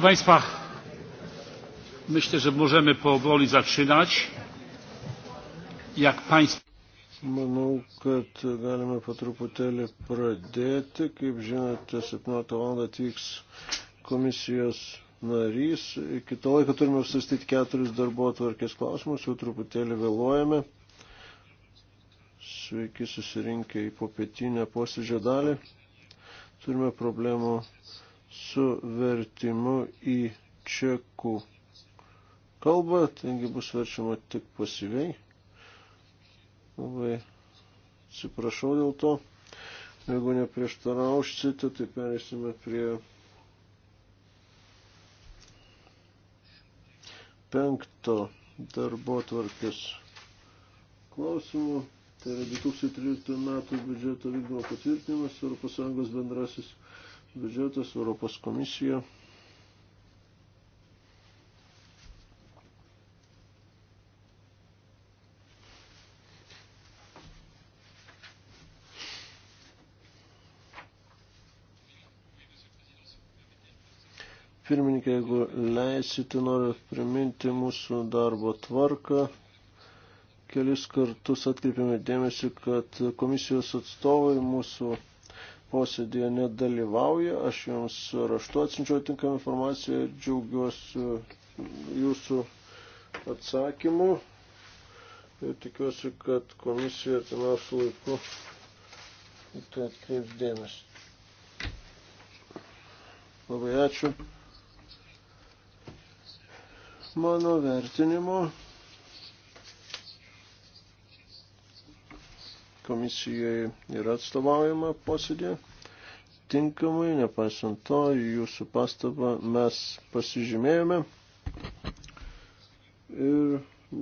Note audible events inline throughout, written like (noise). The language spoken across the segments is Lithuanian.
proszę państwa myślę że możemy powoli zaczynać. jak państwo Manau, kad galime po truputėlį pradėti. Kaip žinote, 17 val. atvyks komisijos narys. Iki to laiko turime apsastyti keturis darbo atvarkės klausimus, jau truputėlį vėluojame. Sveiki susirinkę į popietinę posėdžio dalį. Turime problemų su vertimu į čekų kalbą, taigi bus verčiama tik pasyviai. Labai atsiprašau dėl to. Jeigu neprieštarausite, tai perėsime prie penkto darbo tvarkės klausimų. Tai yra 2013 metų biudžeto vykdymo patvirtinimas Europos Sąjungos bendrasis biudžetas, Europos komisija. Pirmininkė, jeigu leisite, noriu priminti mūsų darbo tvarką kelis kartus atkreipėme dėmesį, kad komisijos atstovai mūsų posėdėje nedalyvauja. Aš jums raštu atsinčiau tinkamą informaciją, džiaugiuosi jūsų atsakymu ir tikiuosi, kad komisija artimiausiu laiku į tai atkreips dėmesį. Labai ačiū. Mano vertinimo komisijai yra atstovaujama posėdė. Tinkamai, nepaisant to, jūsų pastabą mes pasižymėjome. Ir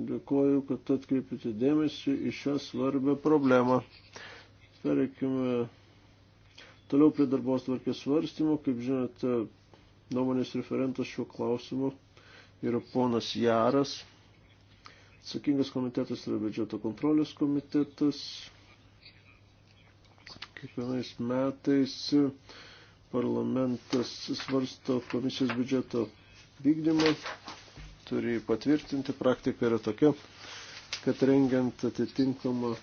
dėkoju, kad atkreipite dėmesį į šią svarbę problemą. Tarkime, toliau prie darbos tvarkės svarstymo, kaip žinote, nuomonės referentas šiuo klausimu yra ponas Jaras. Atsakingas komitetas yra biudžeto kontrolės komitetas. Kiekvienais metais parlamentas svarsto komisijos biudžeto vykdymą, turi patvirtinti, praktika yra tokia, kad rengiant atitinkamą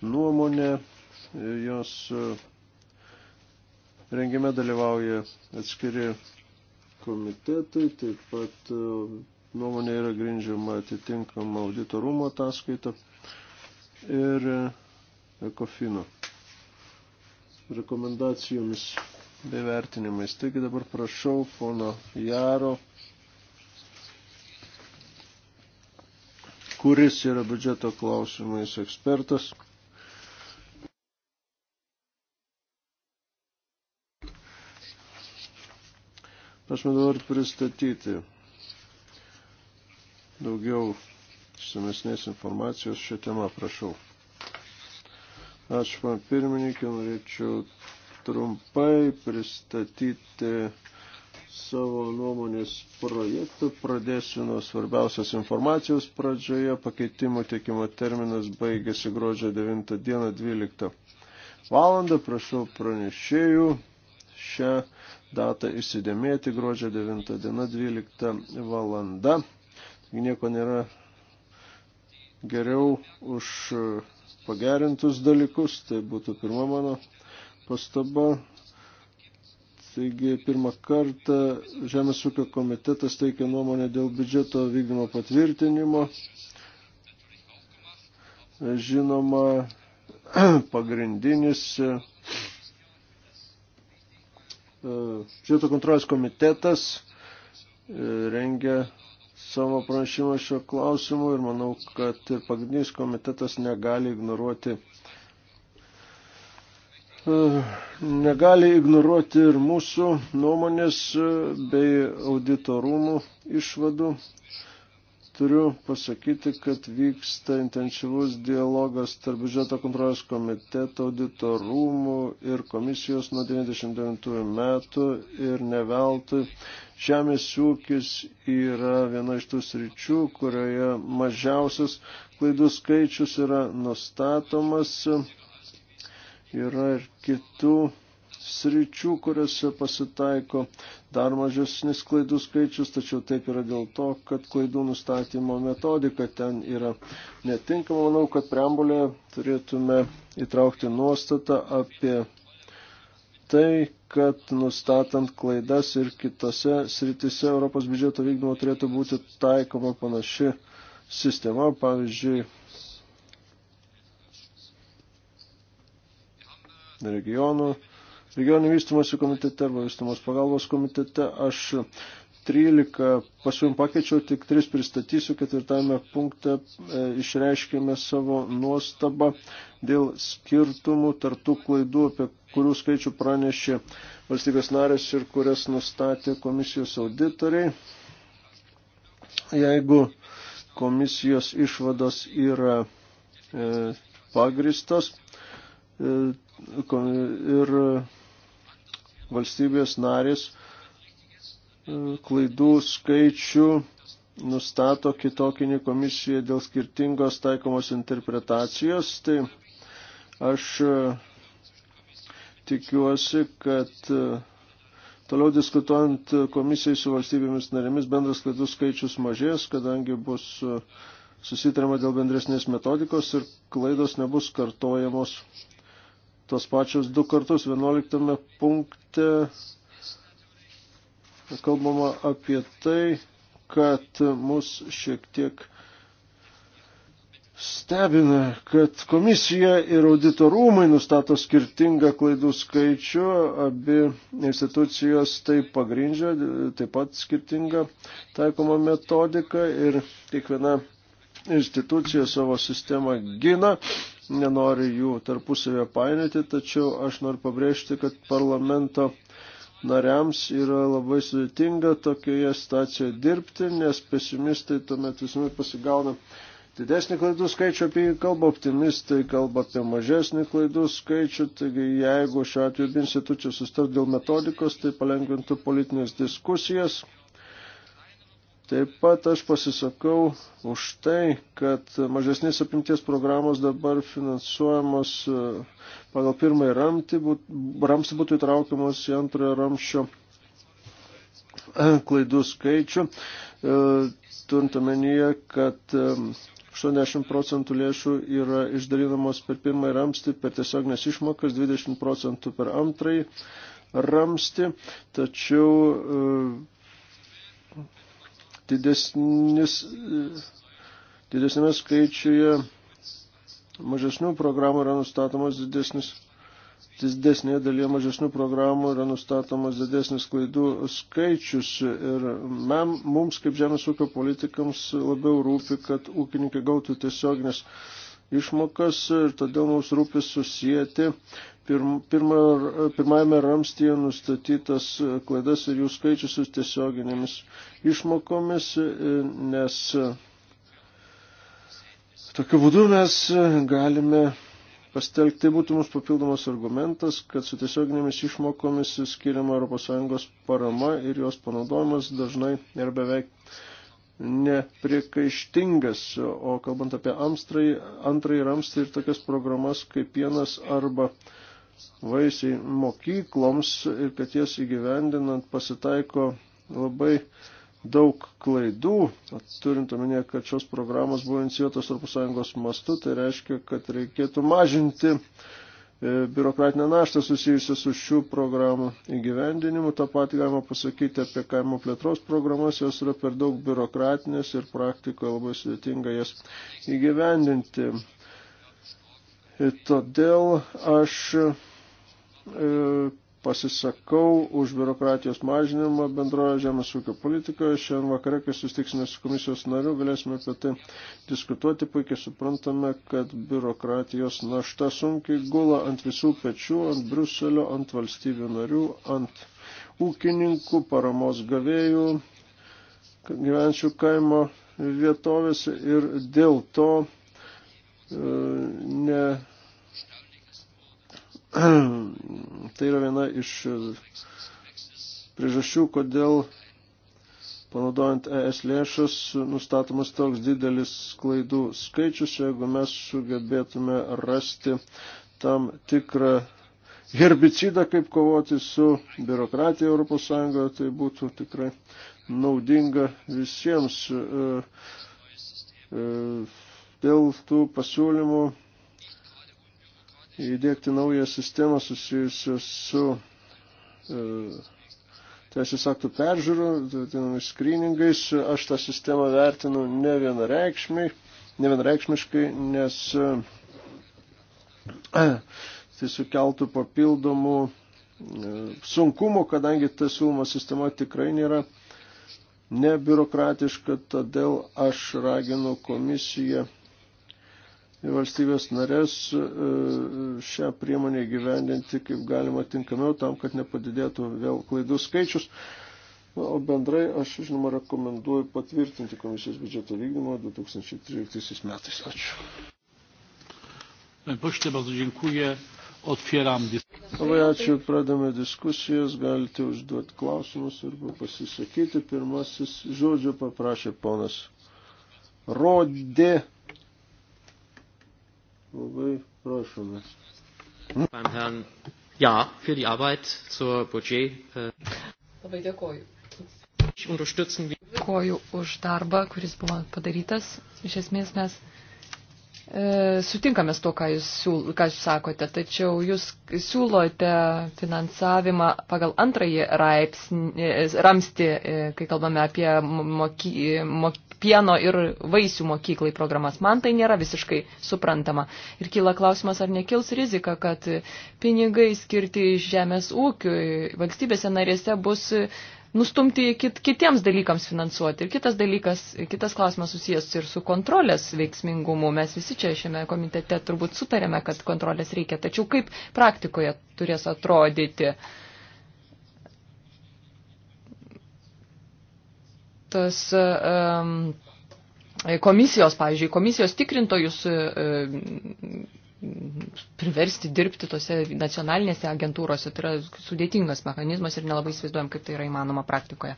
nuomonę, jos e, rengime dalyvauja atskiri komitetai, taip pat e, nuomonė yra grindžiama atitinkama auditorumo ataskaita ir e, ekofino rekomendacijomis bei vertinimais. Taigi dabar prašau pono Jaro, kuris yra biudžeto klausimais ekspertas. Aš man dabar pristatyti daugiau išsamesnės informacijos šią temą, prašau. Aš, man pirmininkė, norėčiau trumpai pristatyti savo nuomonės projektų. Pradėsiu nuo svarbiausios informacijos pradžioje. Pakeitimo tiekimo terminas baigėsi gruodžio 9 dieną 12 valandą. Prašau pranešėjų šią datą įsidėmėti gruodžio 9 diena 12 valanda. Nieko nėra geriau už pagerintus dalykus. Tai būtų pirma mano pastaba. Taigi pirmą kartą Žemės ūkio komitetas teikia nuomonę dėl biudžeto vykdymo patvirtinimo. Žinoma, (clears throat) pagrindinis e, biudžeto kontrolės komitetas e, rengia savo pranešimą šio klausimu ir manau, kad ir pagrindinis komitetas negali ignoruoti e, negali ignoruoti ir mūsų nuomonės e, bei auditorumų išvadų. Turiu pasakyti, kad vyksta intensyvus dialogas tarp biudžeto kontrolės komiteto, audito rūmų ir komisijos nuo 99 metų ir neveltui. Žemės ūkis yra viena iš tų sričių, kurioje mažiausias klaidų skaičius yra nustatomas. Yra ir kitų sričių, kuriuose pasitaiko dar mažesnis klaidų skaičius, tačiau taip yra dėl to, kad klaidų nustatymo metodika ten yra netinkama. Manau, kad preambulė turėtume įtraukti nuostatą apie tai, kad nustatant klaidas ir kitose sritise Europos biudžeto vykdymo turėtų būti taikoma panaši sistema, pavyzdžiui, regionų regionų vystimosi komitete arba vystimos pagalbos komitete. Aš 13 pasiūlymų pakeičiau, tik 3 pristatysiu. Ketvirtame punkte e, išreiškėme savo nuostabą dėl skirtumų tartų klaidų, apie kurių skaičių pranešė valstybės narės ir kurias nustatė komisijos auditoriai. Jeigu komisijos išvados yra e, pagristos e, ir e, valstybės narės e, klaidų skaičių nustato kitokinį komisiją dėl skirtingos taikomos interpretacijos, tai aš e, tikiuosi, kad e, toliau diskutuojant komisijai su valstybėmis narėmis bendras klaidų skaičius mažės, kadangi bus susitarama dėl bendresnės metodikos ir klaidos nebus kartojamos tos pačios du kartus. 11 punkte kalbama apie tai, kad mus šiek tiek stebina, kad komisija ir auditorumai nustato skirtingą klaidų skaičių, abi institucijos tai pagrindžia, taip pat skirtinga taikoma metodika ir kiekviena institucija savo sistemą gina, nenoriu jų tarpusavėje painioti, tačiau aš noriu pabrėžti, kad parlamento nariams yra labai sudėtinga tokioje stacijoje dirbti, nes pesimistai tuomet visuomet pasigauna didesnį klaidų skaičių, apie jį kalba optimistai, kalba apie mažesnį klaidų skaičių, taigi jeigu šiuo atveju institucijos sustart dėl metodikos, tai palengvintų politinės diskusijas Taip pat aš pasisakau už tai, kad mažesnės apimties programos dabar finansuojamos e, pagal pirmąjį ramtį, būt, ramstį būtų įtraukiamos į antrojo ramščio e, klaidų skaičių, e, turint omenyje, kad 80 procentų lėšų yra išdalinamos per pirmąjį ramstį, per tiesiognės išmokas, 20 procentų per antrąjį ramstį, tačiau didesnis, didesnėme skaičiuje mažesnių programų yra nustatomas didesnis didesnėje dalyje mažesnių programų yra nustatomas didesnis klaidų skaičius ir mem, mums kaip žemės ūkio politikams labiau rūpi, kad ūkininkai gautų tiesioginės išmokas ir todėl mums rūpi susijęti pirma, pirmajame ramstyje nustatytas klaidas ir jų skaičius su tiesioginėmis išmokomis, nes tokiu būdu mes galime pastelgti būtų mums papildomas argumentas, kad su tiesioginėmis išmokomis skiriama ES parama ir jos panaudojimas dažnai ir beveik neprikaištingas. O kalbant apie amstrai, antrąjį ramstį ir tokias programas kaip pienas arba vaisiai mokykloms ir kad jas įgyvendinant pasitaiko labai daug klaidų, turint omenyje, kad šios programos buvo inicijuotos Europos Sąjungos mastu, tai reiškia, kad reikėtų mažinti uh, E, biurokratinę naštą susijusią su šių programų įgyvendinimu. Ta pat galima pasakyti apie kaimo plėtros programas, jos yra per daug biurokratinės ir praktikoje labai sudėtinga jas įgyvendinti. Ir e, todėl aš e, pasisakau už biurokratijos mažinimą bendroje žemės ūkio politikoje. Šiandien vakare, kai sustiksime su komisijos nariu, galėsime apie tai diskutuoti. Puikiai suprantame, kad biurokratijos našta sunkiai gula ant visų pečių, ant Bruselio, ant valstybių narių, ant ūkininkų, paramos gavėjų, gyvenčių kaimo vietovėse ir dėl to e, ne (clears throat) tai yra viena iš priežasčių, kodėl panaudojant ES lėšas nustatomas toks didelis klaidų skaičius, jeigu mes sugebėtume rasti tam tikrą herbicidą, kaip kovoti su biurokratija ES, tai būtų tikrai naudinga visiems. E, e, Dėl tų pasiūlymų įdėkti naują sistemą susijusią su e, teisės aktų peržiūrų, tai vadinamais skryningais. Aš tą sistemą vertinu ne vienareikšmiai, ne vienareikšmiškai, nes e, tai sukeltų papildomų e, sunkumų, kadangi ta siūloma sistema tikrai nėra nebiurokratiška, todėl aš raginu komisiją valstybės narės e, šią priemonę gyvendinti kaip galima tinkamiau tam, kad nepadidėtų vėl klaidų skaičius. O bendrai aš, žinoma, rekomenduoju patvirtinti komisijos biudžeto vykdymą 2013 metais. Ačiū. Pošte, bardzo dziękuję. Otwieram dyskusję. Labai ačiū, pradame diskusijas, galite užduoti klausimus arba pasisakyti. Pirmasis žodžio paprašė ponas Rodė. Labai prašome. Beim Herrn Ja für die Arbeit zur Budget. Äh, Labai dėkoju. Dėkoju už darbą, kuris buvo padarytas. Iš esmės mes E, sutinkame su to, ką jūs, siūl, ką jūs sakote, tačiau jūs siūlote finansavimą pagal antrąjį raipsnį, e, ramstį, e, kai kalbame apie moky, mok, pieno ir vaisių mokyklai programas. Man tai nėra visiškai suprantama. Ir kyla klausimas, ar nekils rizika, kad pinigai skirti žemės ūkiui valstybėse narėse bus nustumti kit, kitiems dalykams finansuoti. Ir kitas dalykas, kitas klausimas susijęs ir su kontrolės veiksmingumu. Mes visi čia šiame komitete turbūt sutarėme, kad kontrolės reikia. Tačiau kaip praktikoje turės atrodyti tas. Um, Komisijos, pavyzdžiui, komisijos tikrintojus um, priversti dirbti tose nacionalinėse agentūrose. Tai yra sudėtingas mechanizmas ir nelabai įsivaizduojam, kaip tai yra įmanoma praktikoje.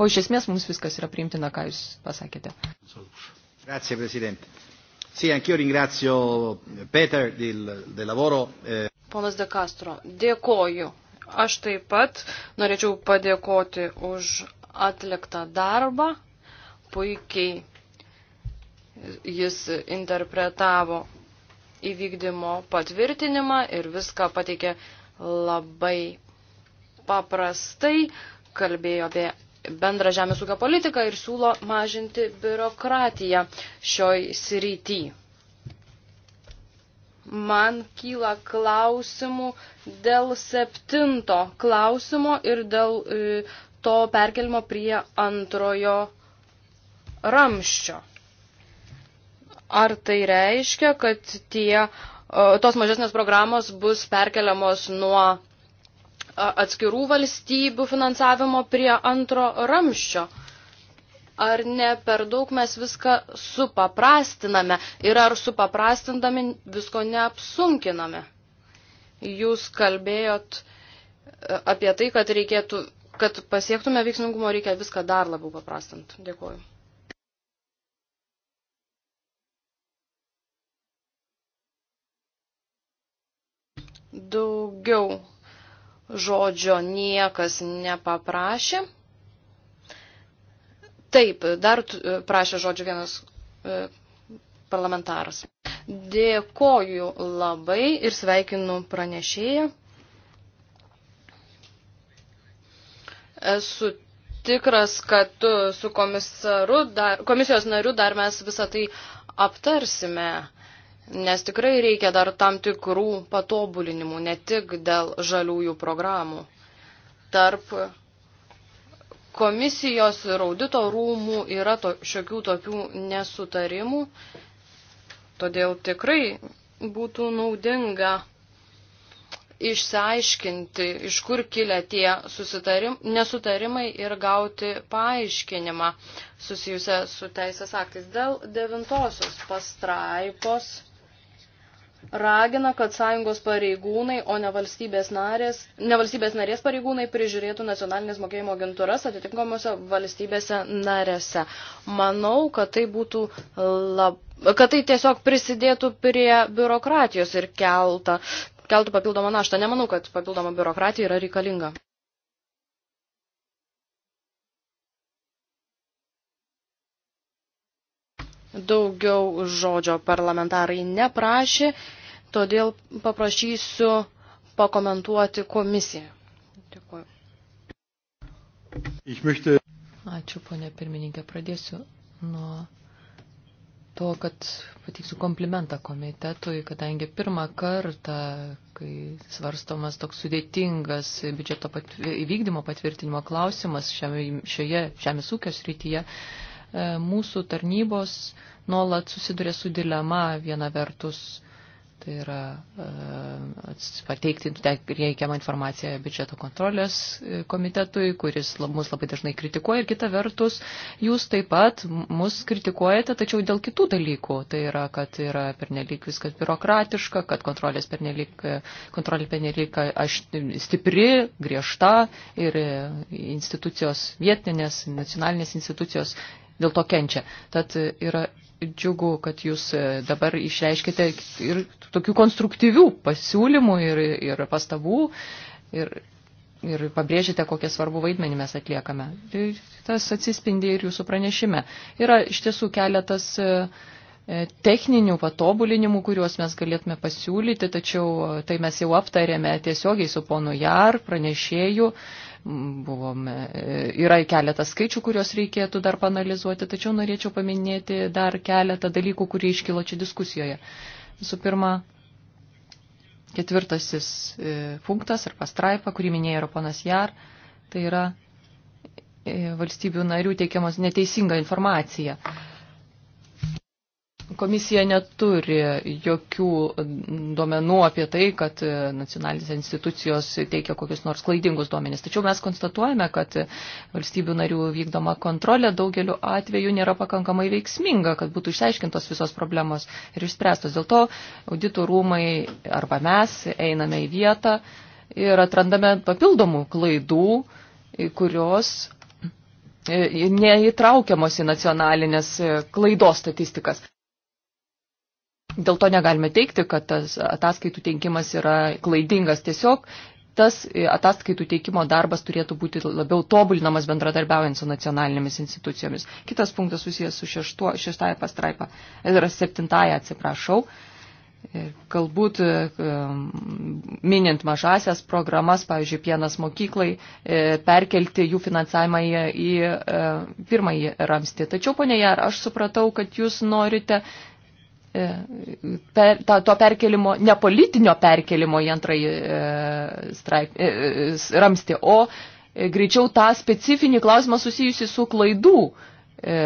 O iš esmės mums viskas yra priimtina, ką Jūs pasakėte. Grazie, Presidente. Sì, anch'io ringrazio Peter del, del lavoro. Eh. Ponas De Castro, dėkoju. Aš taip pat norėčiau padėkoti už atliktą darbą. Puikiai jis interpretavo įvykdymo patvirtinimą ir viską pateikė labai paprastai, kalbėjo apie bendrą žemės ūkio politiką ir siūlo mažinti biurokratiją šioj srity. Man kyla klausimų dėl septinto klausimo ir dėl e, to perkelimo prie antrojo ramščio. Ar tai reiškia, kad tie, tos mažesnės programos bus perkeliamos nuo atskirų valstybių finansavimo prie antro ramščio? Ar ne per daug mes viską supaprastiname ir ar supaprastindami visko neapsunkiname? Jūs kalbėjot e, apie tai, kad reikėtų, kad pasiektume veiksmingumo, reikia viską dar labiau paprastinti. Dėkuoju. Daugiau žodžio niekas nepaprašė. Taip, dar e, prašė žodžio vienas e, parlamentaras. Dėkoju labai ir sveikinu pranešėją. Esu tikras, kad tu su komisaru dar, komisijos nariu dar mes visą tai aptarsime nes tikrai reikia dar tam tikrų patobulinimų, ne tik dėl žaliųjų programų. Tarp komisijos ir audito rūmų yra to, šiokių tokių nesutarimų, todėl tikrai būtų naudinga išsiaiškinti, iš kur kilia tie nesutarimai ir gauti paaiškinimą susijusią su teisės aktais. Dėl devintosios pastraipos ragina, kad sąjungos pareigūnai, o ne valstybės, narės, ne valstybės narės pareigūnai prižiūrėtų nacionalinės mokėjimo agentūras atitinkamuose valstybėse narėse. Manau, kad tai būtų lab, kad tai tiesiog prisidėtų prie biurokratijos ir keltą, keltų papildomą naštą. Nemanau, kad papildoma biurokratija yra reikalinga. Daugiau žodžio parlamentarai neprašė, todėl paprašysiu pakomentuoti komisiją. Dėkuoju. Möchte... Ačiū, ponė pirmininkė. Pradėsiu nuo to, kad pateiksiu komplimentą komitetui, kadangi pirmą kartą, kai svarstomas toks sudėtingas biudžeto pat, įvykdymo patvirtinimo klausimas šiame, šioje žemės ūkio srityje, E, mūsų tarnybos nuolat susiduria su dilema viena vertus. Tai yra e, pateikti reikiamą informaciją biudžeto kontrolės e, komitetui, kuris mus labai dažnai kritikuoja. Ir kita vertus, jūs taip pat mus kritikuojate, tačiau dėl kitų dalykų. Tai yra, kad yra pernelyg viskas biurokratiška, kad kontrolės pernelyg, kontrolė pernelyg aš, stipri, griežta ir institucijos, vietinės, nacionalinės institucijos dėl to kenčia. Tad e, yra džiugu, kad jūs e, dabar išreiškite ir tokių konstruktyvių pasiūlymų ir, ir pastabų. Ir, ir pabrėžite, kokią svarbų vaidmenį mes atliekame. Tai tas atsispindi ir jūsų pranešime. Yra iš tiesų keletas e, techninių patobulinimų, kuriuos mes galėtume pasiūlyti, tačiau tai mes jau aptarėme tiesiogiai su ponu Jar, pranešėju Buvome, e, yra keletas skaičių, kuriuos reikėtų dar panalizuoti, tačiau norėčiau paminėti dar keletą dalykų, kurie iškilo čia diskusijoje. Visų pirma, ketvirtasis e, punktas ar pastraipa, kurį minėjo yra ponas Jar, tai yra e, valstybių narių teikiamas neteisinga informacija. Komisija neturi jokių e, duomenų apie tai, kad e, nacionalinės institucijos teikia kokius nors klaidingus duomenys. Tačiau mes konstatuojame, kad e, valstybių narių vykdoma kontrolė daugeliu atveju nėra pakankamai veiksminga, kad būtų išsiaiškintos visos problemos ir išspręstos. Dėl to auditų rūmai arba mes einame į vietą ir atrandame papildomų klaidų, kurios neįtraukiamos į nacionalinės klaidos statistikas. Dėl to negalime teikti, kad tas ataskaitų teikimas yra klaidingas. Tiesiog tas ataskaitų teikimo darbas turėtų būti labiau tobulinamas bendradarbiaujant su nacionalinėmis institucijomis. Kitas punktas susijęs su šeštuo, šeštąją pastraipą, yra septintąją, atsiprašau. Galbūt um, minint mažasias programas, pavyzdžiui, pienas mokyklai, e, perkelti jų finansavimą į, į e, pirmąjį ramstį. Tačiau, ponė Jar, aš supratau, kad jūs norite E, per, ta, to perkelimo, ne politinio perkelimo į antrąjį e, straip, e, e ramstį, o e, greičiau tą specifinį klausimą susijusi su klaidų, e,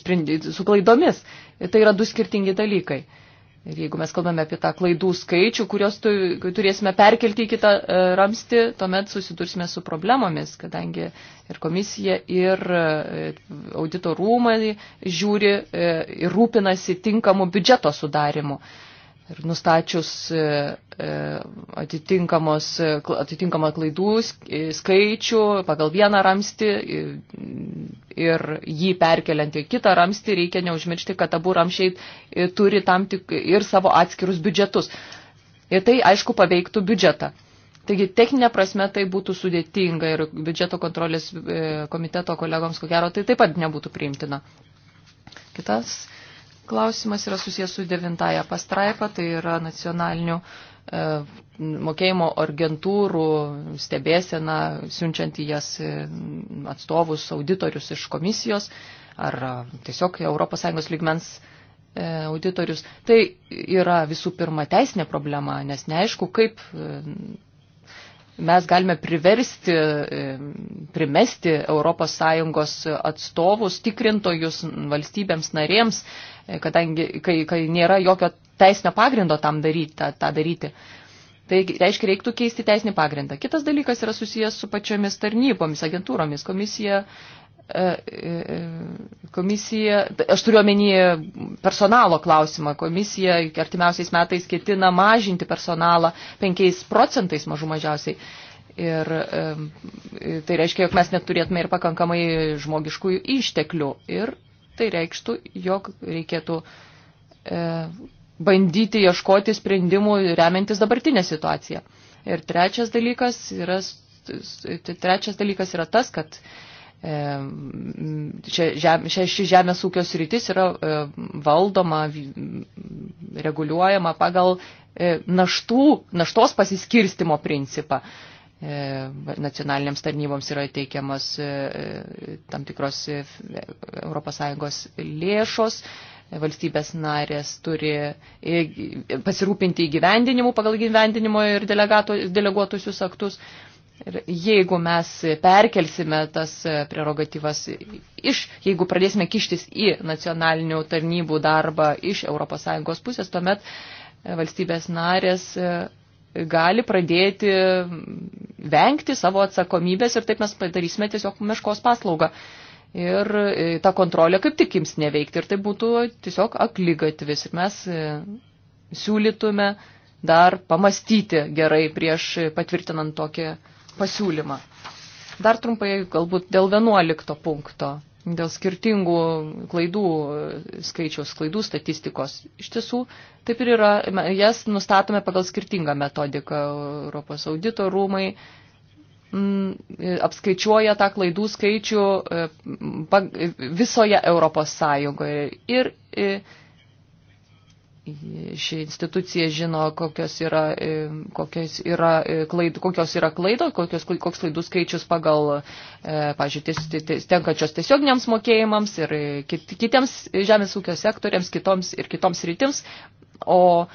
sprendi, su klaidomis. Tai yra du skirtingi dalykai. E, Ir jeigu mes kalbame apie tą klaidų skaičių, kurios tu, turėsime perkelti į kitą e, ramstį, tuomet susidursime su problemomis, kadangi ir komisija, ir e, audito rūmai žiūri e, ir rūpinasi tinkamų biudžeto sudarimu. E, Ir nustačius e, e, e, atitinkamą klaidų skaičių pagal vieną ramstį ir jį perkeliant į kitą ramstį, reikia neužmiršti, kad abu ramšiai turi tam tik ir savo atskirus biudžetus. Ir tai, aišku, paveiktų biudžetą. Taigi techninė prasme tai būtų sudėtinga ir biudžeto kontrolės komiteto kolegoms, ko gero, tai taip pat nebūtų priimtina. Kitas klausimas yra susijęs su devintaja pastraipa, tai yra nacionalinių e, mokėjimo agentūrų stebėsena, siunčiant į jas e, atstovus, auditorius iš komisijos ar e, tiesiog ES lygmens e, auditorius. Tai yra visų pirma teisinė problema, nes neaišku, kaip mes galime priversti, primesti ES atstovus, tikrintojus valstybėms narėms, e, kadangi kai, kai nėra jokio teisinio pagrindo tam daryti, tą, tą daryti. Tai reiškia, reiktų keisti teisinį pagrindą. Kitas dalykas yra susijęs su pačiomis tarnybomis, agentūromis. Komisija E, e, komisija, aš turiu omenyje personalo klausimą, komisija artimiausiais metais ketina mažinti personalą 5 procentais mažų mažiausiai. Ir e, tai reiškia, jog mes neturėtume ir pakankamai žmogiškųjų išteklių. Ir tai reikštų, jog reikėtų bandyti ieškoti sprendimų remiantis dabartinę situaciją. Ir trečias dalykas yra, trečias dalykas yra tas, kad ši žemės ūkio sritis yra e, valdoma, reguliuojama pagal e, naštų, naštos pasiskirstimo principą. E, Nacionaliniams tarnyboms yra teikiamas tam tikros ES lėšos, valstybės narės turi pasirūpinti įgyvendinimu pagal įgyvendinimo ir deleguotusius aktus. Ir jeigu mes perkelsime tas prerogatyvas iš, jeigu pradėsime kištis į nacionalinių tarnybų darbą iš ES pusės, tuomet e, valstybės narės e, gali pradėti vengti savo atsakomybės ir taip mes padarysime tiesiog meškos paslaugą. Ir e, ta kontrolė kaip tik jums neveikti ir tai būtų tiesiog aklygatvis. Ir mes siūlytume dar pamastyti gerai prieš patvirtinant tokią pasiūlymą. Dar trumpai galbūt dėl 11 punkto, dėl skirtingų klaidų skaičiaus, klaidų statistikos. Iš tiesų, taip ir yra, jas nustatome pagal skirtingą metodiką. Europos audito rūmai mm, apskaičiuoja tą klaidų skaičių e, visoje Europos Sąjungoje. Ir, ir e, ši institucija žino, kokios yra, e, kokios yra, e, klaid, kokios yra klaido, kokios, koks klaidų skaičius pagal, e, pažiūrėjau, tenkačios tiesioginiams mokėjimams ir kitiems žemės ūkio sektoriams, kitoms ir kitoms rytims. O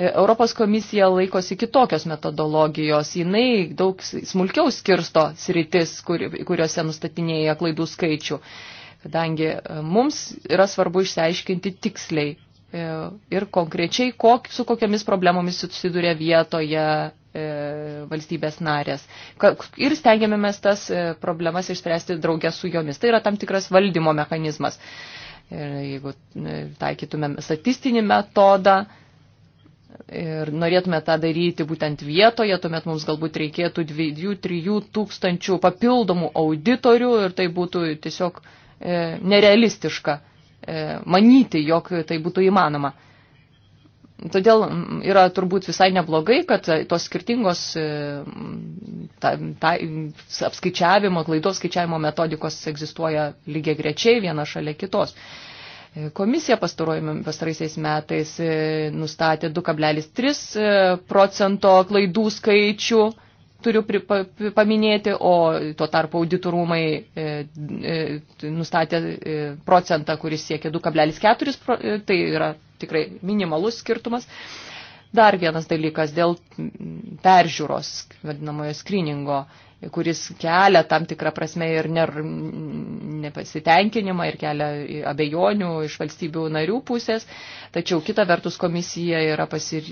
Europos komisija laikosi kitokios metodologijos. Jinai daug smulkiau skirsto sritis, kur, kuriuose nustatinėja klaidų skaičių. Kadangi mums yra svarbu išsiaiškinti tiksliai E, ir konkrečiai kok, su kokiamis problemomis susiduria vietoje e, valstybės narės. Ir stengiamėmės tas e, problemas išspręsti draugę su jomis. Tai yra tam tikras valdymo mechanizmas. Ir jeigu taikytumėm statistinį metodą, ir norėtume tą daryti būtent vietoje, tuomet mums galbūt reikėtų 2-3 tūkstančių papildomų auditorių ir tai būtų tiesiog e, nerealistiška. E, manyti, jog tai būtų įmanoma. Todėl mm, yra turbūt visai neblogai, kad tos skirtingos e, ta, ta, apskaičiavimo, klaidos skaičiavimo metodikos egzistuoja lygiai grečiai viena šalia kitos. E, komisija pastaraisiais metais nustatė 2,3 procento klaidų skaičių turiu pripa, paminėti, o tuo tarpu auditorumai e, e, nustatė e, procentą, kuris siekia 2,4, e, tai yra tikrai minimalus skirtumas. Dar vienas dalykas dėl peržiūros, vadinamojo skriningo. E, kuris kelia tam tikrą prasme ir ner, nepasitenkinimą ir kelia abejonių iš valstybių narių pusės. Tačiau kita vertus komisija yra pasir...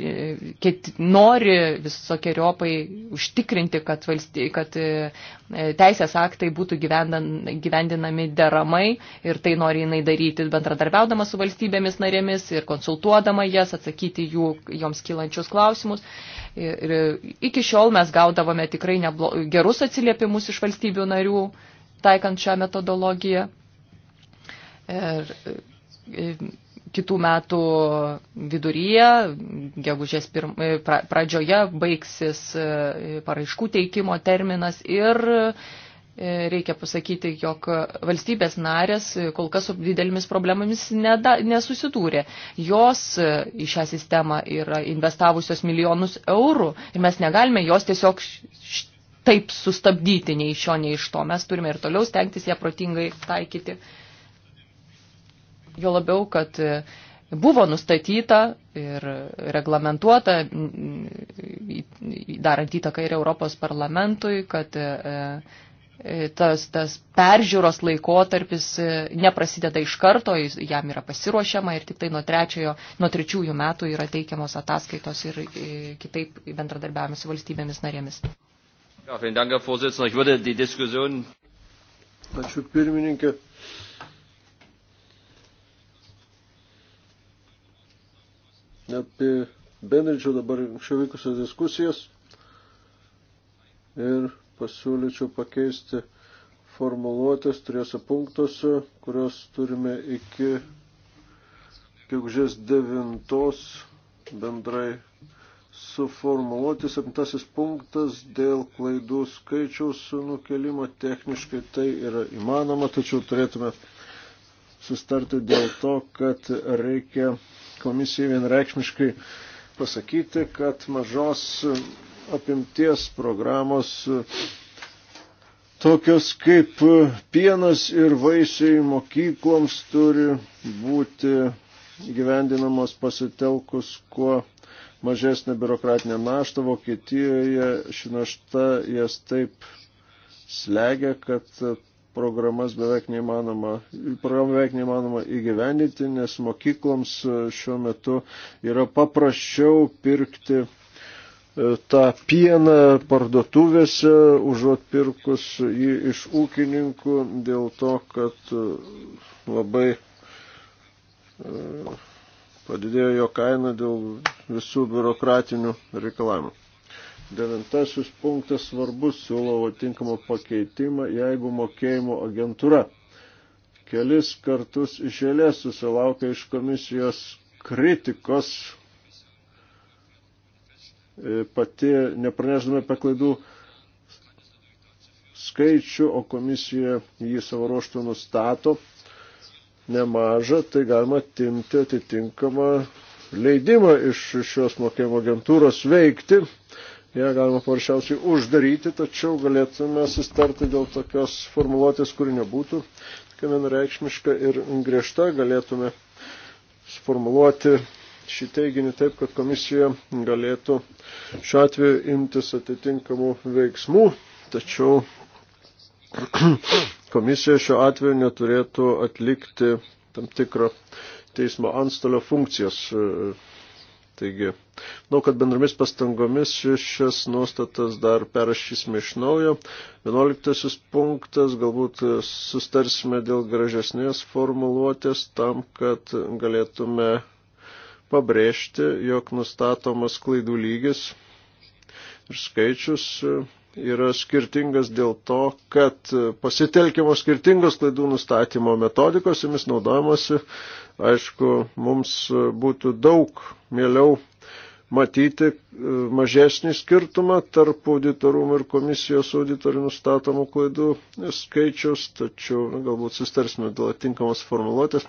ket... nori visokiojopai užtikrinti, kad, valsty... kad e, teisės aktai būtų gyvendinami deramai ir tai nori jinai daryti bendradarbiaudama su valstybėmis narėmis ir konsultuodama jas, atsakyti jų, joms kylančius klausimus. Ir iki šiol mes gaudavome tikrai neblo, gerus atsiliepimus iš valstybių narių, taikant šią metodologiją. Ir kitų metų viduryje, gegužės pradžioje baigsis e, paraiškų teikimo terminas ir E, reikia pasakyti, jog valstybės narės kol kas su didelėmis problemomis neda, nesusidūrė. Jos e, į šią sistemą yra investavusios milijonus eurų ir mes negalime jos tiesiog taip sustabdyti nei iš šio, nei iš to. Mes turime ir toliau stengtis ją protingai taikyti. Jo labiau, kad e, buvo nustatyta ir reglamentuota, darant įtaką ir Europos parlamentui, kad E, tas, tas peržiūros laikotarpis e, neprasideda iš karto, jam yra pasiruošiama ir tik tai nuo, trečiojo, nuo trečiųjų metų yra teikiamos ataskaitos ir e, kitaip bendradarbiavimas su valstybėmis narėmis. Ja, Dank, Diskussion... Ačiū pirmininkė. Apie bendričiau dabar anksčiau vykusias diskusijas ir pasiūlyčiau pakeisti formuluotės turėsiu punktuose, kurios turime iki gegužės 9 bendrai suformuluoti. Septintasis punktas dėl klaidų skaičiaus nukelimo techniškai tai yra įmanoma, tačiau turėtume sustarti dėl to, kad reikia komisijai vienreikšmiškai pasakyti, kad mažos apimties programos tokios kaip pienas ir vaisiai mokykloms turi būti gyvendinamos pasitelkus kuo mažesnę biurokratinę naštą. Vokietijoje ši našta jas taip slegia, kad programas beveik neįmanoma, programą beveik neįmanoma įgyvendinti, nes mokykloms šiuo metu yra paprasčiau pirkti E, tą pieną parduotuvėse, užuot pirkus jį iš ūkininkų, dėl to, kad e, labai e, padidėjo jo kaina dėl visų biurokratinių reikalavimų. Devintasis punktas svarbus, siūlau atinkamą pakeitimą, jeigu mokėjimo agentūra kelis kartus iš eilės susilaukia iš komisijos kritikos E, pati nepranešdami apie klaidų skaičių, o komisija jį savo ruoštų nustato nemažą, tai galima timti atitinkamą leidimą iš šios mokėjimo agentūros veikti. Ja galima paprasčiausiai uždaryti, tačiau galėtume sustarti dėl tokios formuluotės, kuri nebūtų tokia vienareikšmiška ir griežta, galėtume sformuluoti šį teiginį taip, kad komisija galėtų šiuo atveju imtis atitinkamų veiksmų, tačiau (clears throat) komisija šiuo atveju neturėtų atlikti tam tikrą teismo antstolio funkcijas. Taigi, manau, kad bendromis pastangomis šias nuostatas dar perrašysime iš naujo. Vienuoliktasis punktas, galbūt sustarsime dėl gražesnės formuluotės tam, kad galėtume pabrėžti, jog nustatomas klaidų lygis ir skaičius yra skirtingas dėl to, kad pasitelkiamos skirtingos klaidų nustatymo metodikos, jomis naudojamasi, aišku, mums būtų daug mieliau matyti mažesnį skirtumą tarp auditorumų ir komisijos auditorių nustatomų klaidų skaičius, tačiau galbūt sustarsime dėl atinkamos formuluotės.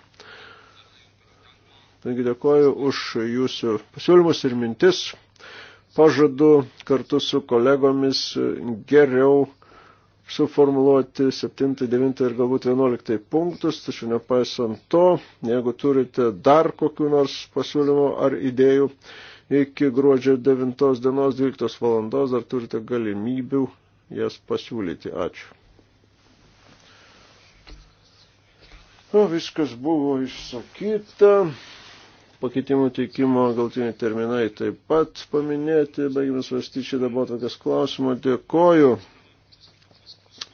Taigi dėkoju už jūsų pasiūlymus ir mintis. Pažadu kartu su kolegomis geriau suformuluoti 7, 9 ir galbūt 11 punktus, tačiau nepaisant to, jeigu turite dar kokiu nors pasiūlymu ar idėjų, iki gruodžio 9 dienos 12 valandos dar turite galimybių jas pasiūlyti. Ačiū. O, viskas buvo išsakyta pakeitimų teikimo galtiniai terminai taip pat paminėti. Baigime svarstyti dabar tokias klausimą. Dėkoju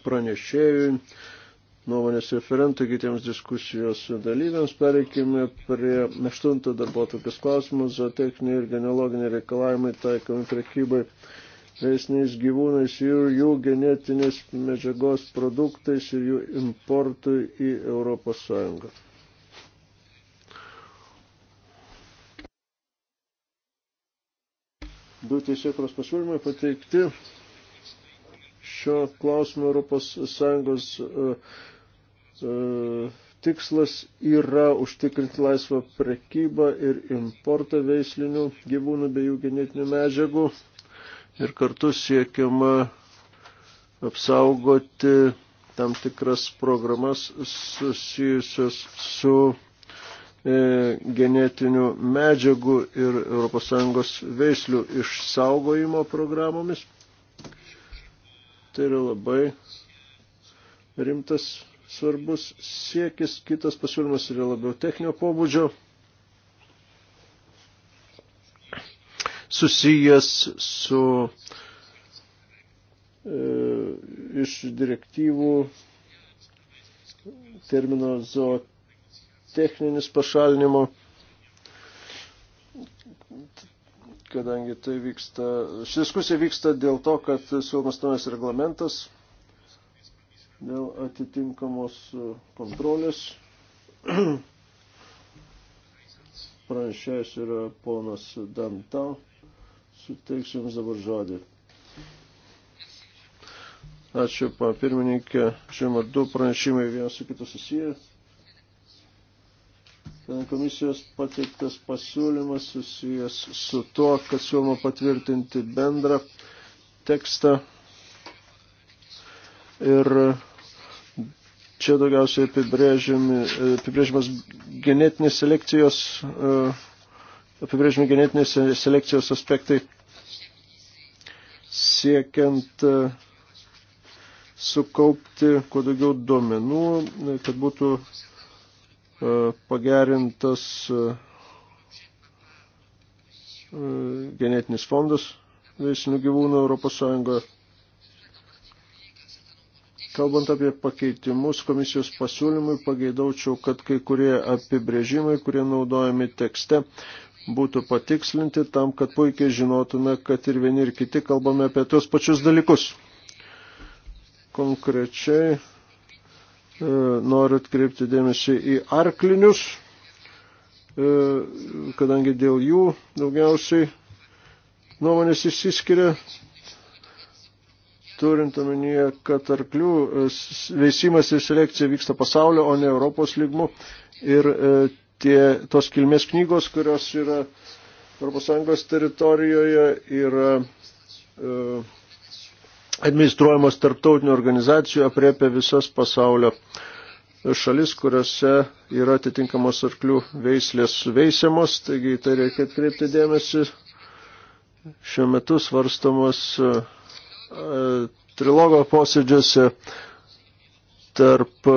pranešėjui, nuomonės referentui, kitiems diskusijos dalyviams. Pereikime prie aštunto darbo tokias klausimus. Zootechniniai ir genealoginiai reikalavimai taikomi prekybai veisniais gyvūnais ir jų genetinės medžiagos produktais ir jų importui į Europos Sąjungą. du teisėkros pasiūlymai pateikti šio klausimo Europos Sąjungos e, e, tikslas yra užtikrinti laisvą prekybą ir importą veislinių gyvūnų bei jų genetinių medžiagų ir kartu siekiama apsaugoti tam tikras programas susijusios su E, genetinių medžiagų ir ES veislių išsaugojimo programomis. Tai yra labai rimtas svarbus siekis. Kitas pasiūlymas yra labiau techninio pobūdžio. susijęs su e, iš direktyvų termino zoot techninis pašalinimo, kadangi tai vyksta, ši diskusija vyksta dėl to, kad siūlomas naujas reglamentas dėl atitinkamos kontrolės. (clears throat) Pranešėjas yra ponas Dantau. Suteiksiu Jums dabar žodį. Ačiū, pa pirmininkė. Šiuo metu pranešimai vienas su kitu susijęs. Komisijos pateiktas pasiūlymas susijęs su tuo, kad siūloma patvirtinti bendrą tekstą. Ir čia daugiausiai apibrėžimas genetinės selekcijos, e, apibrėžimi genetinės selekcijos aspektai siekiant e, sukaupti kuo daugiau duomenų, kad būtų E, pagerintas e, e, genetinis fondas veisinių gyvūnų Europos Sąjungoje. Kalbant apie pakeitimus komisijos pasiūlymui, pageidaučiau, kad kai kurie apibrėžimai, kurie naudojami tekste, būtų patikslinti tam, kad puikiai žinotume, kad ir vieni ir kiti kalbame apie tos pačius dalykus. Konkrečiai E, noriu atkreipti dėmesį į arklinius, e, kadangi dėl jų daugiausiai nuomonės įsiskiria, turint omenyje, kad arklių e, veisimas ir selekcija vyksta pasaulio, o ne Europos lygmu. Ir tie, tos kilmės knygos, kurios yra ES teritorijoje, yra administruojamos tarptautinių organizacijų apriepia visas pasaulio šalis, kuriuose yra atitinkamos arklių veislės veisiamos, taigi į tai reikia atkreipti dėmesį. Šiuo metu svarstamos e, trilogo posėdžiuose tarp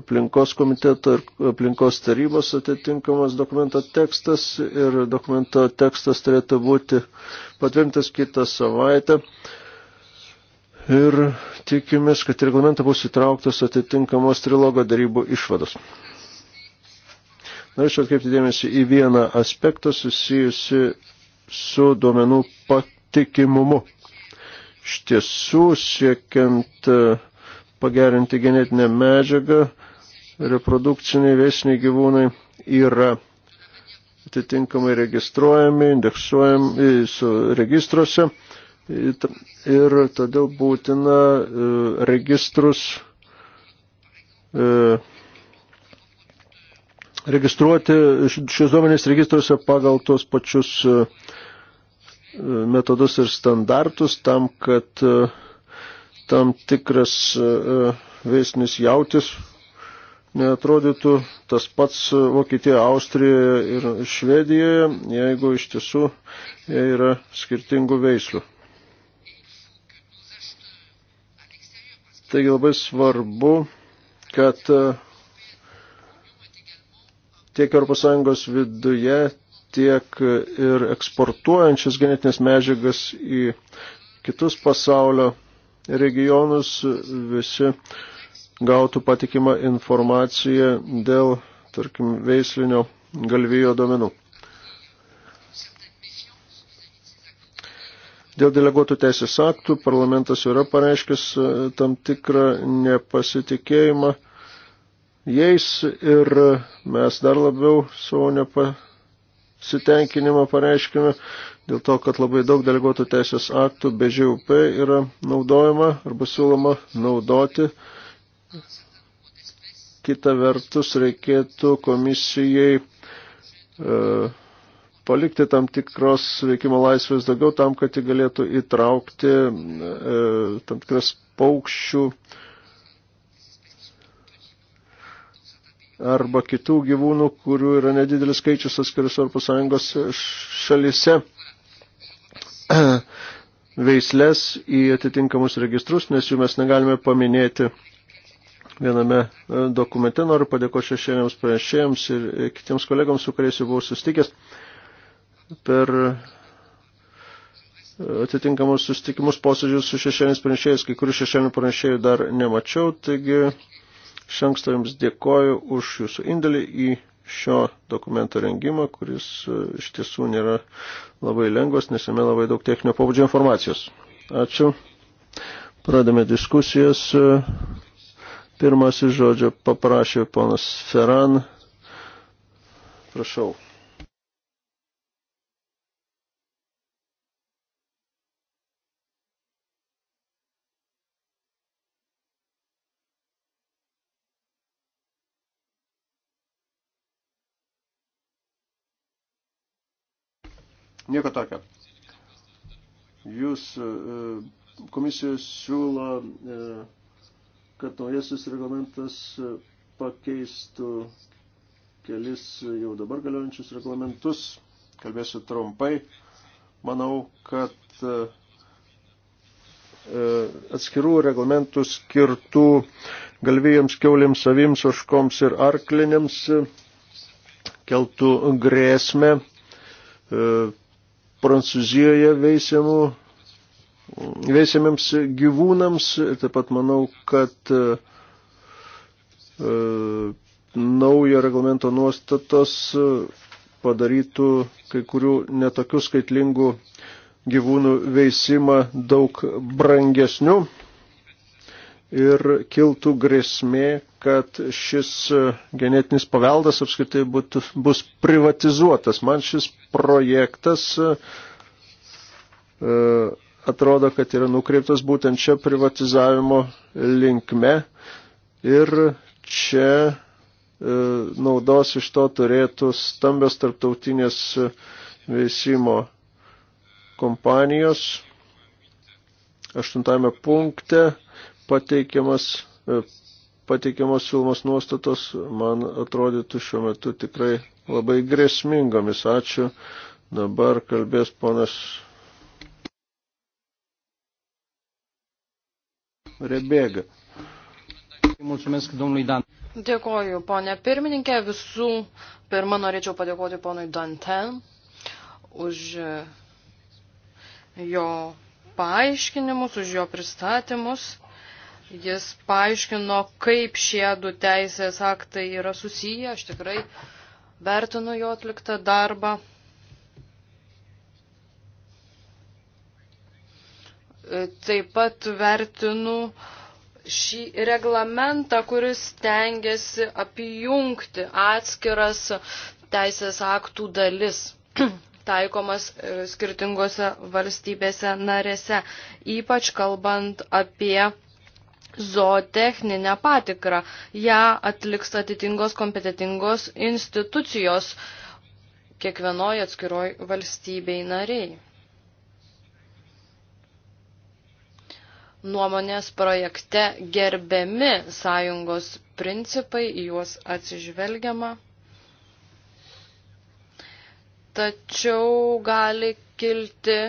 aplinkos komiteto ir aplinkos tarybos atitinkamas dokumento tekstas ir dokumento tekstas turėtų būti patvirtintas kitą savaitę ir tikimės, kad į reglamentą bus įtrauktos atitinkamos trilogo darybų išvados. Norėčiau atkreipti dėmesį į vieną aspektą susijusi su duomenų patikimumu. Iš tiesų, siekiant e, pagerinti genetinę medžiagą, reprodukciniai vėsiniai gyvūnai yra atitinkamai registruojami, indeksuojami e, su registruose ir todėl būtina e, registrus e, registruoti šios duomenys registruose pagal tos pačius e, metodus ir standartus tam, kad tam tikras veisnis jautis neatrodytų tas pats Vokietijoje, Austrijoje ir Švedijoje, jeigu iš tiesų jie yra skirtingų veislių. Taigi labai svarbu, kad e, tiek ES viduje, tiek ir eksportuojančias genetinės medžiagas į kitus pasaulio regionus visi gautų patikimą informaciją dėl, tarkim, veislinio galvijo domenų. Dėl deleguotų teisės aktų parlamentas yra pareiškęs e, tam tikrą nepasitikėjimą jais ir mes dar labiau savo nepasitenkinimą pareiškime dėl to, kad labai daug deleguotų teisės aktų be ŽUP yra naudojama arba siūloma naudoti. Kita vertus reikėtų komisijai uh, palikti tam tikros veikimo laisvės daugiau tam, kad jį galėtų įtraukti e, tam tikras paukščių arba kitų gyvūnų, kurių yra nedidelis skaičius atskiris Europos Sąjungos šalyse (clears throat) veislės į atitinkamus registrus, nes jų mes negalime paminėti viename e, dokumente. Noriu padėkoti šešėliams pranešėjams ir e, kitiems kolegams, su kuriais jau buvau sustikęs per e, atitinkamus sustikimus posėdžius su šešėlinis pranešėjais, kai kurių šešėlinių pranešėjų dar nemačiau, taigi šianksta jums dėkoju už jūsų indėlį į šio dokumento rengimą, kuris e, iš tiesų nėra labai lengvas, nes jame labai daug techninio pobūdžio informacijos. Ačiū. Pradame diskusijas. E, pirmasis žodžio paprašė ponas Ferran. Prašau. Nieko tokio. Jūs e, komisijos siūlo, e, kad naujasis reglamentas e, pakeistų kelis jau dabar galiojančius reglamentus. Kalbėsiu trumpai. Manau, kad atskirų reglamentų skirtų galvijams, keuliams, avims, oškoms ir arklinėms keltų grėsmę Prancūzijoje veisiamų, veisiamiems gyvūnams. Taip pat manau, kad e, naujo reglamento nuostatos e, padarytų kai kurių netokių skaitlingų gyvūnų veisimą daug brangesnių ir kiltų grėsmė, kad šis e, genetinis paveldas apskritai būtų, bus privatizuotas. Man šis projektas e, e, atrodo, kad yra nukreiptas būtent čia privatizavimo linkme ir čia naudos iš to turėtų stambios tarptautinės veisimo kompanijos. Aštuntame punkte pateikiamas, e, pateikiamas filmos nuostatos man atrodytų šiuo metu tikrai labai grėsmingomis. Ačiū. Dabar kalbės ponas Rebėga. Mulțumesc domnului Dan. Dėkoju, ponė pirmininkė. Visų pirma, norėčiau padėkoti ponui Danten už jo paaiškinimus, už jo pristatymus. Jis paaiškino, kaip šie du teisės aktai yra susiję. Aš tikrai vertinu jo atliktą darbą. Taip pat vertinu šį reglamentą, kuris tengiasi apijungti atskiras teisės aktų dalis (clears throat) taikomas e, skirtingose valstybėse narėse, ypač kalbant apie zootechninę patikrą. Ja atliks atitingos kompetitingos institucijos kiekvienoje atskiroj valstybei nariai. Nuomonės projekte gerbiami sąjungos principai, juos atsižvelgiama. Tačiau gali kilti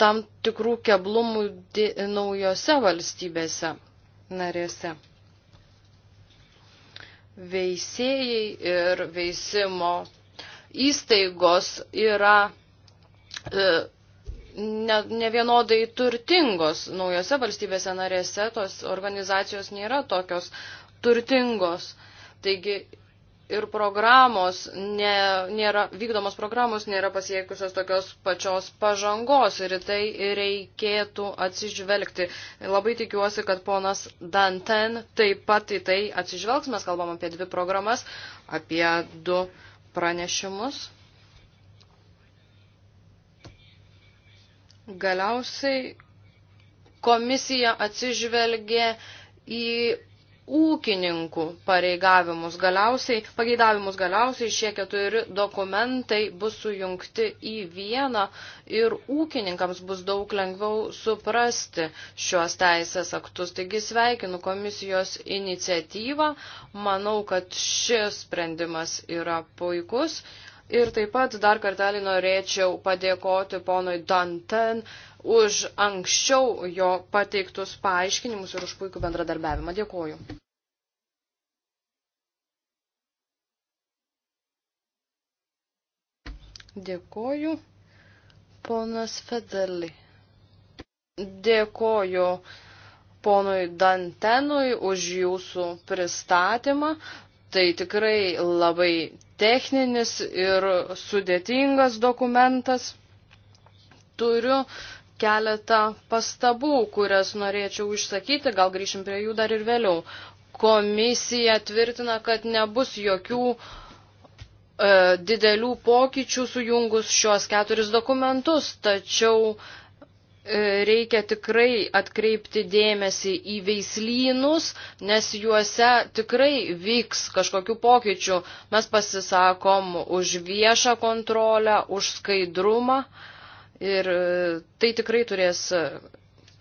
tam tikrų keblumų naujose valstybėse narėse. Veisėjai ir veisimo įstaigos yra e, ne, ne vienodai turtingos. Naujose valstybėse narėse tos organizacijos nėra tokios turtingos. Taigi ir programos ne, nėra, vykdomos programos nėra pasiekusios tokios pačios pažangos ir į tai reikėtų atsižvelgti. Labai tikiuosi, kad ponas Danten taip pat į tai atsižvelgs. Mes kalbam apie dvi programas, apie du pranešimus. Galiausiai komisija atsižvelgė į ūkininkų pareigavimus galiausiai, pageidavimus galiausiai šie keturi dokumentai bus sujungti į vieną ir ūkininkams bus daug lengviau suprasti šiuos teisės aktus. Taigi sveikinu komisijos iniciatyvą, manau, kad šis sprendimas yra puikus, Ir taip pat dar kartelį norėčiau padėkoti ponui Danten už anksčiau jo pateiktus paaiškinimus ir už puikų bendradarbiavimą. Dėkoju. Dėkoju, ponas Federli. Dėkoju ponui Dantenui už jūsų pristatymą. Tai tikrai labai techninis ir sudėtingas dokumentas. Turiu keletą pastabų, kurias norėčiau išsakyti, gal grįšim prie jų dar ir vėliau. Komisija tvirtina, kad nebus jokių e, didelių pokyčių sujungus šios keturis dokumentus, tačiau reikia tikrai atkreipti dėmesį į veislynus, nes juose tikrai vyks kažkokių pokyčių. Mes pasisakom už viešą kontrolę, už skaidrumą ir e, tai tikrai turės,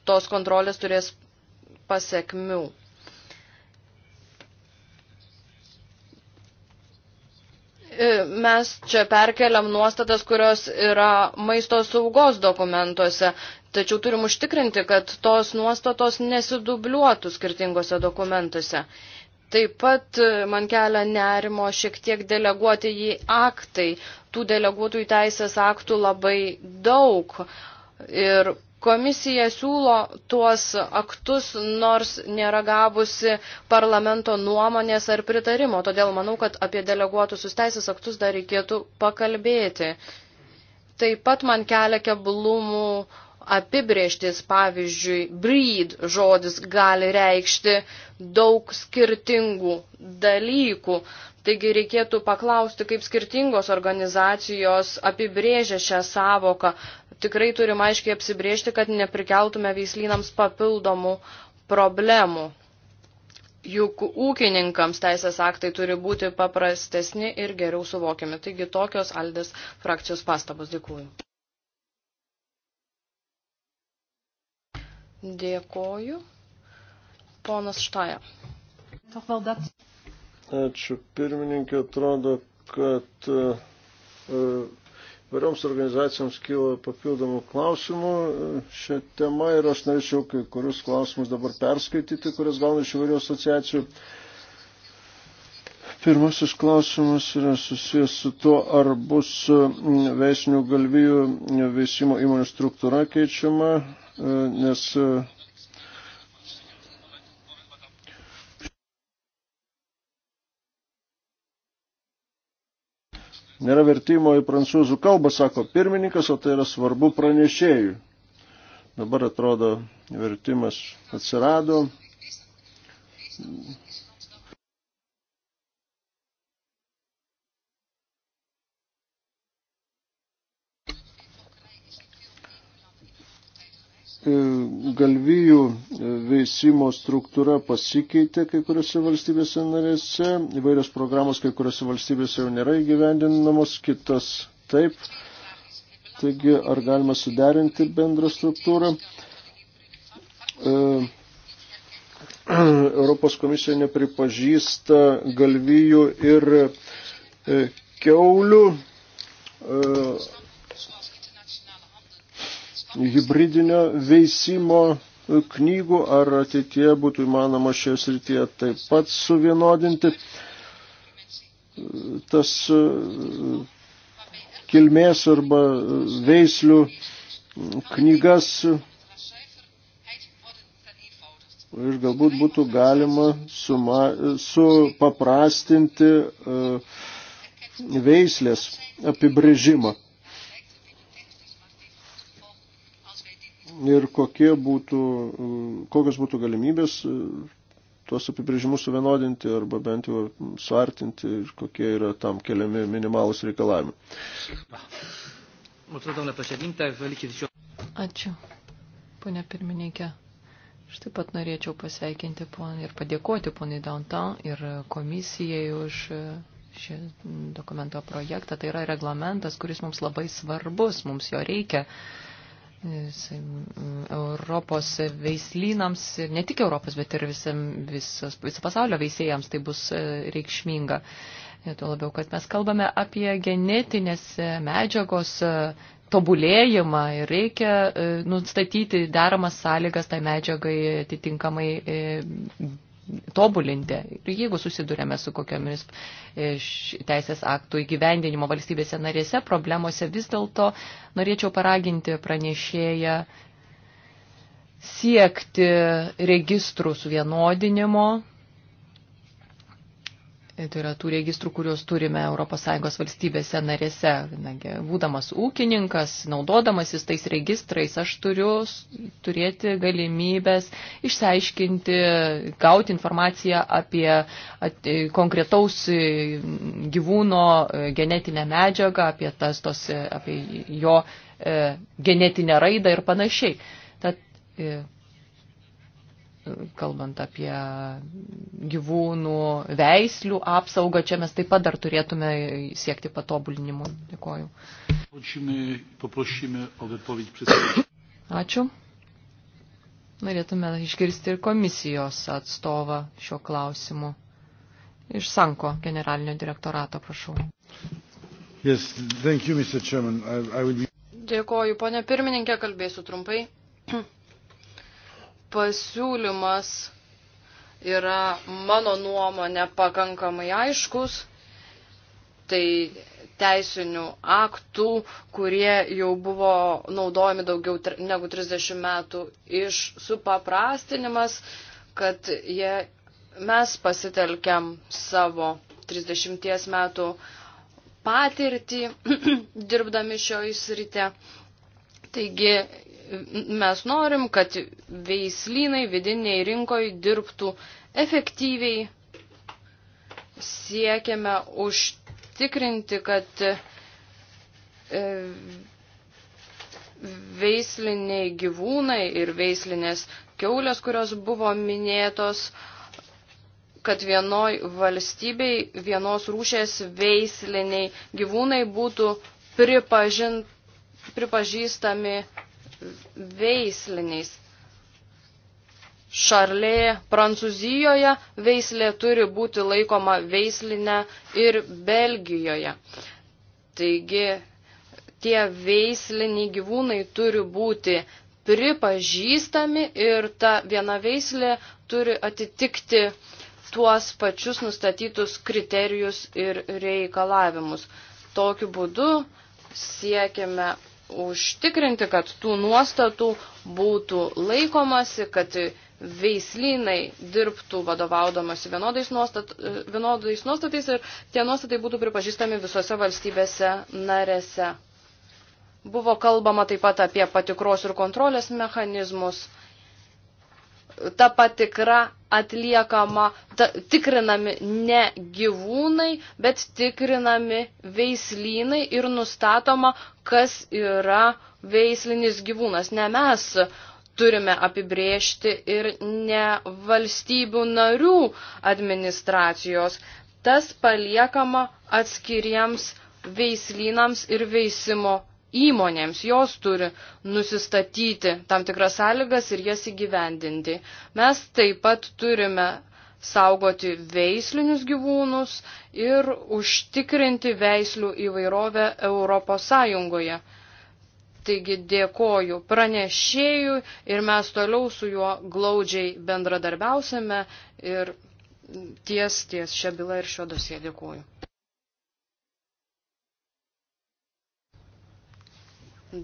tos kontrolės turės pasiekmių. E, mes čia perkeliam nuostatas, kurios yra maisto saugos dokumentuose. Tačiau turim užtikrinti, kad tos nuostatos nesidubliuotų skirtingose dokumentuose. Taip pat e, man kelia nerimo šiek tiek deleguoti į aktai. Tų deleguotų į teisės aktų labai daug. Ir komisija siūlo tuos aktus, nors nėra gavusi parlamento nuomonės ar pritarimo. Todėl manau, kad apie deleguotusius teisės aktus dar reikėtų pakalbėti. Taip pat man kelia keblumų uh, apibrieštis, pavyzdžiui, breed žodis gali reikšti daug skirtingų dalykų. Taigi reikėtų paklausti, kaip skirtingos organizacijos apibrėžia šią savoką. Tikrai turim aiškiai apsibriežti, kad neprikeltume veislynams papildomų problemų. Juk ūkininkams teisės aktai turi būti paprastesni ir geriau suvokiami. Taigi tokios Aldės frakcijos pastabos. Dėkuoju. Dėkoju. Ponas Štaja. Ačiū pirmininkė, atrodo, kad e, e, varioms organizacijoms kyla papildomų klausimų e, šią temą ir aš norėčiau kai kurius klausimus dabar perskaityti, kurias gaunu iš įvairių asociacijų. Pirmasis klausimas yra susijęs su to, ar bus veisinių galvijų veisimo įmonių struktūra keičiama E, nes e, nėra vertimo į prancūzų kalbą, sako pirmininkas, o tai yra svarbu pranešėjui. Dabar atrodo, vertimas atsirado. E, galvijų e, veisimo struktūra pasikeitė kai kuriuose valstybėse narėse, įvairios programos kai kuriuose valstybėse jau nėra įgyvendinamos, kitas taip. Taigi, ar galima suderinti bendrą struktūrą? E, (clears throat) Europos komisija nepripažįsta galvijų ir keulių hybridinio veisimo knygų, ar ateitie būtų įmanoma šioje srityje taip pat suvienodinti tas e, kilmės arba veislių knygas ir galbūt būtų galima suma, supaprastinti e, veislės apibrėžimą. ir kokie būtų, kokios būtų galimybės e, tuos apibrėžimus suvienodinti arba bent jau suartinti ir kokie yra tam keliami minimalus reikalavimai. Ačiū, ponia pirmininkė. Aš taip pat norėčiau pasveikinti ponį ir padėkoti ponį Downtown ir komisijai už šį dokumento projektą. Tai yra reglamentas, kuris mums labai svarbus, mums jo reikia. Europos veislynams, ne tik Europos, bet ir visam, visos, viso pasaulio veisėjams tai bus e, reikšminga. Tuo labiau, kad mes kalbame apie genetinės e, medžiagos e, tobulėjimą ir reikia nustatyti deramas sąlygas tai medžiagai atitinkamai tobulinti. Ir jeigu susidurėme su kokiomis e, teisės aktų įgyvendinimo valstybėse narėse problemose, vis dėlto norėčiau paraginti pranešėją siekti registrų suvienodinimo E, tai yra tų registrų, kuriuos turime ES valstybėse narėse. Būdamas ūkininkas, naudodamasis tais registrais, aš turiu turėti galimybės išsiaiškinti, gauti informaciją apie at, e, konkretaus e, gyvūno genetinę medžiagą, apie, tas, tos, apie jo e, genetinę raidą ir panašiai. Tad, e, kalbant apie gyvūnų veislių apsaugą, čia mes taip pat dar turėtume siekti patobulinimų. Dėkoju. Ačiū. Norėtume išgirsti ir komisijos atstovą šiuo klausimu. Iš Sanko generalinio direktorato, prašau. Yes, thank you, Mr. Chairman. I, I will be... Dėkoju, ponė pirmininkė, kalbėsiu trumpai. (clears throat) pasiūlymas yra mano nuomonė pakankamai aiškus. Tai teisinių aktų, kurie jau buvo naudojami daugiau negu 30 metų iš supaprastinimas, kad jie, mes pasitelkiam savo 30 metų patirtį (clears throat) dirbdami šioje srityje. Taigi mes norim, kad veislynai vidiniai rinkoje dirbtų efektyviai. Siekiame užtikrinti, kad e, veisliniai gyvūnai ir veislinės keulės, kurios buvo minėtos, kad vienoj valstybei vienos rūšės veisliniai gyvūnai būtų pripažin, pripažįstami veisliniais. Šarlė Prancūzijoje veislė turi būti laikoma veislinė ir Belgijoje. Taigi tie veisliniai gyvūnai turi būti pripažįstami ir ta viena veislė turi atitikti tuos pačius nustatytus kriterijus ir reikalavimus. Tokiu būdu siekiame užtikrinti, kad tų nuostatų būtų laikomasi, kad veislinai dirbtų vadovaudomasi vienodais, nuostat, vienodais nuostatais ir tie nuostatai būtų pripažįstami visose valstybėse narėse. Buvo kalbama taip pat apie patikros ir kontrolės mechanizmus ta patikra atliekama, ta, tikrinami ne gyvūnai, bet tikrinami veislynai ir nustatoma, kas yra veislinis gyvūnas. Ne mes turime apibriežti ir ne valstybių narių administracijos. Tas paliekama atskiriems veislynams ir veisimo įmonėms, jos turi nusistatyti tam tikras sąlygas ir jas įgyvendinti. Mes taip pat turime saugoti veislinius gyvūnus ir užtikrinti veislių įvairovę Europos Sąjungoje. Taigi dėkoju pranešėjui ir mes toliau su juo glaudžiai bendradarbiausime ir ties, ties šią bylą ir šio dosiją dėkoju.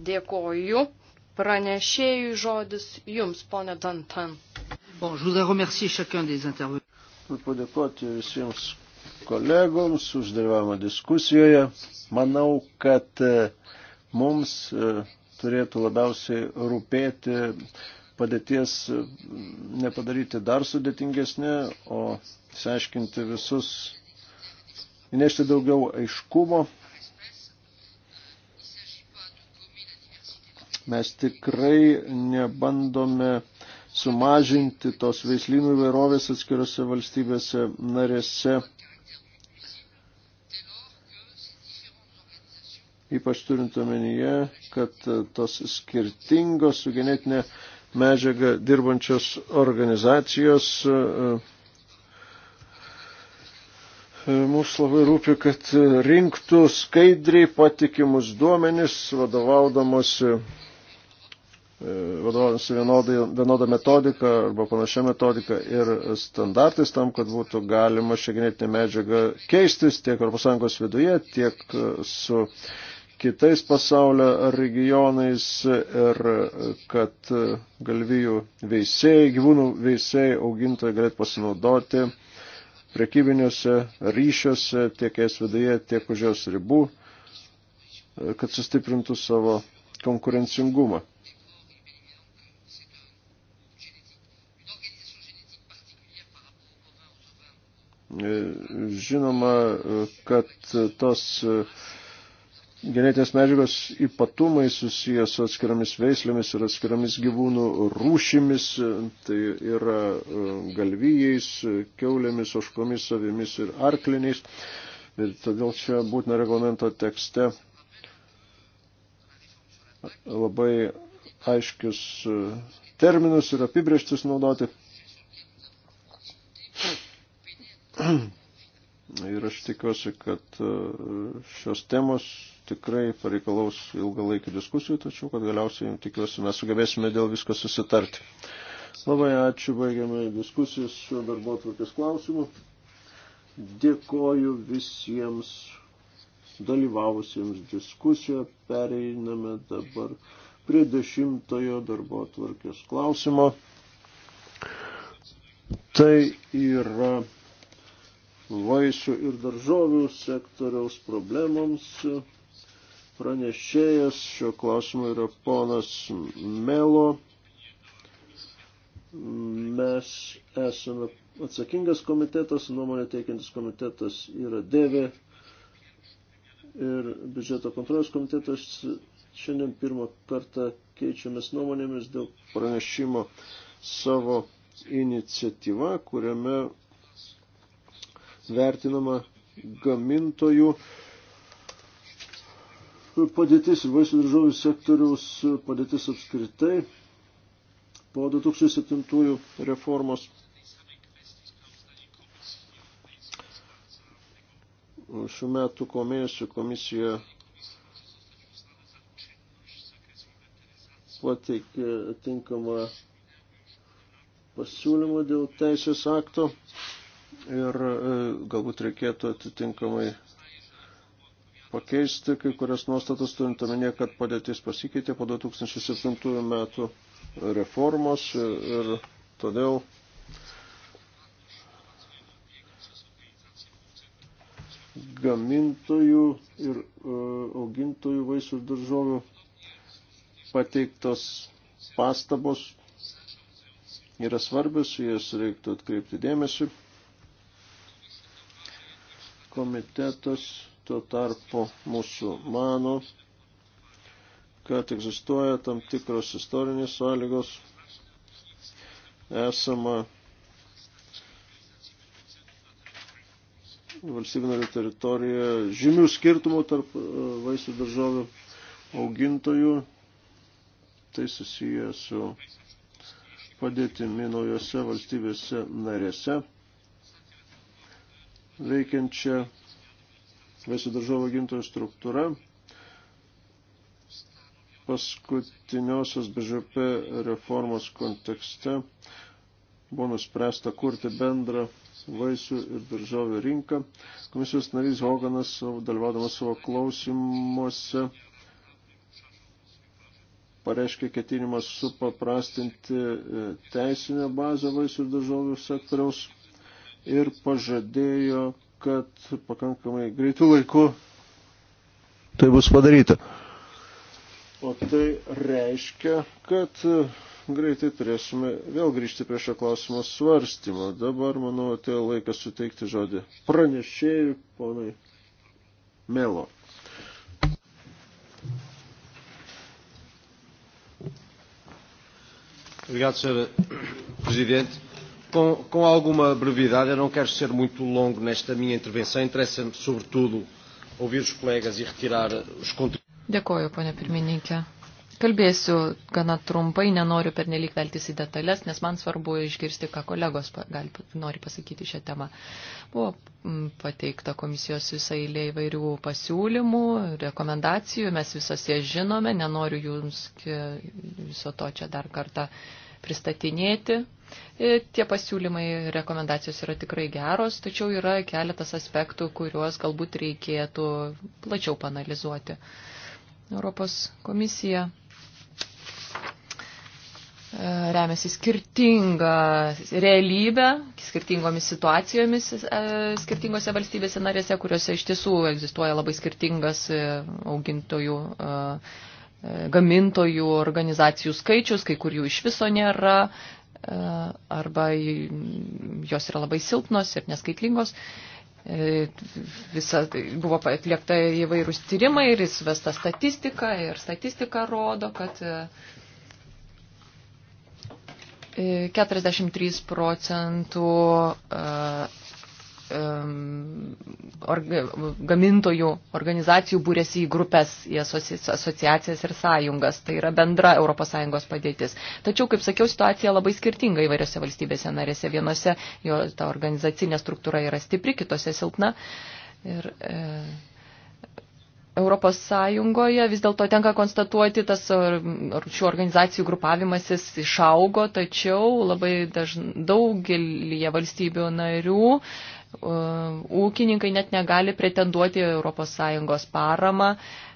Dėkoju. Pranešėjų žodis jums, ponė Dantan. Bon, Noriu padėkoti visiems kolegoms už dalyvavimą diskusijoje. Manau, kad e, mums e, turėtų labiausiai rūpėti padėties e, nepadaryti dar sudėtingesnė, o išsiaiškinti visus, įnešti daugiau aiškumo Mes tikrai nebandome sumažinti tos veislynų įvairovės atskirose valstybėse narėse. Ypač turint omenyje, kad tos skirtingos su genetinė medžiaga dirbančios organizacijos Mums labai rūpi, kad rinktų skaidriai patikimus duomenis, vadovaudamosi E, vadovaujantis vienodą metodiką arba panašią metodiką ir standartais tam, kad būtų galima šią genetinę medžiagą keistis tiek ES viduje, tiek su kitais pasaulio regionais ir kad galvijų veisėjai, gyvūnų veisėjai, augintojai galėtų pasinaudoti prekybiniuose ryšiuose tiek es viduje, tiek už jos ribų, kad sustiprintų savo konkurencingumą. Žinoma, kad tos genetinės medžiagos ypatumai susijęs su atskiromis veislėmis ir atskiromis gyvūnų rūšimis, tai yra e, galvijais, keuliamis, oškomis, savimis ir arkliniais. Ir todėl čia būtina reglamento tekste labai aiškius e, terminus ir apibrieštis naudoti. Ir aš tikiuosi, kad e, šios temos tikrai pareikalaus ilgalaikį diskusijų, tačiau kad galiausiai, tikiuosi, mes sugebėsime dėl visko susitarti. Labai ačiū, baigiame diskusijas šiuo darbo atvarkės klausimu. Dėkoju visiems dalyvavusiems diskusijoje. Pereiname dabar prie dešimtojo darbo atvarkės klausimo. Tai yra vaisių ir daržovių sektoriaus problemoms. Pranešėjas šio klausimo yra ponas Melo. Mes esame atsakingas komitetas, nuomonė teikiantis komitetas yra dėvė ir biudžeto kontrolės komitetas šiandien pirmą kartą keičiamės nuomonėmis dėl pranešimo savo iniciatyva, kuriame vertinama gamintojų padėtis ir vaisių daržovių sektoriaus padėtis apskritai po 2007 reformos. Šių metų komėsių komisija pateikė tinkamą pasiūlymą dėl teisės akto ir e, galbūt reikėtų atitinkamai pakeisti kai kurias nuostatas, turint omenyje, kad padėtis pasikeitė po 2007 metų reformos ir todėl gamintojų ir e, augintojų vaisių ir daržovių pateiktos pastabos yra svarbios, jas reiktų atkreipti dėmesį komitetas tuo tarpu mūsų mano, kad egzistuoja tam tikros istorinės sąlygos, esama valstybinio teritorijoje žymių skirtumų tarp e, vaisių daržovių augintojų, tai susiję su padėtimi naujose valstybėse narėse veikiančia vaisių daržovo gintojų struktūra. Paskutiniosios BŽP reformos kontekste buvo nuspręsta kurti bendrą vaisių ir daržovių rinką. Komisijos narys Hoganas, dalyvaudamas savo klausimuose, pareiškė ketinimas supaprastinti e, teisinę bazę vaisių ir daržovių sektoriaus ir pažadėjo, kad pakankamai greitų laikų tai bus padaryta. O tai reiškia, kad greitai turėsime vėl grįžti prie šio klausimo svarstymo. Dabar, manau, atėjo laikas suteikti žodį pranešėjui, ponai Melo. Obrigado, Sr. Presidente com, com alguma brevidade, eu não quero ser muito longo nesta minha intervenção, interessa-me sobretudo ouvir os colegas e retirar os contributos. Dėkoju, ponė pirmininkė. Kalbėsiu gana trumpai, nenoriu pernelyg veltis į detalės, nes man svarbu išgirsti, ką kolegos gali, nori pasakyti šią temą. Buvo pateikta komisijos visai eilė įvairių pasiūlymų, rekomendacijų, mes visas jas žinome, nenoriu jums viso to čia dar kartą pristatinėti, E, tie pasiūlymai, rekomendacijos yra tikrai geros, tačiau yra keletas aspektų, kuriuos galbūt reikėtų plačiau panalizuoti. Europos komisija e, remiasi skirtinga realybė, skirtingomis situacijomis e, skirtingose valstybėse narėse, kuriuose iš tiesų egzistuoja labai skirtingas augintojų, gamintojų organizacijų skaičius, kai kur jų iš viso nėra, E, arba jos yra labai silpnos ir neskaitlingos. E, visa, buvo atliekta įvairūs tyrimai ir įsivesta statistika ir statistika rodo, kad 43 e, procentų orga, gamintojų organizacijų būrėsi į grupės, į asociacijas ir sąjungas. Tai yra bendra ES padėtis. Tačiau, kaip sakiau, situacija labai skirtinga įvairiose valstybėse narėse. Vienose jo ta organizacinė struktūra yra stipri, kitose silpna. Ir, e, Europos Sąjungoje vis dėlto tenka konstatuoti, tas šių organizacijų grupavimasis išaugo, tačiau labai dažn, daugelį valstybių narių e, E, ūkininkai net negali pretenduoti ES paramą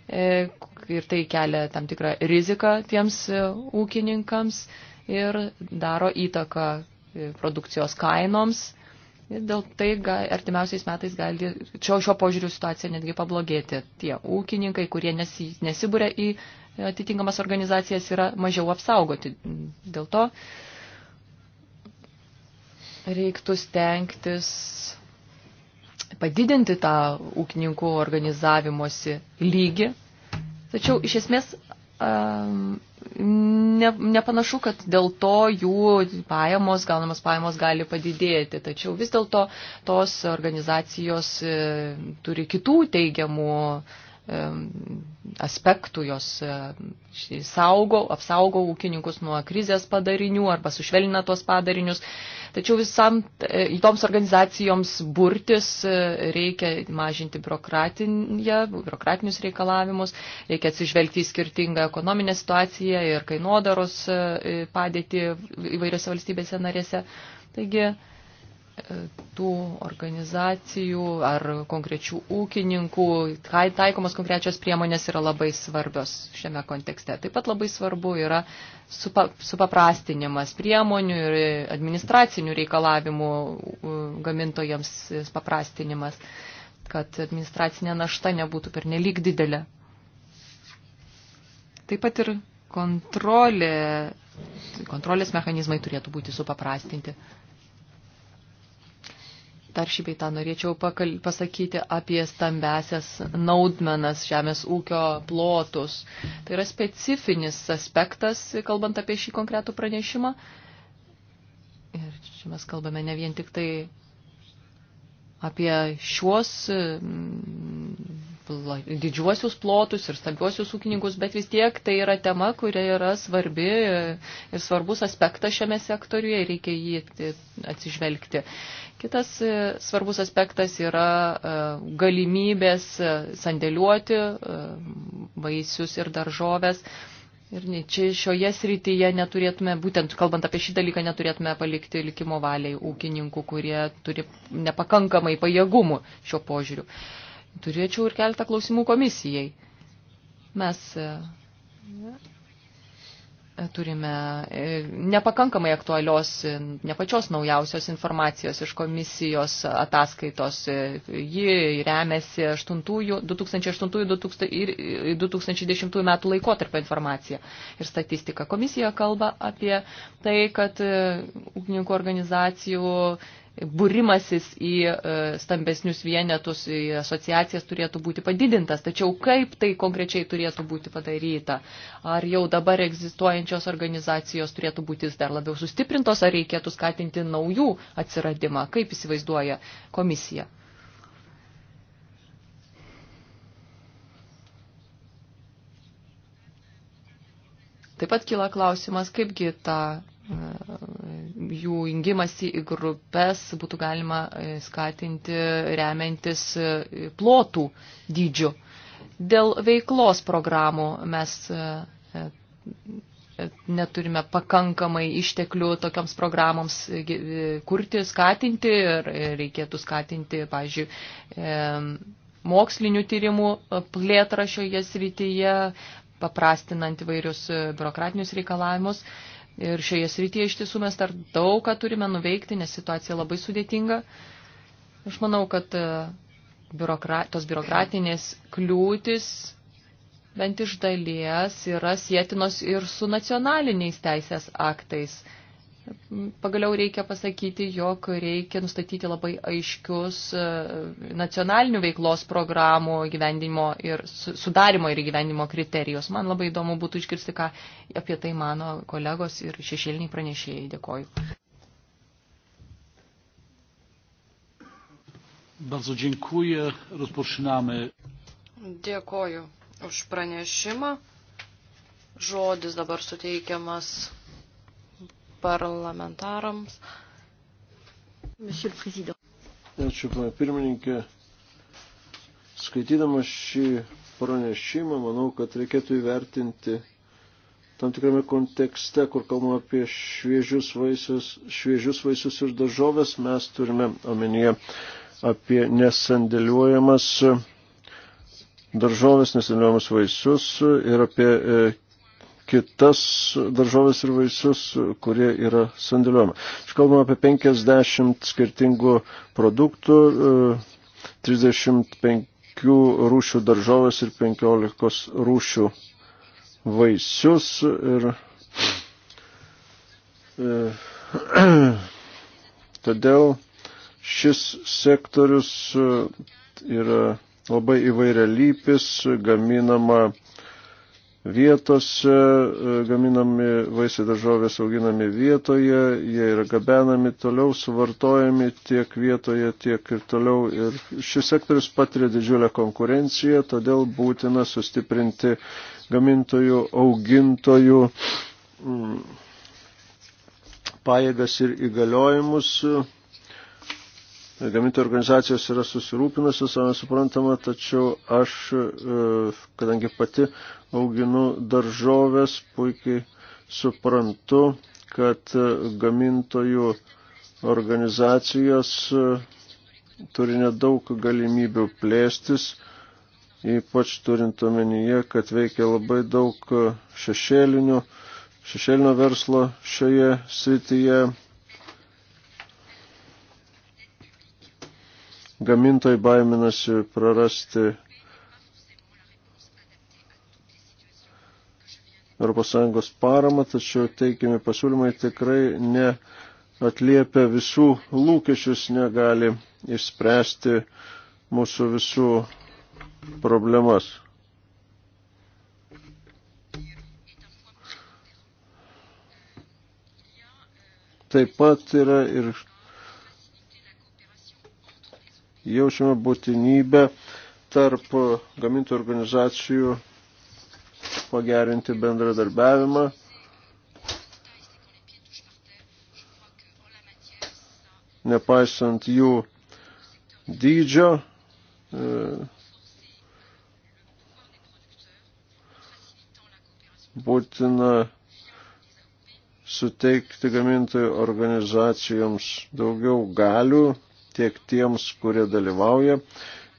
e, ir tai kelia tam tikrą riziką tiems e, ūkininkams ir daro įtaką produkcijos kainoms. Ir dėl tai artimiausiais metais gali, šio, šio požiūrių situacija netgi pablogėti. Tie ūkininkai, kurie nesi, nesibūrė į atitinkamas organizacijas, yra mažiau apsaugoti. Dėl to reiktų stengtis padidinti tą ūkininkų organizavimosi lygį. Tačiau iš esmės ne, nepanašu, kad dėl to jų pajamos, gaunamos pajamos gali padidėti. Tačiau vis dėlto tos organizacijos e, turi kitų teigiamų uh, aspektų, jos e, saugo, apsaugo ūkininkus nuo krizės padarinių arba sušvelina tuos padarinius. Tačiau visam e, toms organizacijoms burtis e, reikia mažinti biurokratinius reikalavimus, reikia atsižvelgti į skirtingą ekonominę situaciją ir kainodaros padėti įvairiose valstybėse narėse. Taigi, tų organizacijų ar konkrečių ūkininkų, taikomas konkrečios priemonės yra labai svarbios šiame kontekste. Taip pat labai svarbu yra supaprastinimas priemonių ir administracinių reikalavimų gamintojams paprastinimas, kad administracinė našta nebūtų per nelik didelė. Taip pat ir kontrolė, kontrolės mechanizmai turėtų būti supaprastinti dar šį beitą norėčiau pakal, pasakyti apie stambesias naudmenas žemės ūkio plotus. Tai yra specifinis aspektas, kalbant apie šį konkretų pranešimą. Ir čia mes kalbame ne vien tik tai apie šiuos pla, didžiuosius plotus ir stambiuosius ūkininkus, bet vis tiek tai yra tema, kuri yra svarbi ir svarbus aspektas šiame sektoriuje ir reikia jį atsižvelgti. Kitas e, svarbus aspektas yra e, galimybės e, sandėliuoti vaisius ir daržovės. Ir čia šioje srityje neturėtume, būtent kalbant apie šį dalyką, neturėtume palikti likimo valiai ūkininkų, kurie turi nepakankamai pajėgumų šio požiūriu. Uh, turėčiau ir keltą klausimų komisijai. Mes e, e, turime e, nepakankamai aktualios, ne pačios naujausios informacijos iš komisijos ataskaitos. Ji remiasi 2008-2010 metų laikotarpio informaciją ir statistiką. Komisija kalba apie tai, kad ūkininkų organizacijų būrimasis į e, stambesnius vienetus, į asociacijas turėtų būti padidintas. Tačiau kaip tai konkrečiai turėtų būti padaryta? Ar jau dabar egzistuojančios organizacijos turėtų būti dar labiau sustiprintos, ar reikėtų skatinti naujų atsiradimą? Kaip įsivaizduoja komisija? Taip pat kyla klausimas, kaipgi tą jų jungimasi į grupės būtų galima e, skatinti remiantis e, plotų dydžių. Dėl veiklos programų mes e, neturime pakankamai išteklių tokioms programoms kurti, skatinti ir reikėtų skatinti, pažiūrėjau, mokslinių tyrimų plėtrą šioje srityje, paprastinant įvairius biurokratinius reikalavimus. Ir šioje srityje iš tiesų mes dar daug ką turime nuveikti, nes situacija labai sudėtinga. Aš manau, kad e, biurokra, tos biurokratinės kliūtis bent iš dalies yra sėtinos ir su nacionaliniais teisės aktais Pagaliau reikia pasakyti, jog reikia nustatyti labai aiškius e, nacionalinių veiklos programų gyvendimo ir sudarimo ir gyvendimo kriterijus. Man labai įdomu būtų išgirsti, ką apie tai mano kolegos ir šešėliniai pranešėjai. Dėkoju. Bardzo dziękuję. Rozpoczynamy. Dėkoju už pranešimą. Žodis dabar suteikiamas parlamentarams. Monsieur le Président. Ačiū, pana pirmininkė. Skaitydamas šį pranešimą, manau, kad reikėtų įvertinti tam tikrame kontekste, kur kalbame apie šviežius vaisius, šviežius vaisius ir daržovės, mes turime omenyje apie nesandėliuojamas daržovės, nesandėliuojamas vaisius ir apie e, kitas daržovės ir vaisius, kurie yra sandėliuojami. Aš kalbam apie 50 skirtingų produktų, 35 e, rūšių daržovės ir 15 rūšių vaisius. Ir, e, (clears throat) todėl šis sektorius e, yra labai įvairialypis, gaminama vietose, e, gaminami vaisiai daržovės auginami vietoje, jie yra gabenami toliau, suvartojami tiek vietoje, tiek ir toliau. Ir šis sektorius patiria didžiulę konkurenciją, todėl būtina sustiprinti gamintojų, augintojų mm, pajėgas ir įgaliojimus gamintojų organizacijos yra susirūpinusi, savai suprantama, tačiau aš, e, kadangi pati auginu daržovės, puikiai suprantu, kad e, gamintojų organizacijos e, turi nedaug galimybių plėstis, ypač turint omenyje, kad veikia labai daug šešėlinių, šešėlinio verslo šioje srityje gamintojai baiminasi prarasti ES paramą, tačiau teikiami pasiūlymai tikrai ne atliepia visų lūkesčius, negali išspręsti mūsų visų problemas. Taip pat yra ir jaučiame būtinybę tarp gamintojų organizacijų pagerinti bendradarbiavimą. Nepaisant jų dydžio, e, būtina suteikti gamintojų organizacijoms daugiau galių tiek tiems, kurie dalyvauja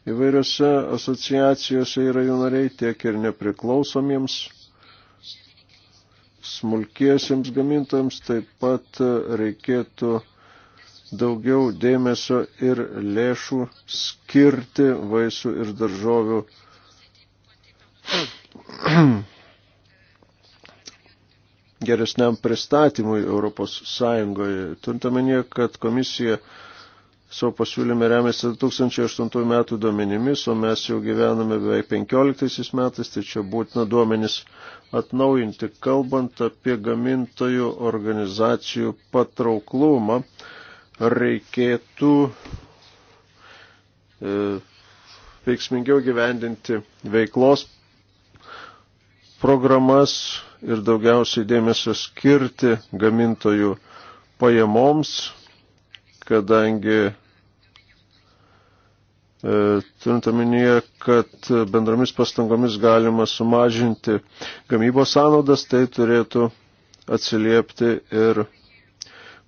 įvairiose asociacijose yra jų nariai, tiek ir nepriklausomiems smulkiesiems gamintams taip pat reikėtų daugiau dėmesio ir lėšų skirti vaisių ir daržovių geresniam pristatymui Europos Sąjungoje. Turintamenyje, kad komisija savo pasiūlyme remiasi 2008 metų duomenimis, o mes jau gyvename beveik 15 metais, tai čia būtina duomenis atnaujinti, kalbant apie gamintojų organizacijų patrauklumą. Reikėtų e, veiksmingiau gyvendinti veiklos programas ir daugiausiai dėmesio skirti gamintojų pajamoms, kadangi e, turint omenyje, kad bendromis pastangomis galima sumažinti gamybos sąnaudas, tai turėtų atsiliepti ir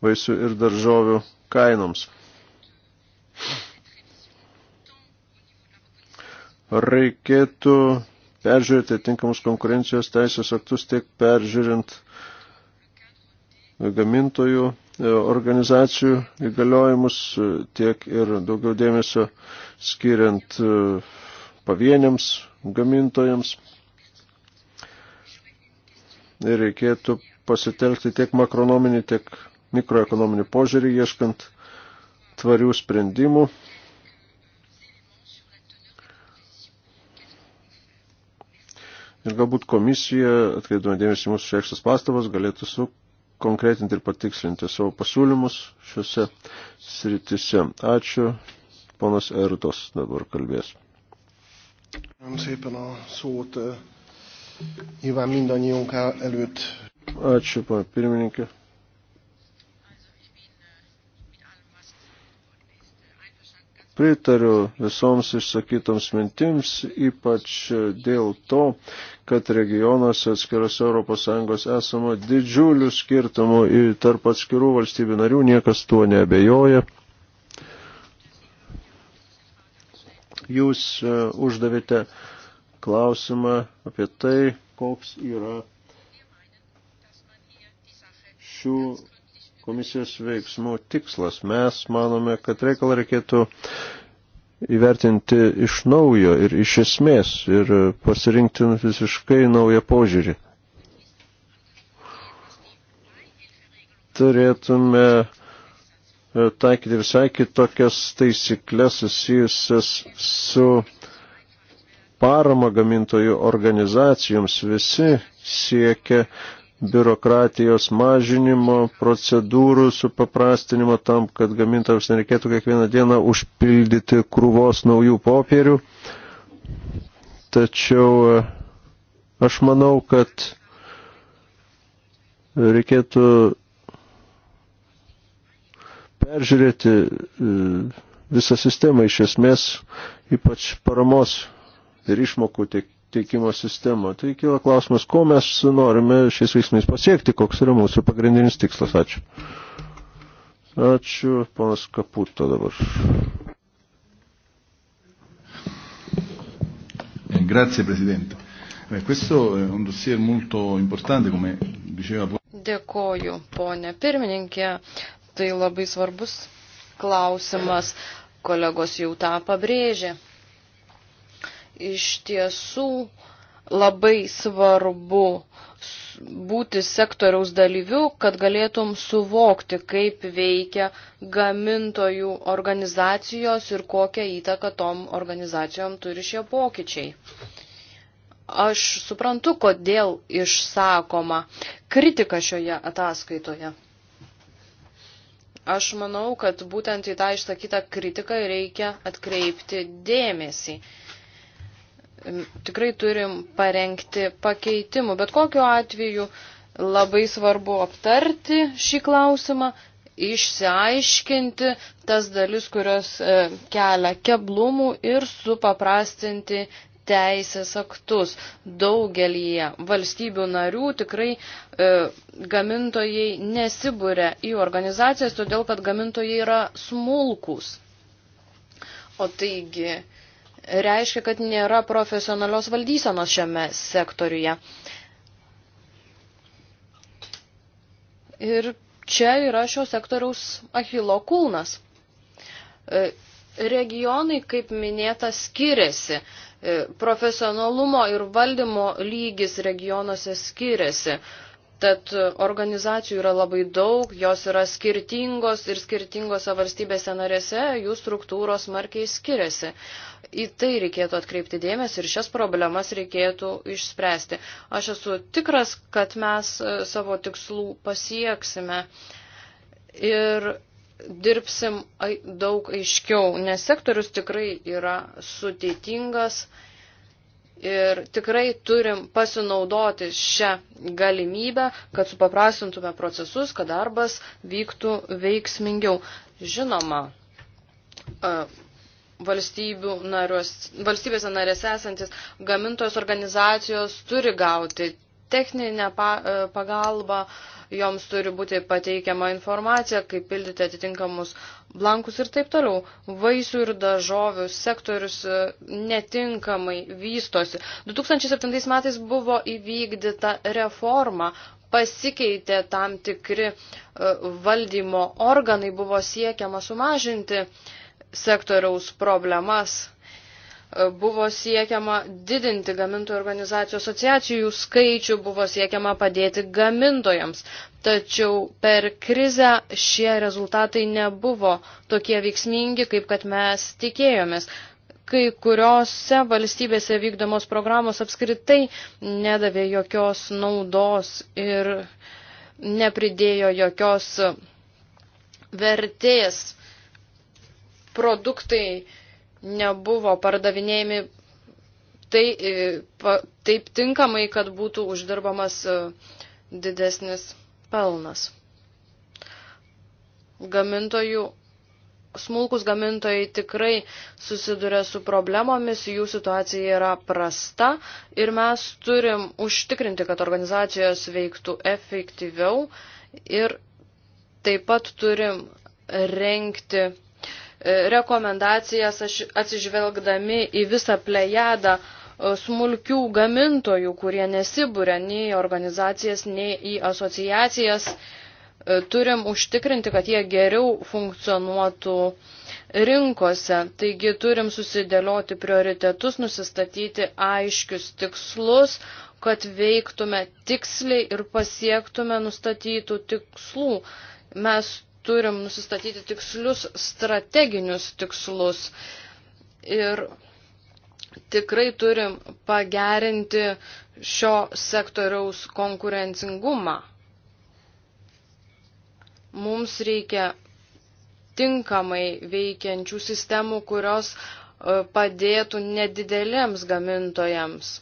vaisių ir daržovių kainoms. Reikėtų peržiūrėti tinkamus konkurencijos teisės aktus tiek peržiūrint gamintojų E, organizacijų įgaliojimus, e, tiek ir daugiau dėmesio skiriant e, pavieniams gamintojams. Ir reikėtų pasitelkti tiek makronominį, tiek mikroekonominį požiūrį, ieškant tvarių sprendimų. Ir galbūt komisija, atkreipdama dėmesį mūsų šeštas pastabas, galėtų su konkretinti ir patikslinti savo pasiūlymus šiuose sritise. Ačiū. Ponas Erdos dabar kalbės. Eh, Ačiū, pana pirmininkė. Pritariu visoms išsakytoms mintims, ypač dėl to, kad regionuose atskirose ES esama didžiulių skirtumų tarp atskirų valstybių narių, niekas tuo nebejoja. Jūs e, uždavėte klausimą apie tai, koks yra šių komisijos veiksmų tikslas. Mes manome, kad reikalą reikėtų įvertinti iš naujo ir iš esmės ir pasirinkti visiškai naują požiūrį. Turėtume e, taikyti visai kitokias taisyklės susijusias su parama gamintojų organizacijoms. Visi siekia biurokratijos mažinimo, procedūrų supaprastinimo tam, kad gamintams nereikėtų kiekvieną dieną užpildyti krūvos naujų popierių. Tačiau e, aš manau, kad reikėtų peržiūrėti e, visą sistemą iš esmės, ypač paramos ir išmokų tiek tiekimo sistemą. Tai kyla klausimas, ko mes norime šiais veiksmais pasiekti, koks yra mūsų pagrindinis tikslas. Ačiū. Ačiū, panas Kaputo dabar. Eh, grazie Presidente. Beh, questo è un dossier molto importante, come diceva. Dėkoju, ponė pirmininkė. Tai labai svarbus klausimas. Kolegos jau tą pabrėžė iš tiesų labai svarbu būti sektoriaus dalyviu, kad galėtum suvokti, kaip veikia gamintojų organizacijos ir kokią įtaką tom organizacijom turi šie pokyčiai. Aš suprantu, kodėl išsakoma kritika šioje ataskaitoje. Aš manau, kad būtent į tą išsakytą kritiką reikia atkreipti dėmesį tikrai turim parengti pakeitimų. Bet kokiu atveju labai svarbu aptarti šį klausimą, išsiaiškinti tas dalis, kurios e, kelia keblumų ir supaprastinti teisės aktus. Daugelį valstybių narių tikrai e, gamintojai nesibūrė į organizacijas, todėl kad gamintojai yra smulkus. O taigi, e, reiškia, kad nėra profesionalios valdysenos šiame sektoriuje. Ir čia yra šio sektoriaus achilo kulnas. E, regionai, kaip minėta, skiriasi. E, profesionalumo ir valdymo lygis regionuose skiriasi. Tad organizacijų yra labai daug, jos yra skirtingos ir skirtingose valstybėse narėse jų struktūros smarkiai skiriasi. Į tai reikėtų atkreipti dėmesį ir šias problemas reikėtų išspręsti. Aš esu tikras, kad mes e, savo tikslų pasieksime ir dirbsim daug aiškiau, nes sektorius tikrai yra sudėtingas Ir tikrai turim pasinaudoti šią galimybę, kad supaprastintume procesus, kad darbas vyktų veiksmingiau. Žinoma, e, narios, valstybėse narėse esantis gamintojos organizacijos turi gauti techninę e, pagalbą, joms turi būti pateikiama informacija, kaip pildyti atitinkamus blankus ir taip toliau. Vaisių ir dažovių sektorius e, netinkamai vystosi. 2007 metais buvo įvykdyta reforma, pasikeitė tam tikri e, valdymo organai, buvo siekiama sumažinti sektoriaus problemas E, buvo siekiama didinti gamintojų organizacijų asociacijų skaičių, buvo siekiama padėti gamintojams. Tačiau per krizę šie rezultatai nebuvo tokie veiksmingi, kaip kad mes tikėjomės. Kai kuriuose valstybėse vykdomos programos apskritai nedavė jokios naudos ir nepridėjo jokios vertės produktai nebuvo pardavinėjami tai, e, taip tinkamai, kad būtų uždirbamas e, didesnis pelnas. Gamintojų, smulkus gamintojai tikrai susiduria su problemomis, jų situacija yra prasta ir mes turim užtikrinti, kad organizacijos veiktų efektyviau ir taip pat turim renkti E, rekomendacijas atsižvelgdami į visą plejadą e, smulkių gamintojų, kurie nesibūrė nei į organizacijas, nei į asociacijas. E, turim užtikrinti, kad jie geriau funkcionuotų rinkose. Taigi turim susidėlioti prioritetus, nusistatyti aiškius tikslus, kad veiktume tiksliai ir pasiektume nustatytų tikslų. Mes turim nusistatyti tikslius strateginius tikslus ir tikrai turim pagerinti šio sektoriaus konkurencingumą. Mums reikia tinkamai veikiančių sistemų, kurios e, padėtų nedidelėms gamintojams.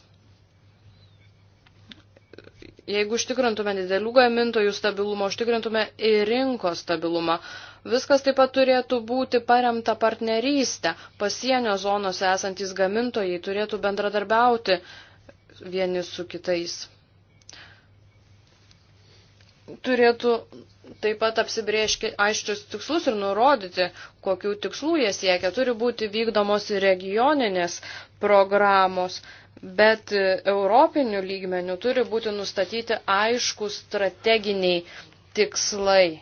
Jeigu užtikrintume didelių gamintojų stabilumą, užtikrintume ir rinkos stabilumą, viskas taip pat turėtų būti paremta partnerystė. Pasienio zonose esantys gamintojai turėtų bendradarbiauti vieni su kitais. Turėtų taip pat apsibriežti aiškius tikslus ir nurodyti, kokių tikslų jie siekia. Turi būti vykdomos regioninės programos bet europinių lygmenių turi būti nustatyti aiškus strateginiai tikslai.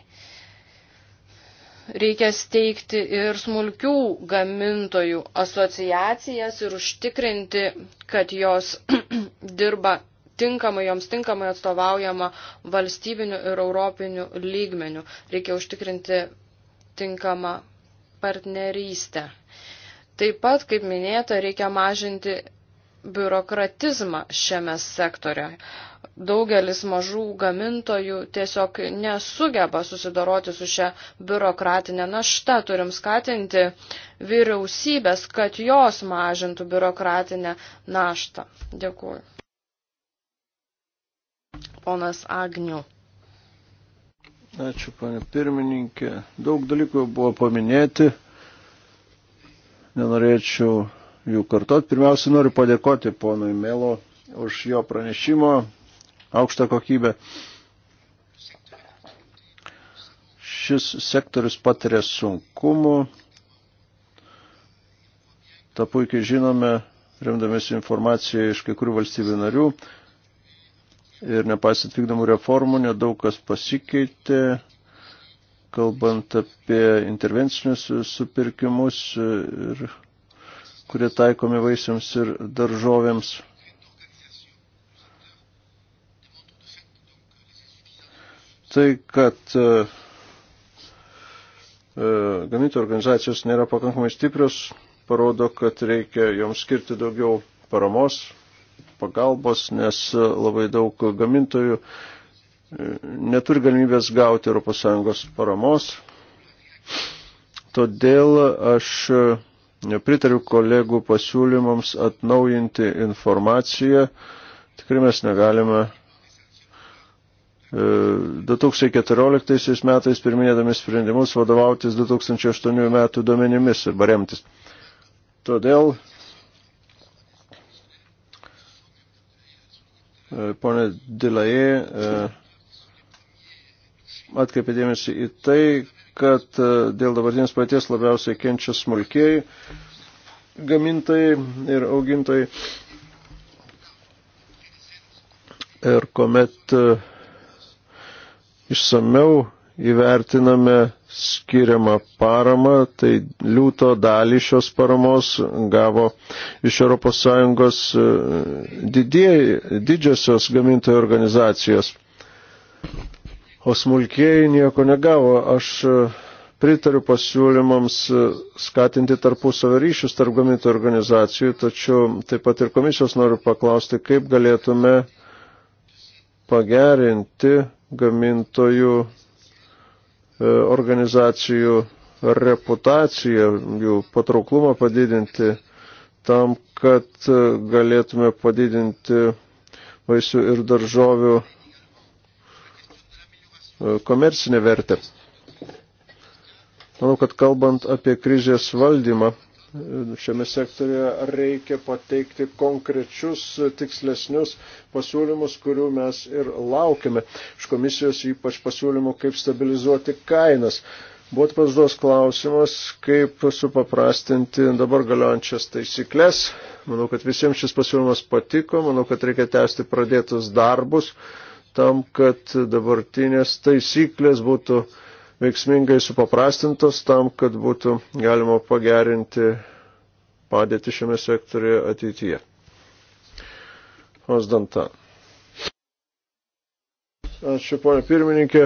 Reikia steigti ir smulkių gamintojų asociacijas ir užtikrinti, kad jos (clears throat) dirba tinkamai, joms tinkamai atstovaujama valstybiniu ir europiniu lygmeniu. Reikia užtikrinti tinkamą partnerystę. Taip pat, kaip minėta, reikia mažinti biurokratizmą šiame sektorė. Daugelis mažų gamintojų tiesiog nesugeba susidoroti su šia biurokratinė našta. Turim skatinti vyriausybės, kad jos mažintų biurokratinę naštą. Dėkuoju. Ponas Agnių. Ačiū, panė pirmininkė. Daug dalykų buvo paminėti. Nenorėčiau jų kartot. Pirmiausia, noriu padėkoti ponui Melo už jo pranešimo aukštą kokybę. Šis sektorius patiria sunkumų. Ta puikiai žinome, remdamėsi informaciją iš kai kurių valstybių narių. Ir nepaisant vykdomų reformų, nedaug kas pasikeitė, kalbant apie intervencinius supirkimus ir kurie taikomi vaisiams ir daržovėms. Tai, kad e, e, gamintojų organizacijos nėra pakankamai stiprios, parodo, kad reikia joms skirti daugiau paramos, pagalbos, nes e, labai daug gamintojų neturi galimybės gauti ES paramos. Todėl aš Pritariu kolegų pasiūlymams atnaujinti informaciją. Tikrai mes negalime 2014 e, metais pirminėdami sprendimus vadovautis 2008 metų duomenimis ir remtis. Todėl, e, ponė Dilaje, e, atkreipė dėmesį į tai, kad e, dėl dabartinės paties labiausiai kenčia smulkiai gamintojai ir augintojai. Ir kuomet e, išsameu įvertiname skiriamą paramą, tai liūto dalį šios paramos gavo iš ES e, didžiosios gamintojų organizacijos o smulkiai nieko negavo. Aš e, pritariu pasiūlymams e, skatinti tarpusavio ryšius tarp gamintojų organizacijų, tačiau taip pat ir komisijos noriu paklausti, kaip galėtume pagerinti gamintojų e, organizacijų reputaciją, jų patrauklumą padidinti tam, kad galėtume padidinti vaisių ir daržovių E, komercinę vertę. Manau, kad kalbant apie krizės valdymą, e, šiame sektorėje reikia pateikti konkrečius, tikslesnius pasiūlymus, kurių mes ir laukiame. Iš komisijos ypač pasiūlymų, kaip stabilizuoti kainas. Buvo pasduos klausimas, kaip supaprastinti dabar galiojančias taisyklės. Manau, kad visiems šis pasiūlymas patiko, manau, kad reikia tęsti pradėtus darbus tam, kad dabartinės taisyklės būtų veiksmingai supaprastintos, tam, kad būtų galima pagerinti padėti šiame sektorėje ateityje. Osdanta. Ačiū, ponė pirmininkė.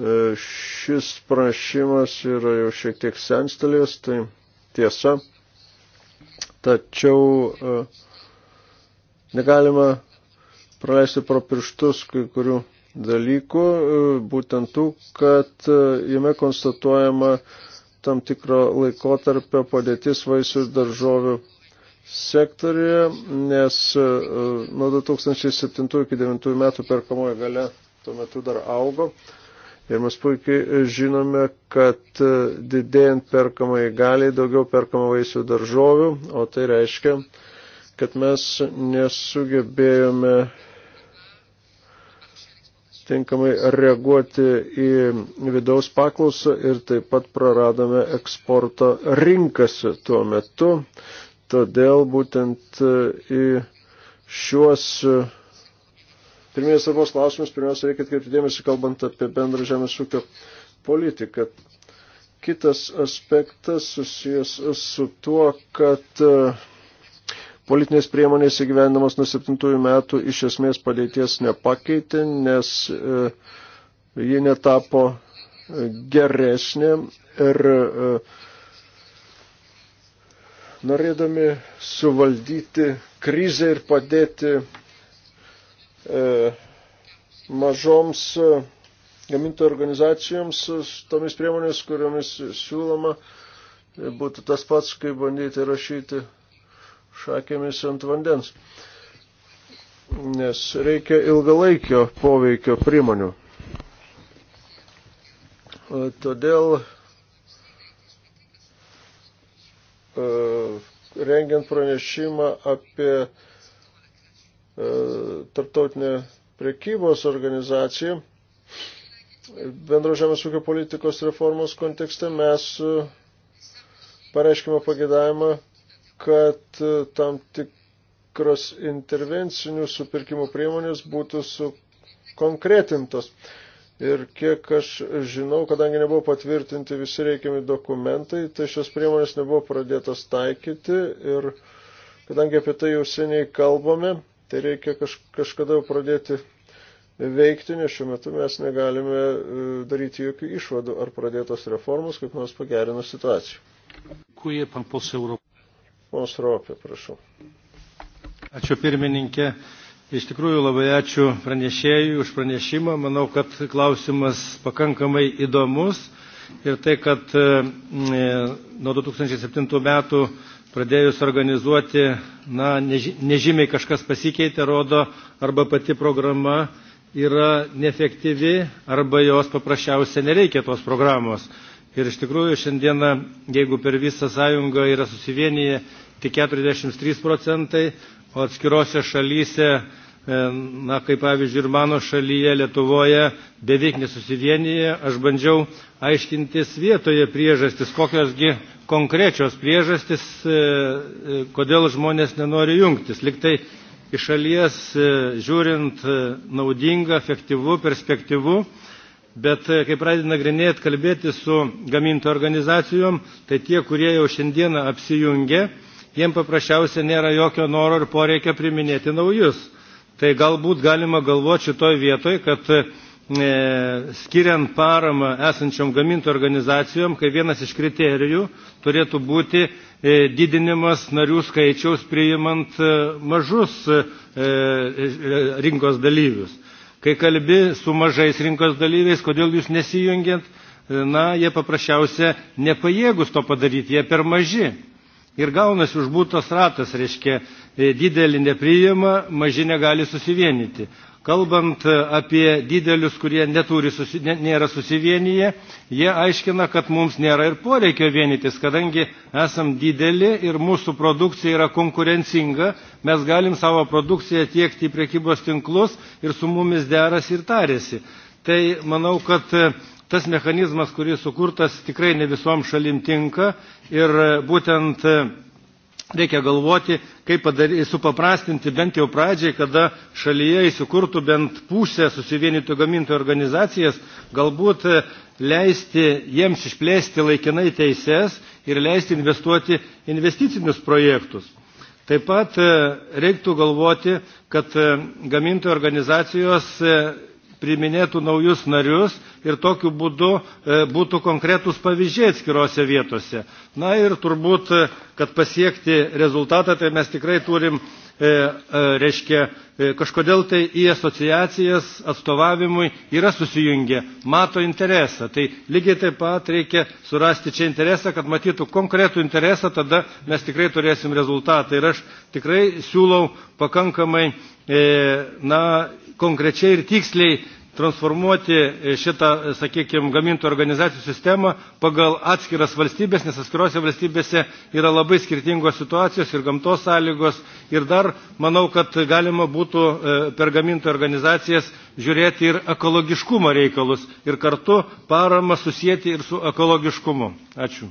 E, šis prašymas yra jau šiek tiek senstelės, tai tiesa. Tačiau uh, Negalima praleisti pro pirštus kai kurių dalykų, e, būtent tų, kad e, jame konstatuojama tam tikro laikotarpio padėtis vaisių ir daržovių sektorija, nes e, nuo 2007 iki 2009 metų perkamoji gale tuo metu dar augo. Ir mes puikiai žinome, kad didėjant perkamai galiai daugiau perkama vaisių daržovių, o tai reiškia, kad mes nesugebėjome tinkamai reaguoti į vidaus paklausą ir taip pat praradome eksporto rinkas tuo metu. Todėl būtent į šiuos pirminės svarbos klausimus pirmiausia reikia atkreipti dėmesį, kalbant apie bendrą žemės ūkio politiką. Kitas aspektas susijęs su tuo, kad uh, politinės priemonės įgyvendamos nuo 7 metų iš esmės padėties nepakeitė, nes e, ji netapo e, geresnė ir e, norėdami suvaldyti krizę ir padėti mažoms gamintojų organizacijoms tomis priemonės, kuriomis siūloma, būtų tas pats, kaip bandyti rašyti šakėmis ant vandens, nes reikia ilgalaikio poveikio priemonių. E, todėl e, rengiant pranešimą apie e, tarptautinę prekybos organizaciją, bendro žemės ūkio politikos reformos kontekste mes pareiškime pagėdavimą kad e, tam tikros intervencinių supirkimų priemonės būtų sukonkretintos. Ir kiek aš žinau, kadangi nebuvo patvirtinti visi reikiami dokumentai, tai šios priemonės nebuvo pradėtos taikyti ir kadangi apie tai jau seniai kalbame, tai reikia kaž, kažkada jau pradėti veikti, nes šiuo metu mes negalime e, daryti jokių išvadų, ar pradėtos reformos kaip nors pagerino situaciją. Mums ropė, prašau. Ačiū pirmininkė. Iš tikrųjų labai ačiū pranešėjui už pranešimą. Manau, kad klausimas pakankamai įdomus ir tai, kad e, nuo 2007 metų pradėjus organizuoti, na, nežymiai kažkas pasikeitė, rodo, arba pati programa yra neefektyvi, arba jos paprasčiausiai nereikia tos programos. Ir iš tikrųjų šiandieną, jeigu per visą sąjungą yra susivienyje tik 43 procentai, o atskirose šalyse, e, na kaip pavyzdžiui ir mano šalyje Lietuvoje, beveik nesusivienyje, aš bandžiau aiškintis vietoje priežastis, kokiosgi konkrečios priežastis, e, e, kodėl žmonės nenori jungtis. Liktai iš šalies žiūrint naudinga, efektyvu, perspektyvu bet e, kai pradedi nagrinėti, kalbėti su gamintojų organizacijom, tai tie, kurie jau šiandieną apsijungia, jiem paprasčiausiai nėra jokio noro ir poreikio priminėti naujus. Tai galbūt galima galvoti šitoj vietoj, kad e, skiriant paramą esančiom gamintojų organizacijom, kai vienas iš kriterijų turėtų būti e, didinimas narių skaičiaus priimant e, mažus e, e, e rinkos dalyvius. Kai kalbi su mažais rinkos dalyviais, kodėl jūs nesijungiant, e, na, jie paprasčiausia nepajėgus to padaryti, jie per maži. Ir gaunasi užbūtas ratas, reiškia, e, didelį nepriima, maži negali susivienyti. Kalbant e, apie didelius, kurie neturi, susi, nėra susivienyje, jie aiškina, kad mums nėra ir poreikio vienytis, kadangi esam dideli ir mūsų produkcija yra konkurencinga, mes galim savo produkciją tiekti į prekybos tinklus ir su mumis deras ir tarėsi. Tai manau, kad e, tas mechanizmas, kuris sukurtas, tikrai ne visom šalim tinka ir e, būtent reikia galvoti, kaip padaryti, supaprastinti bent jau pradžiai, kada šalyje įsikurtų bent pusė susivienytų gamintojų organizacijas, galbūt e, leisti jiems išplėsti laikinai teises ir leisti investuoti investicinius projektus. Taip pat e, reiktų galvoti, kad e, gamintojų organizacijos priminėtų naujus narius ir tokiu būdu e, būtų konkretūs pavyzdžiai atskirose vietose. Na ir turbūt, e, kad pasiekti rezultatą, tai mes tikrai turim e, reiškia, kažkodėl tai į asociacijas atstovavimui yra susijungę, mato interesą. Tai lygiai taip pat reikia surasti čia interesą, kad matytų konkretų interesą, tada mes tikrai turėsim rezultatą. Ir aš tikrai siūlau pakankamai na, konkrečiai ir tiksliai transformuoti e, šitą, e, sakykime, gamintojų organizacijų sistemą pagal atskiras valstybės, nes atskirose valstybėse yra labai skirtingos situacijos ir gamtos sąlygos. Ir dar manau, kad galima būtų e, per gamintojų organizacijas žiūrėti ir ekologiškumo reikalus ir kartu paramą susijęti ir su ekologiškumu. Ačiū.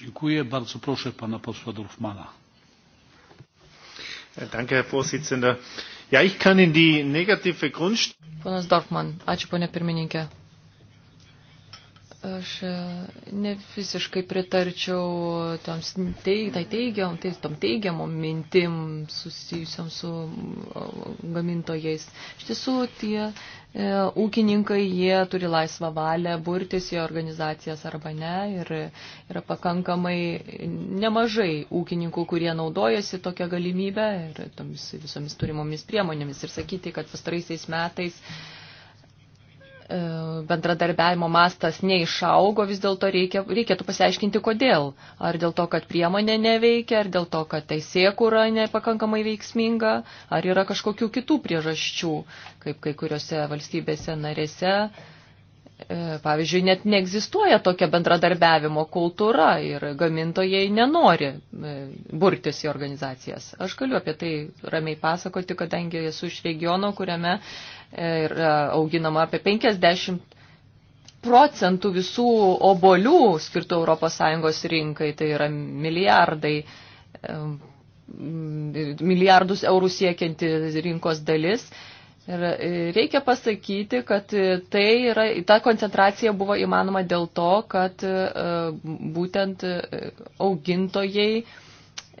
Dziękuję. Bardzo proszę pana posła Dorfmana. Danke, Herr Vorsitzender. Ja, ich kann in die negative Grund... Ponas Dorfman, ačiū, ponė pirmininkė. Aš e, ne visiškai pritarčiau toms teig, tai teigiam, tai, tom teigiamom mintim susijusiam su gamintojais. Iš tiesų, tie e, ūkininkai, jie turi laisvą valią burtis į organizacijas arba ne. Ir yra pakankamai nemažai ūkininkų, kurie naudojasi tokią galimybę ir tomis visomis turimomis priemonėmis. Ir sakyti, kad pastaraisiais metais. E, E, bendradarbiavimo mastas neišaugo, vis dėlto reikia, reikėtų pasiaiškinti, kodėl. Ar dėl to, kad priemonė neveikia, ar dėl to, kad teisėkūra nepakankamai veiksminga, ar yra kažkokių kitų priežasčių, kaip kai kuriuose valstybėse narėse. E, pavyzdžiui, net neegzistuoja tokia bendradarbiavimo kultūra ir gamintojai nenori e, burtis į organizacijas. Aš galiu apie tai ramiai pasakoti, kadangi esu iš regiono, kuriame uh, yra e, e, auginama apie 50 procentų visų obolių skirtų ES rinkai, tai yra milijardai, e, milijardus eurų siekianti rinkos dalis. Ir reikia pasakyti, kad tai yra, ta koncentracija buvo įmanoma dėl to, kad būtent augintojai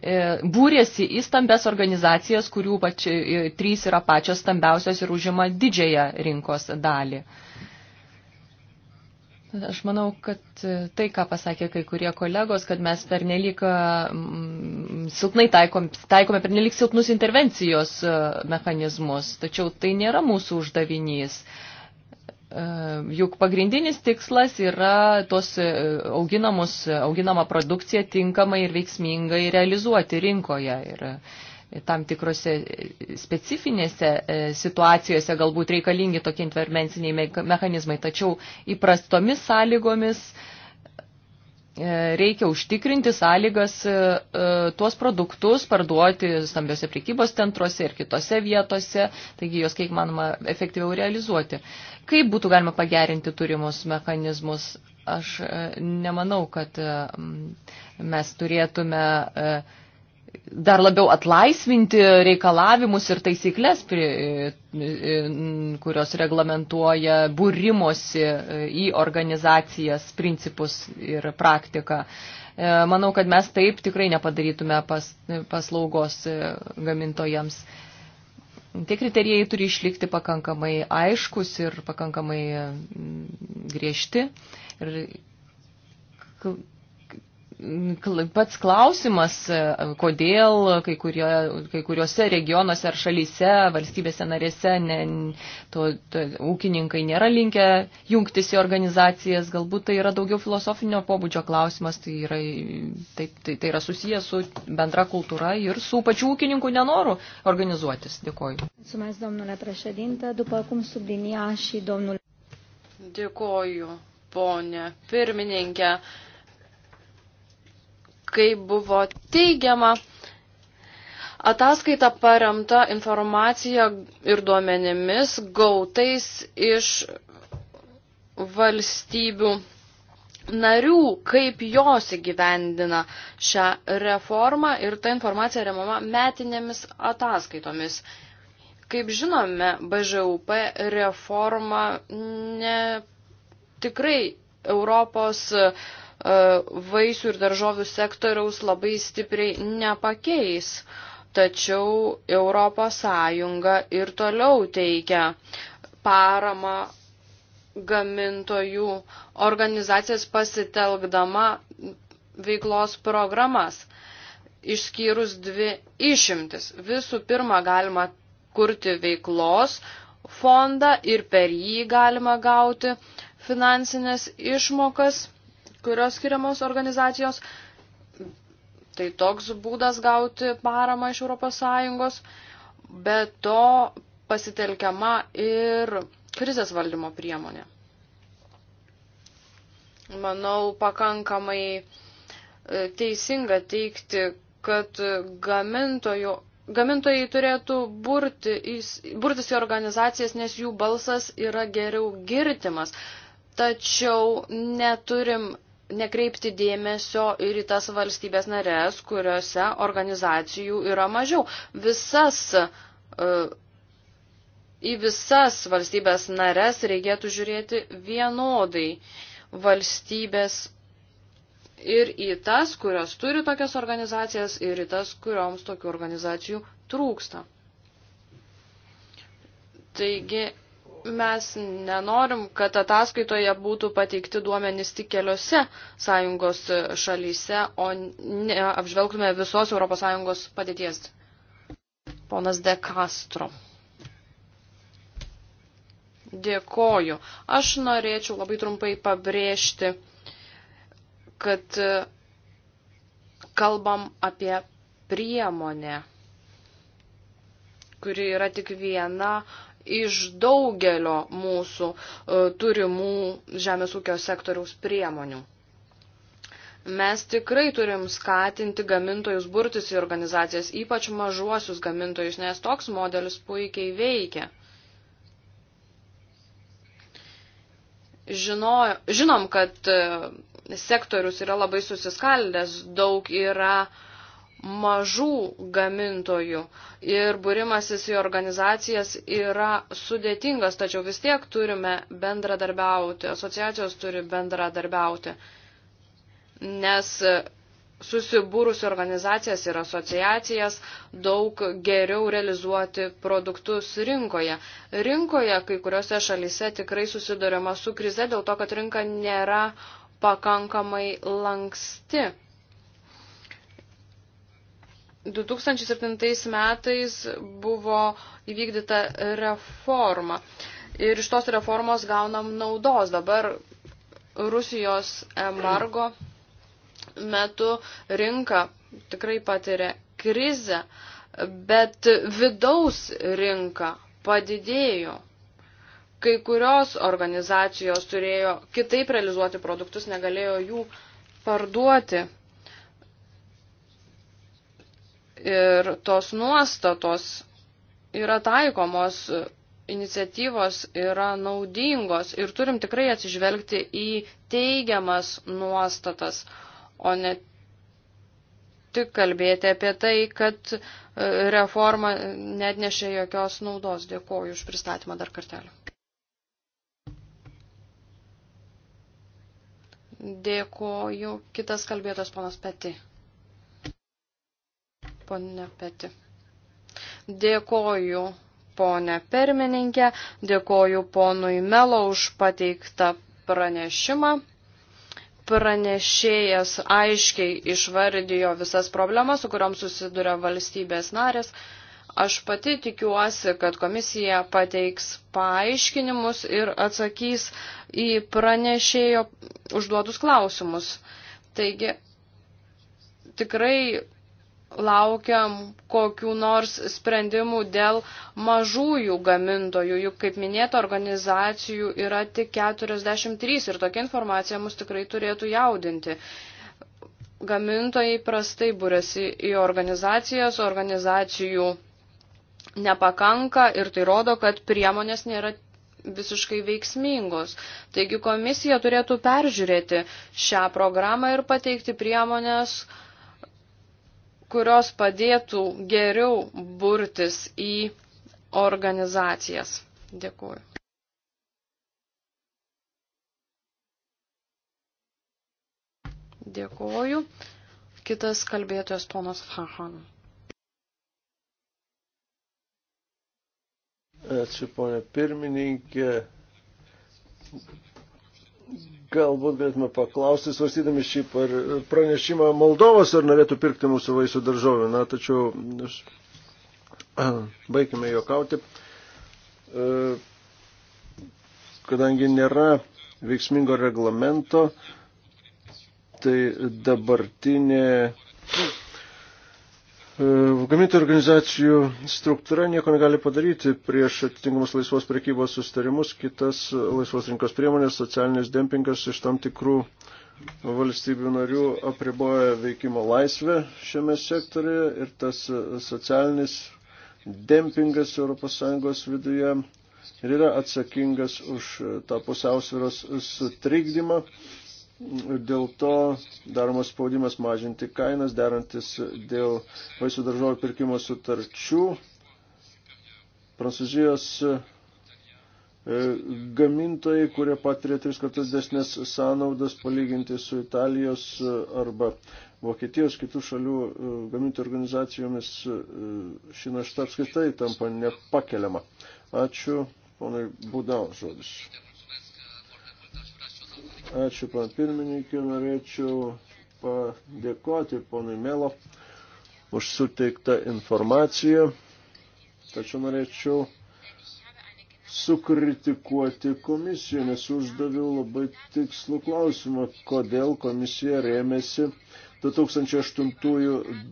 E, būrėsi į stambes organizacijas, kurių pači, e, trys yra pačios stambiausios ir užima didžiąją rinkos dalį. Aš manau, kad e, tai, ką pasakė kai kurie kolegos, kad mes pernelyg silpnai taikom, taikome pernelyg silpnus intervencijos mechanizmus, tačiau tai nėra mūsų uždavinys. Uh, Juk pagrindinis tikslas yra tos e, auginamus, auginamą produkciją tinkamai ir veiksmingai realizuoti rinkoje. Ir e, tam tikrose e, specifinėse situacijose galbūt reikalingi tokie intervenciniai mechanizmai, tačiau įprastomis sąlygomis reikia užtikrinti sąlygas tuos produktus parduoti stambiose prekybos centruose ir kitose vietose, taigi jos kiek manoma efektyviau realizuoti. Kaip būtų galima pagerinti turimus mechanizmus? Aš e, nemanau, kad e, mes turėtume e, dar labiau atlaisvinti reikalavimus ir taisyklės, kurios reglamentuoja būrimosi į organizacijas, principus ir praktiką. Manau, kad mes taip tikrai nepadarytume pas, paslaugos gamintojams. Tie kriterijai turi išlikti pakankamai aiškus ir pakankamai mm, griežti. Ir pats klausimas, e, kodėl kai, kurio, kai kuriuose regionuose ar šalyse, valstybėse narėse ne, to, to, ūkininkai nėra linkę jungtis į organizacijas, galbūt tai yra daugiau filosofinio pobūdžio klausimas, tai yra, tai, tai, tai yra susijęs su bendra kultūra ir su pačių ūkininkų nenoru organizuotis. Dėkoju. Mulțumesc, domnule președinte. După cum sublinia și domnul. Dėkoju, ponė pirmininkė kaip buvo teigiama, ataskaita paremta informacija ir duomenimis gautais iš valstybių narių, kaip jos įgyvendina šią reformą ir ta informacija remama metinėmis ataskaitomis. Kaip žinome, BŽUP reforma ne tikrai Europos uh, E, vaisių ir daržovių sektoriaus labai stipriai nepakeis. Tačiau ES ir toliau teikia paramą gamintojų organizacijas pasitelkdama veiklos programas, išskyrus dvi išimtis. Visų pirma, galima kurti veiklos fondą ir per jį galima gauti finansinės išmokas kurios skiriamos organizacijos. Tai toks būdas gauti paramą iš ES, bet to pasitelkiama ir krizės valdymo priemonė. Manau, pakankamai e, teisinga teikti, kad gamintojų, gamintojai turėtų burti į, burtis į organizacijas, nes jų balsas yra geriau girtimas. Tačiau neturim nekreipti dėmesio ir į tas valstybės narės, kuriuose organizacijų yra mažiau. Visas, e, į visas valstybės narės reikėtų žiūrėti vienodai valstybės ir į tas, kurios turi tokias organizacijas, ir į tas, kurioms tokių organizacijų trūksta. Taigi mes nenorim, kad ataskaitoje būtų pateikti duomenys tik keliose sąjungos šalyse, o ne apžvelgtume visos ES padėties. Ponas De Castro. Dėkoju. Aš norėčiau labai trumpai pabrėžti, kad e, kalbam apie priemonę, kuri yra tik viena iš daugelio mūsų e, turimų žemės ūkio sektoriaus priemonių. Mes tikrai turim skatinti gamintojus burtis į organizacijas, ypač mažuosius gamintojus, nes toks modelis puikiai veikia. Žino, žinom, kad e, sektorius yra labai susiskaldęs, daug yra uh, mažų gamintojų ir būrimasis į organizacijas yra sudėtingas, tačiau vis tiek turime bendradarbiauti, asociacijos turi bendradarbiauti, nes susibūrusi organizacijas ir asociacijas daug geriau realizuoti produktus rinkoje. Rinkoje kai kuriuose šalyse tikrai susidurima su krize dėl to, kad rinka nėra pakankamai lanksti 2007 metais buvo įvykdyta reforma ir iš tos reformos gaunam naudos. Dabar Rusijos embargo metu rinka tikrai patiria krizę, bet vidaus rinka padidėjo. Kai kurios organizacijos turėjo kitaip realizuoti produktus, negalėjo jų parduoti ir tos nuostatos yra taikomos, iniciatyvos yra naudingos ir turim tikrai atsižvelgti į teigiamas nuostatas, o ne tik kalbėti apie tai, kad e, reforma net nešė jokios naudos. Dėkuoju už pristatymą dar kartelį. Dėkuoju. Kitas kalbėtos panas Peti ponė Peti. Dėkoju ponė pirmininkė, dėkoju ponui Melo už pateiktą pranešimą. Pranešėjas aiškiai išvardijo visas problemas, su kuriuom susiduria valstybės narės. Aš pati tikiuosi, kad komisija pateiks paaiškinimus ir atsakys į pranešėjo užduotus klausimus. Taigi, tikrai laukiam kokių nors sprendimų dėl mažųjų gamintojų, juk, kaip minėta, organizacijų yra tik 43 ir tokia informacija mus tikrai turėtų jaudinti. Gamintojai prastai būrėsi į organizacijas, organizacijų nepakanka ir tai rodo, kad priemonės nėra visiškai veiksmingos. Taigi komisija turėtų peržiūrėti šią programą ir pateikti priemonės, uh, kurios padėtų geriau burtis į organizacijas. Dėkuoju. Dėkuoju. Kitas kalbėtojas ponas Fahan. Ačiū, ponė pirmininkė galbūt galėtume paklausti, svarstydami šį pranešimą, Moldovas ar norėtų pirkti mūsų vaisių daržovių. Na, tačiau aš, (clears throat) baigime juokauti, e, kadangi nėra veiksmingo reglamento, tai dabartinė E, gamintojų organizacijų struktūra nieko negali padaryti prieš atitinkamus laisvos prekybos sustarimus, kitas laisvos rinkos priemonės, socialinis dempingas iš tam tikrų valstybių narių apriboja veikimo laisvę šiame sektorėje ir tas socialinis dempingas ES viduje ir yra atsakingas už tą pusiausvėros sutrikdymą dėl to daromas spaudimas mažinti kainas, derantis dėl vaisių daržovių pirkimo sutarčių. Prancūzijos e, gamintojai, kurie patiria tris kartus desnės sąnaudas palyginti su Italijos e, arba Vokietijos kitų šalių e, gamintojų organizacijomis, ši našta apskaitai tampa nepakeliama. Ačiū, ponai Budau, žodis. Ačiū, pan pirmininkė, norėčiau padėkoti ponui Melo už suteiktą informaciją, tačiau norėčiau sukritikuoti komisiją, nes uždaviau labai tikslų klausimą, kodėl komisija rėmėsi 2008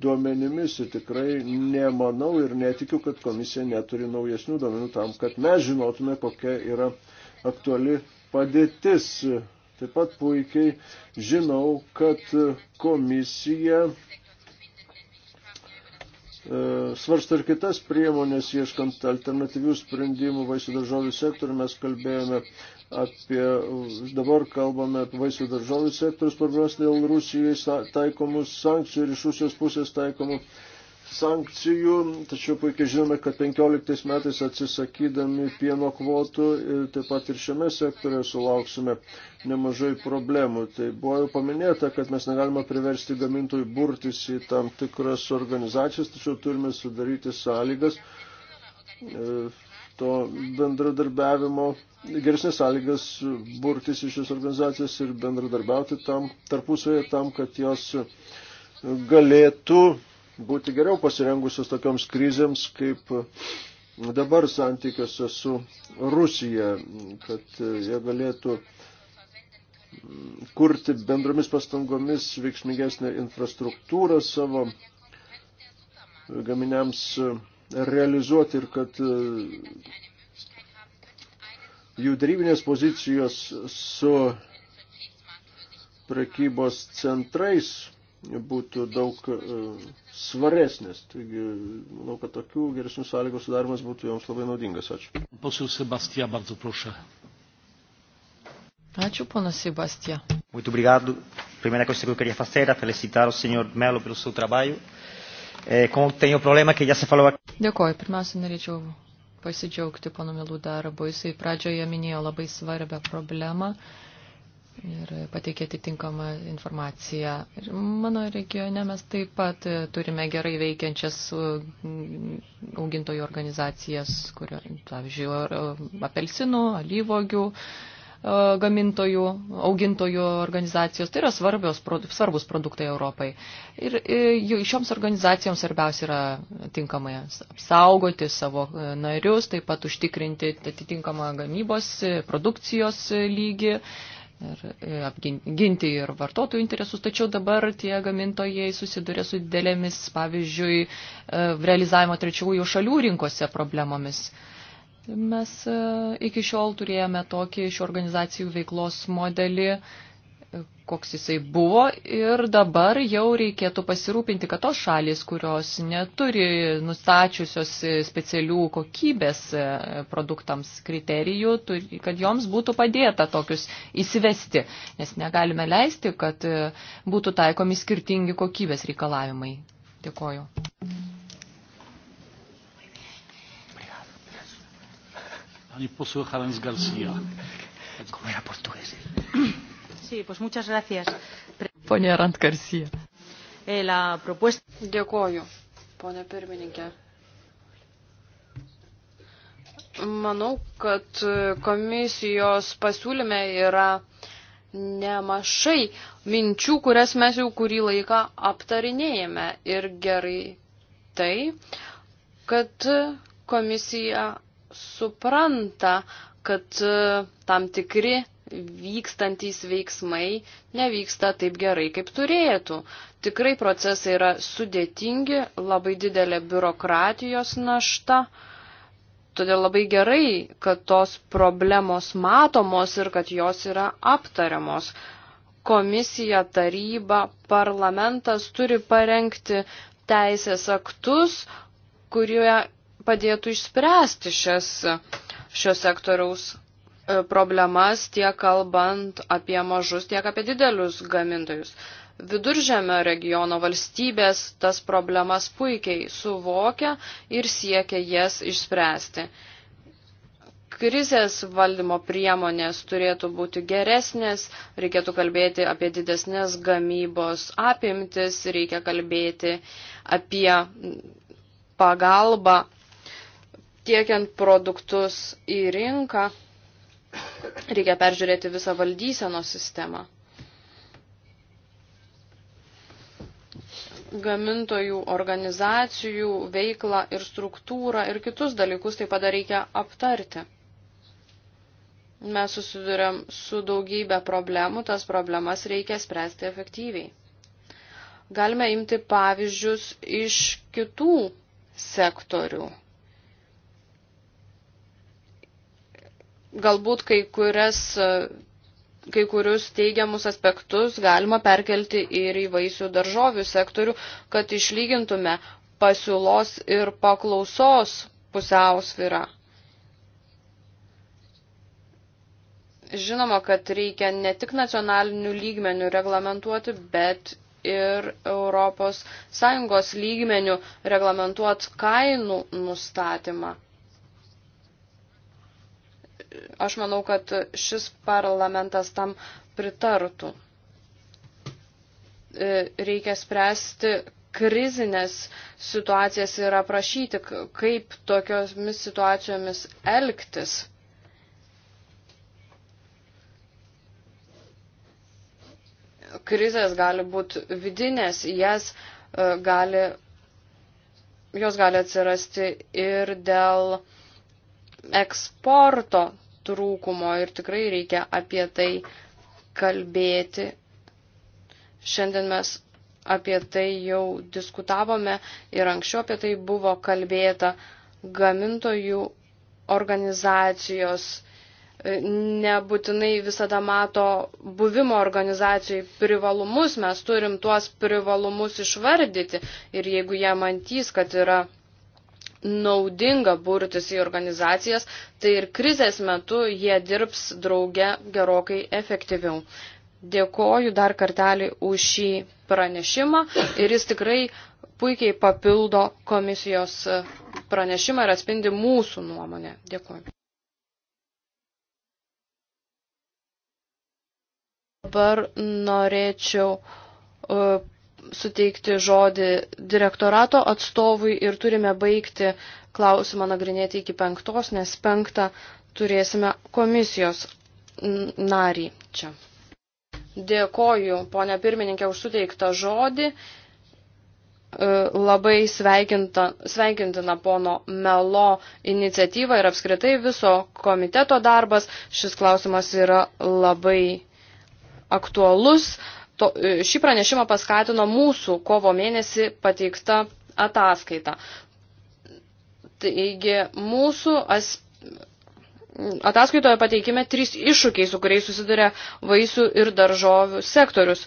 duomenimis ir tikrai nemanau ir netikiu, kad komisija neturi naujesnių duomenų tam, kad mes žinotume, kokia yra aktuali padėtis Taip pat puikiai žinau, kad komisija e, svarsto ir kitas priemonės, ieškant alternatyvių sprendimų vaisių daržovių sektorių. Mes kalbėjome apie, dabar kalbame apie vaisių daržovių sektorius problemas dėl Rusijai taikomų sankcijų ir iš Rusijos pusės taikomų sankcijų sankcijų, tačiau puikiai žinome, kad 15 metais atsisakydami pieno kvotų taip pat ir šiame sektorėje sulauksime nemažai problemų. Tai buvo jau paminėta, kad mes negalime priversti gamintojų burtis į tam tikras organizacijas, tačiau turime sudaryti sąlygas e, to bendradarbiavimo, geresnės sąlygas burtis iš šios organizacijos ir bendradarbiauti tam tarpusavėje tam, kad jos galėtų būti geriau pasirengusios tokioms krizėms kaip e, dabar santykiuose su Rusija, kad e, jie galėtų kurti bendromis pastangomis veiksmingesnę infrastruktūrą savo gaminiams e, realizuoti ir kad jų darybinės pozicijos su prekybos centrais būtų daug svaresnės. Taigi, manau, kad tokių geresnių sąlygų sudarimas būtų joms labai naudingas. Ačiū. Posiu Sebastija, bardzo proszę. Ačiū, ponas Sebastija. Muito obrigado. Primeira coisa que eu queria fazer é felicitar o senhor Melo pelo seu trabalho. É, com, tem o problema que já se falou aqui. Dėkoju. Pirmiausia, norėčiau pasidžiaugti pono Melų darbu. Jisai pradžioje minėjo labai svarbią problemą. Uh, ir pateikė atitinkamą informaciją. Ir mano regione mes taip pat turime gerai veikiančias augintojų organizacijas, kurio, pavyzdžiui, apelsinų, alyvogių gamintojų, augintojų organizacijos. Tai yra svarbios, svarbus produktai Europai. Ir šioms organizacijoms svarbiausia yra tinkamai apsaugoti savo e, narius, taip pat užtikrinti atitinkamą gamybos, produkcijos lygį ir e, apginti ir vartotojų interesus, tačiau dabar tie gamintojai susiduria su didelėmis, pavyzdžiui, e, realizavimo trečiųjų šalių rinkose problemomis. Mes e, iki šiol turėjome tokį iš organizacijų veiklos modelį, koks jisai buvo ir dabar jau reikėtų pasirūpinti, kad tos šalis, kurios neturi nustačiusios specialių kokybės e, produktams kriterijų, kad joms būtų padėta tokius įsivesti, nes negalime leisti, kad e, būtų taikomi skirtingi kokybės reikalavimai. Dėkoju. Pani poseł Harens Garcia. Como era portugués. Sí, pues muchas gracias. Pone Rantkarsija. Eh, la propuesta. Dėkoju, ponė pirmininkė. Manau, kad komisijos pasiūlyme yra nemažai minčių, kurias mes jau kurį laiką aptarinėjame. Ir gerai tai, kad komisija supranta, kad tam tikri vykstantys veiksmai nevyksta taip gerai, kaip turėtų. Tikrai procesai yra sudėtingi, labai didelė biurokratijos našta. Todėl labai gerai, kad tos problemos matomos ir kad jos yra aptariamos. Komisija, taryba, parlamentas turi parengti teisės aktus, kurie padėtų išspręsti šias, šios sektoriaus E, problemas tiek kalbant apie mažus, tiek apie didelius gamintojus. Viduržėmio regiono valstybės tas problemas puikiai suvokia ir siekia jas išspręsti. Krizės valdymo priemonės turėtų būti geresnės, reikėtų kalbėti apie didesnės gamybos apimtis, reikia kalbėti apie pagalbą tiekiant produktus į rinką Reikia peržiūrėti visą valdysenos sistemą. gamintojų organizacijų veiklą ir struktūrą ir kitus dalykus taip pat reikia aptarti. Mes susidurėm su daugybė problemų, tas problemas reikia spręsti efektyviai. Galime imti pavyzdžius iš kitų sektorių. galbūt kai, kurias, kai kurius teigiamus aspektus galima perkelti ir į vaisių daržovių sektorių, kad išlygintume pasiūlos ir paklausos pusiausvyrą. Žinoma, kad reikia ne tik nacionalinių lygmenių reglamentuoti, bet ir Europos Sąjungos lygmenių reglamentuot kainų nustatymą aš manau, kad šis parlamentas tam pritartų. E, reikia spręsti krizinės situacijas ir aprašyti, kaip tokiomis situacijomis elgtis. Krizės gali būti vidinės, jas e, gali, jos gali atsirasti ir dėl uh, eksporto trūkumo ir tikrai reikia apie tai kalbėti. Šiandien mes apie tai jau diskutavome ir anksčiau apie tai buvo kalbėta gamintojų organizacijos e, nebūtinai visada mato buvimo organizacijai privalumus, mes turim tuos privalumus išvardyti ir jeigu jie mantys, kad yra naudinga burtis į organizacijas, tai ir krizės metu jie dirbs drauge gerokai efektyviau. Dėkoju dar kartelį už šį pranešimą ir jis tikrai puikiai papildo komisijos pranešimą ir atspindi mūsų nuomonę. Dėkoju. Dabar norėčiau uh, suteikti žodį direktorato atstovui ir turime baigti klausimą nagrinėti iki penktos, nes penktą turėsime komisijos narį čia. Dėkoju, ponia pirmininkė, už suteiktą žodį. E, labai sveikinta, sveikintina pono Melo iniciatyva ir apskritai viso komiteto darbas. Šis klausimas yra labai aktualus to, e, šį pranešimą paskatino mūsų kovo mėnesį pateikta ataskaita. Taigi mūsų as... ataskaitoje pateikime trys iššūkiai, su kuriais susiduria vaisių ir daržovių sektorius.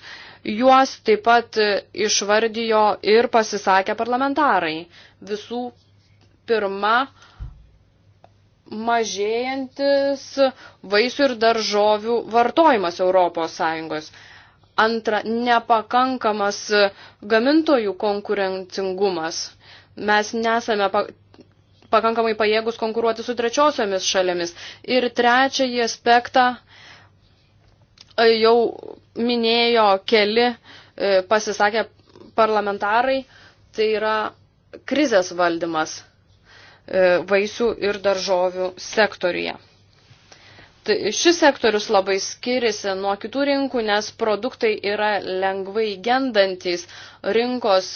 Juos taip pat išvardijo ir pasisakė parlamentarai. Visų pirma, mažėjantis vaisių ir daržovių vartojimas Europos Sąjungos. Antra, nepakankamas gamintojų konkurencingumas. Mes nesame pakankamai pajėgus konkuruoti su trečiosiomis šalėmis. Ir trečiąjį aspektą e, jau minėjo keli e, pasisakę parlamentarai, tai yra krizės valdymas e, vaisių ir daržovių sektoriuje. Tai šis sektorius labai skiriasi nuo kitų rinkų, nes produktai yra lengvai gendantys, rinkos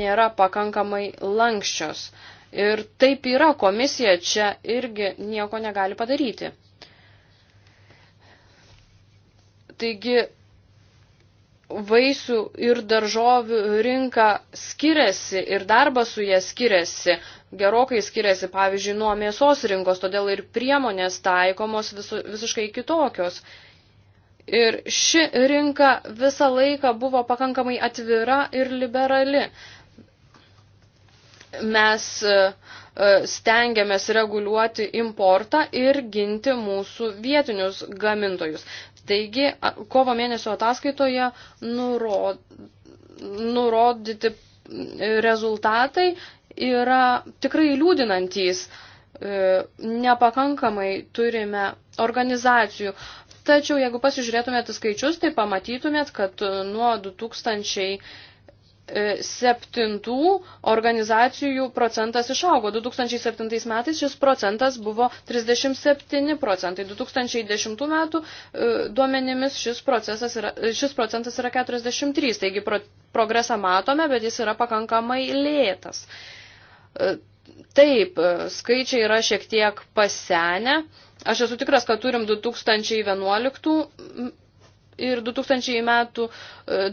nėra pakankamai lankščios. Ir taip yra, komisija čia irgi nieko negali padaryti. Taigi vaisių ir daržovių rinka skiriasi ir darbas su jie skiriasi, gerokai skiriasi, pavyzdžiui, nuo mėsos rinkos, todėl ir priemonės taikomos visu, visiškai kitokios. Ir ši rinka visą laiką buvo pakankamai atvira ir liberali. Mes e, e, stengiamės reguliuoti importą ir ginti mūsų vietinius gamintojus. Taigi, kovo mėnesio ataskaitoje nuro, nurodyti rezultatai yra tikrai liūdinantys. E, nepakankamai turime organizacijų. Tačiau, jeigu pasižiūrėtumėt skaičius, tai pamatytumėt, kad nuo 2000 E, septintų organizacijų procentas išaugo. 2007 metais šis procentas buvo 37 procentai. 2010 metų e, duomenimis šis, procesas yra, e, šis procentas yra 43. Taigi pro, progresą matome, bet jis yra pakankamai lėtas. Taip, skaičiai yra šiek tiek pasenę. Aš esu tikras, kad turim 2011 ir 2000 metų,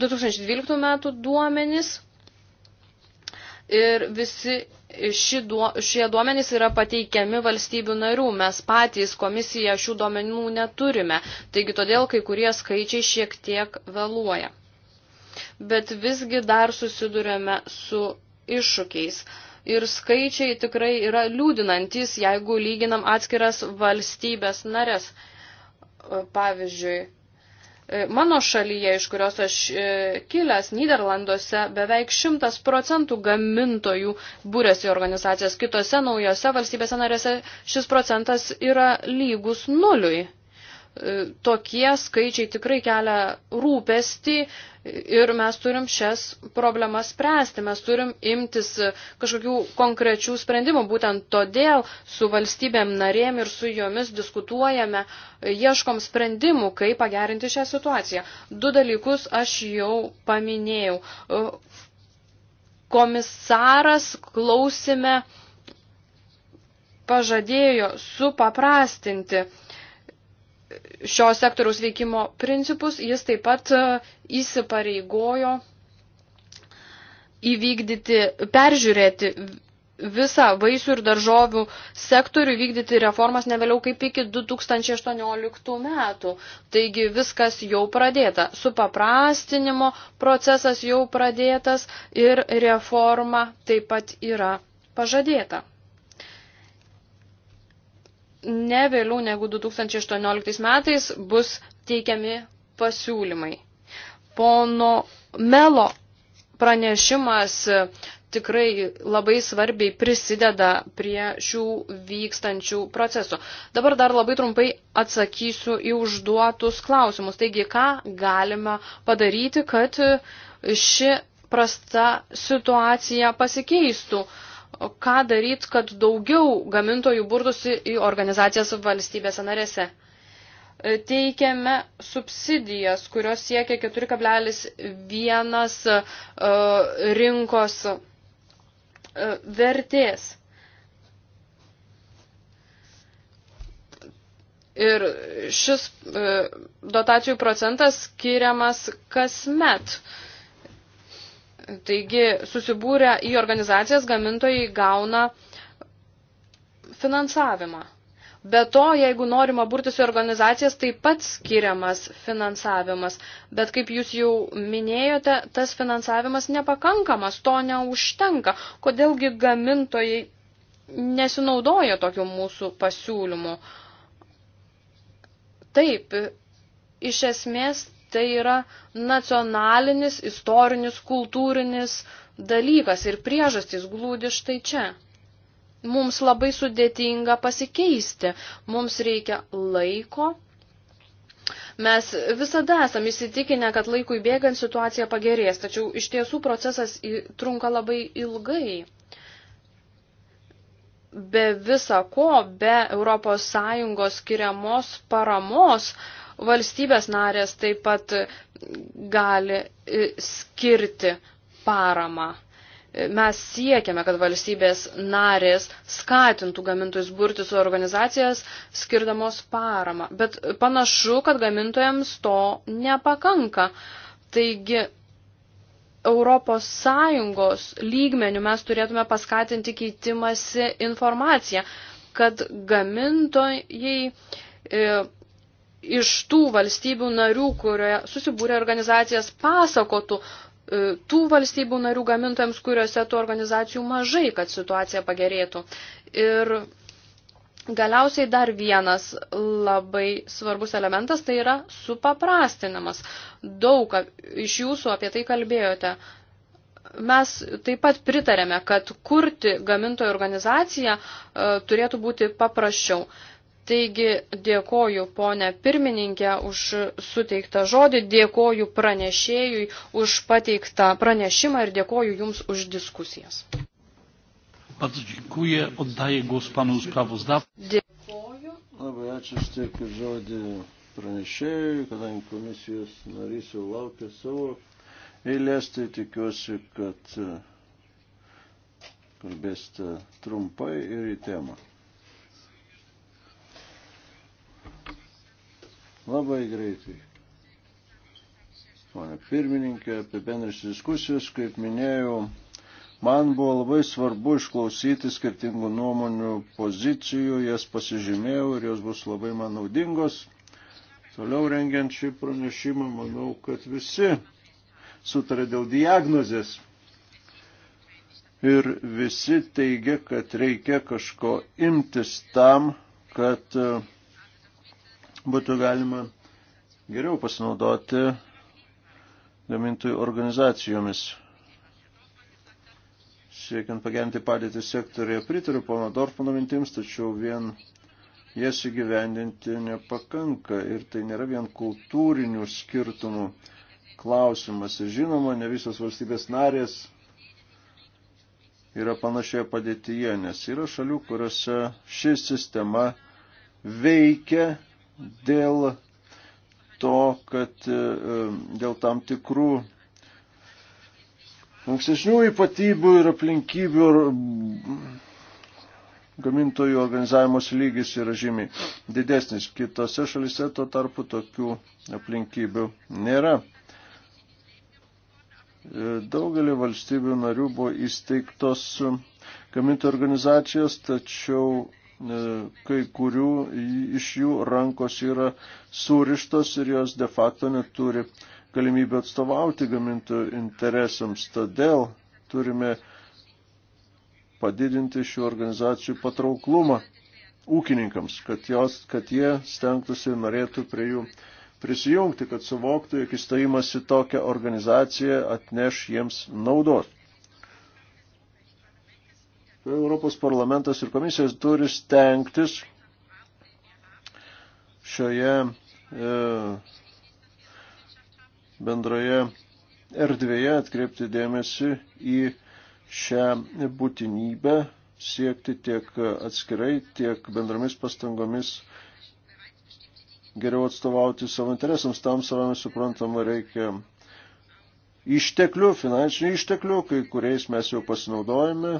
2012 e, metų duomenys. Ir visi ši duo, šie duomenys yra pateikiami valstybių narių. Mes patys komisija šių duomenų neturime. Taigi todėl kai kurie skaičiai šiek tiek vėluoja. Bet visgi dar susidurėme su iššūkiais ir skaičiai tikrai yra liūdinantis, jeigu lyginam atskiras valstybės narės. Pavyzdžiui, E, mano šalyje, iš kurios aš e, kilęs, Niderlanduose beveik šimtas procentų gamintojų būrėsi organizacijas. Kitose naujose valstybėse narėse šis procentas yra lygus nuliui. E, tokie skaičiai tikrai kelia rūpestį ir mes turim šias problemas spręsti, mes turim imtis kažkokių konkrečių sprendimų. Būtent todėl su valstybėm narėm ir su jomis diskutuojame, ieškom sprendimų, kaip pagerinti šią situaciją. Du dalykus aš jau paminėjau. E, komisaras klausime pažadėjo supaprastinti šio sektoriaus veikimo principus, jis taip pat e, įsipareigojo įvykdyti, peržiūrėti visą vaisių ir daržovių sektorių, vykdyti reformas ne vėliau kaip iki 2018 metų. Taigi viskas jau pradėta. Supaprastinimo procesas jau pradėtas ir reforma taip pat yra pažadėta ne vėliau negu 2018 metais bus teikiami pasiūlymai. Pono Melo pranešimas tikrai labai svarbiai prisideda prie šių vykstančių procesų. Dabar dar labai trumpai atsakysiu į užduotus klausimus. Taigi, ką galime padaryti, kad ši prasta situacija pasikeistų? Uh, ką daryt, kad daugiau gamintojų burtųsi į organizacijas valstybėse narėse. E, teikiame subsidijas, kurios siekia 4,1 e, rinkos e, vertės. Ir šis dotacijų procentas skiriamas kasmet. met Taigi, susibūrę į organizacijas gamintojai gauna finansavimą. Be to, jeigu norima burtis į organizacijas, taip pat skiriamas finansavimas. Bet kaip jūs jau minėjote, tas finansavimas nepakankamas, to neužtenka. Kodėlgi gamintojai nesinaudoja tokiu mūsų pasiūlymu? Taip, iš esmės tai yra nacionalinis, istorinis, kultūrinis dalykas ir priežastys glūdi štai čia. Mums labai sudėtinga pasikeisti, mums reikia laiko. Mes visada esam įsitikinę, kad laikui bėgant situacija pagerės, tačiau iš tiesų procesas trunka labai ilgai be visa ko, be ES skiriamos paramos, Valstybės narės taip pat gali e, skirti paramą. E, mes siekiame, kad valstybės narės skatintų gamintojus burti su organizacijas skirdamos paramą, bet panašu, kad gamintojams to nepakanka. Taigi Europos Sąjungos lygmenių mes turėtume paskatinti keitimąsi informaciją, kad gamintojai e, iš tų valstybių narių, kurioje susibūrė organizacijas, pasakotų e, tų valstybių narių gamintojams, kuriuose tų organizacijų mažai, kad situacija pagerėtų. Ir galiausiai dar vienas labai svarbus elementas, tai yra supaprastinimas. Daug iš jūsų apie tai kalbėjote. Mes taip pat pritarėme, kad kurti gamintojo organizaciją e, turėtų būti paprasčiau. Taigi dėkoju ponę pirmininkę už suteiktą žodį, dėkoju pranešėjui už pateiktą pranešimą ir dėkoju Jums už diskusijas. Bardzo dziękuję. Oddaję głos panu sprawozdawcy. Dėkoju. Labai ačiū steikiu žodį pranešėjui, kadangi komisijos narys jau laukia savo eilės, tai tikiuosi, kad e, kalbėsite trumpai ir į temą. Labai greitai. Pone pirmininkė, apibendrinti diskusijos, kaip minėjau, man buvo labai svarbu išklausyti skirtingų nuomonių pozicijų, jas pasižymėjau ir jos bus labai man naudingos. Toliau rengiant šį pranešimą, manau, kad visi sutarė dėl diagnozės. Ir visi teigia, kad reikia kažko imtis tam, kad uh, būtų galima geriau pasinaudoti gamintojų organizacijomis. Siekiant pagerinti padėtį sektorėje, pritariu pono Dorfano mintims, tačiau vien jas įgyvendinti nepakanka ir tai nėra vien kultūrinių skirtumų klausimas. Ir žinoma, ne visos valstybės narės yra panašioje padėtyje, nes yra šalių, kuriuose ši sistema veikia dėl to, kad e, dėl tam tikrų ankstesnių ypatybių ir aplinkybių gamintojų organizavimos lygis yra žymiai didesnis. Kitose šalise tuo tarpu tokių aplinkybių nėra. E, daugelį valstybių narių buvo įsteigtos gamintojų organizacijos, tačiau E, kai kurių iš jų rankos yra surištos ir jos de facto neturi galimybę atstovauti gamintojų interesams. Todėl turime padidinti šių organizacijų patrauklumą ūkininkams, kad, jos, kad jie stengtųsi ir norėtų prie jų prisijungti, kad suvoktų, jog įstojimas į tokią organizaciją atneš jiems naudos. Europos parlamentas ir komisijos turi stengtis šioje e, bendroje erdvėje atkreipti dėmesį į šią būtinybę siekti tiek atskirai, tiek bendromis pastangomis geriau atstovauti savo interesams. Tam savame suprantama reikia išteklių, finansinių išteklių, kai kuriais mes jau pasinaudojame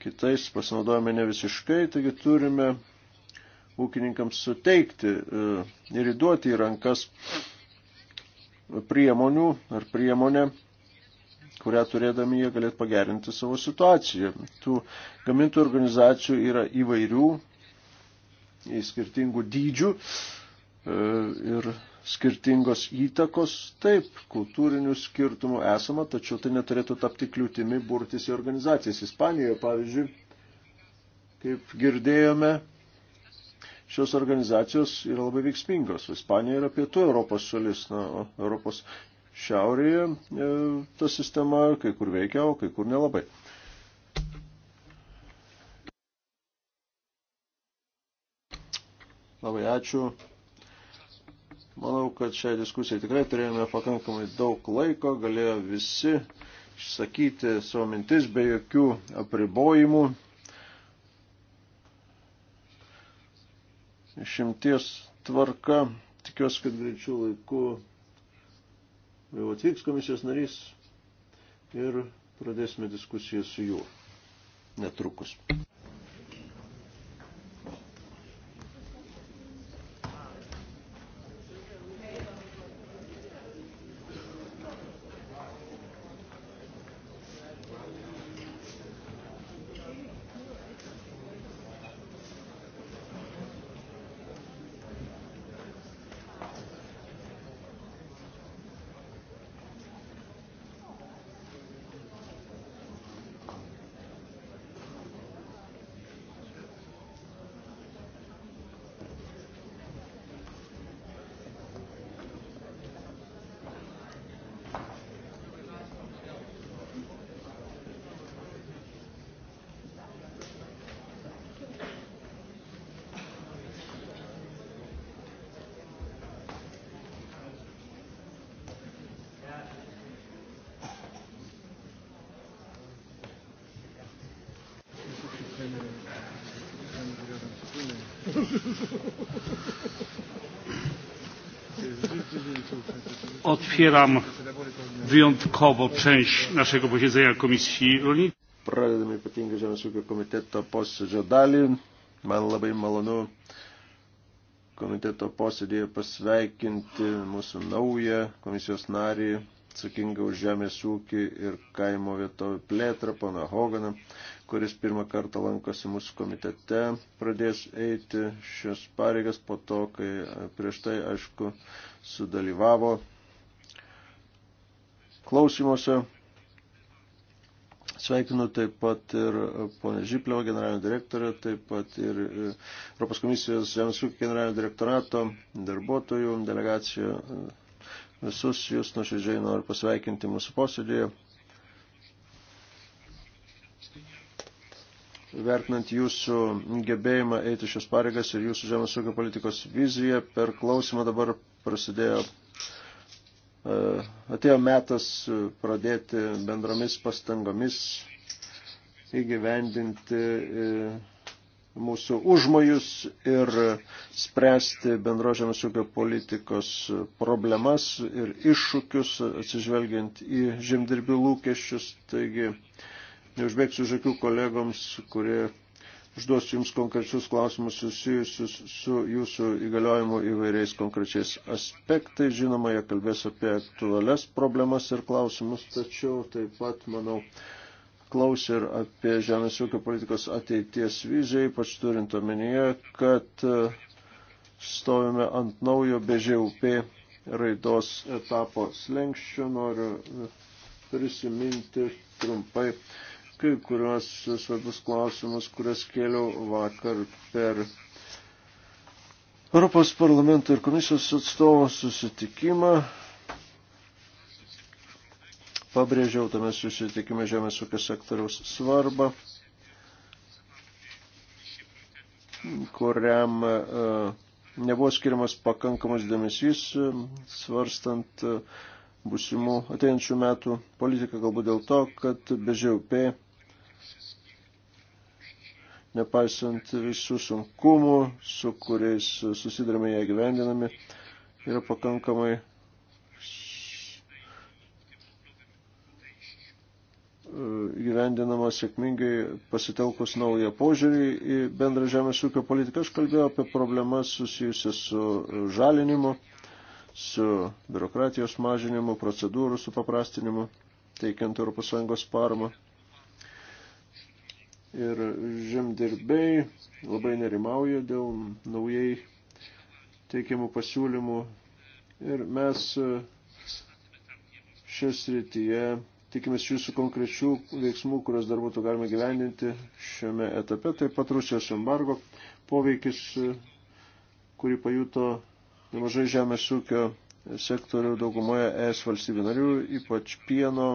kitais pasinaudojame ne visiškai, taigi turime ūkininkams suteikti e, ir įduoti į rankas priemonių ar priemonę, kurią turėdami jie galėtų pagerinti savo situaciją. Tų gamintų organizacijų yra įvairių, skirtingų dydžių e, ir skirtingos įtakos, taip, kultūrinių skirtumų esama, tačiau tai neturėtų tapti kliūtimi burtis į organizacijas. Ispanijoje, pavyzdžiui, kaip girdėjome, šios organizacijos yra labai veiksmingos. Ispanija yra pietų Europos šalis, na, Europos šiaurėje e, ta sistema kai kur veikia, o kai kur nelabai. Labai ačiū. Manau, kad šią diskusiją tikrai turėjome pakankamai daug laiko, galėjo visi išsakyti savo mintis be jokių apribojimų. Išimties tvarka, tikiuosi, kad greičių laiku jau atvyks komisijos narys ir pradėsime diskusiją su juo netrukus. Otwieram wyjątkową część naszego posiedzenia Komisji Rolnictwa. Pradedame ypatingą Žemės ūkio komiteto posėdžio dalį. Man labai malonu komiteto posėdėje pasveikinti mūsų naują komisijos narį, atsakingą už žemės ūkį ir kaimo vietovių plėtrą, pana Hoganą, kuris pirmą kartą lankosi mūsų komitete, pradės eiti šios pareigas po to, kai prieš tai, aišku, sudalyvavo klausimuose. Sveikinu taip pat ir ponę Žiplio generalinio direktorę, taip pat ir e, Europos komisijos žemės ūkio generalinio direktorato darbuotojų delegaciją. E, visus jūs nuoširdžiai noriu pasveikinti mūsų posėdėje. vertinant jūsų gebėjimą eiti šios pareigas ir jūsų žemės ūkio politikos viziją, per klausimą dabar prasidėjo E, atėjo metas pradėti bendromis pastangomis įgyvendinti e, mūsų užmojus ir spręsti bendro žemės ūkio politikos problemas ir iššūkius, atsižvelgiant į žemdirbių lūkesčius. Taigi, neužbėgsiu žakių kolegoms, kurie užduosiu Jums konkrečius klausimus susijusius su Jūsų įgaliojimu įvairiais konkrečiais aspektais. Žinoma, jie kalbės apie aktualias problemas ir klausimus, tačiau taip pat, manau, klaus ir apie žemės ūkio politikos ateities viziją, ypač turint omenyje, kad e, stovime ant naujo BŽUP raidos etapo slengščio. Noriu e, prisiminti trumpai kai kuriuos svarbus klausimus, kurias kėliau vakar per Europos parlamento ir komisijos atstovo susitikimą. Pabrėžiau tame susitikime žemės ūkio sektoriaus svarbą, kuriam e, nebuvo skiriamas pakankamas dėmesys, e, svarstant e, būsimų ateinančių metų politiką, galbūt dėl to, kad BŽUP nepaisant visų sunkumų, su kuriais susidurime ją gyvendinami, yra pakankamai gyvendinama sėkmingai pasitelkus naują požiūrį į bendrą žemės ūkio politiką. Aš kalbėjau apie problemas susijusias su žalinimu, su biurokratijos mažinimu, procedūrų supaprastinimu, teikiant ES paramą ir žemdirbiai labai nerimauja dėl naujai teikiamų pasiūlymų ir mes e, šios rytyje tikimės jūsų konkrečių veiksmų, kurios dar būtų galima gyveninti šiame etape. Taip pat Rusijos embargo poveikis, e, kurį pajuto nemažai žemės ūkio sektorių daugumoje ES valstybių narių, ypač pieno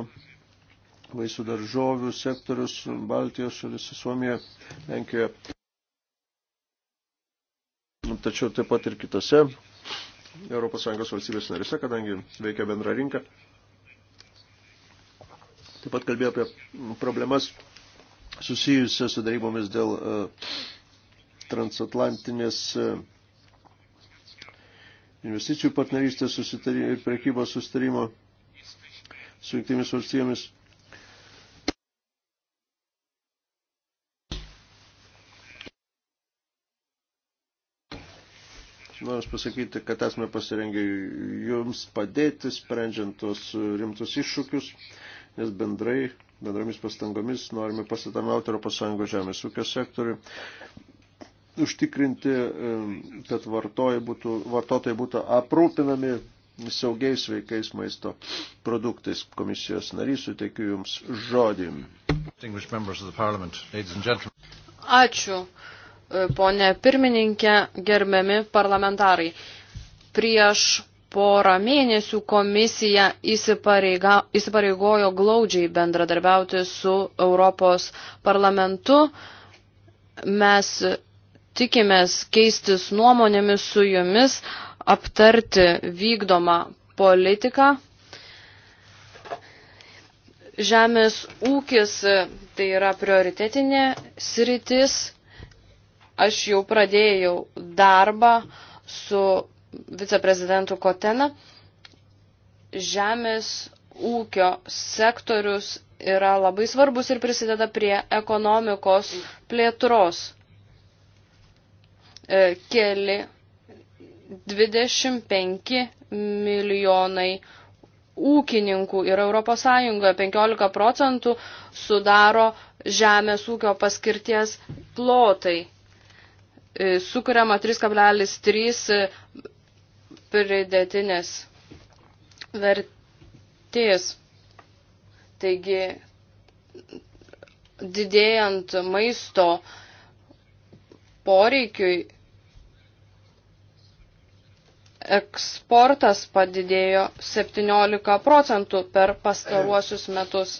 vaisių daržovių sektorius Baltijos šalise, Suomijoje, Lenkijoje. Tačiau taip pat ir kitose ES valstybės narise, kadangi veikia bendra rinka. Taip pat kalbėjo apie problemas susijusias su darybomis dėl e, transatlantinės e, investicijų partnerystės ir prekybos sustarimo su jungtimis valstybėmis. norėdamas pasakyti, kad esame pasirengę jums padėti, sprendžiant tos rimtus iššūkius, nes bendrai, bendromis pastangomis norime pasitarnauti ES žemės ūkio sektoriui, užtikrinti, kad būtų, vartotojai būtų aprūpinami saugiais sveikais maisto produktais. Komisijos narys suteikiu Jums žodį. Ačiū. E, ponė pirmininkė, gerbiami parlamentarai. Prieš porą mėnesių komisija įsipareigojo glaudžiai bendradarbiauti su Europos parlamentu. Mes tikimės keistis nuomonėmis su jumis, aptarti vykdomą politiką. Žemės ūkis tai yra prioritetinė sritis Aš jau pradėjau darbą su viceprezidentu Kotena. Žemės ūkio sektorius yra labai svarbus ir prisideda prie ekonomikos plėtros. E, keli 25 milijonai ūkininkų ir ES 15 procentų sudaro žemės ūkio paskirties plotai. E, sukuriama 3,3 e, pridėtinės vertės. Taigi, didėjant maisto poreikiui, eksportas padidėjo 17 procentų per pastaruosius metus.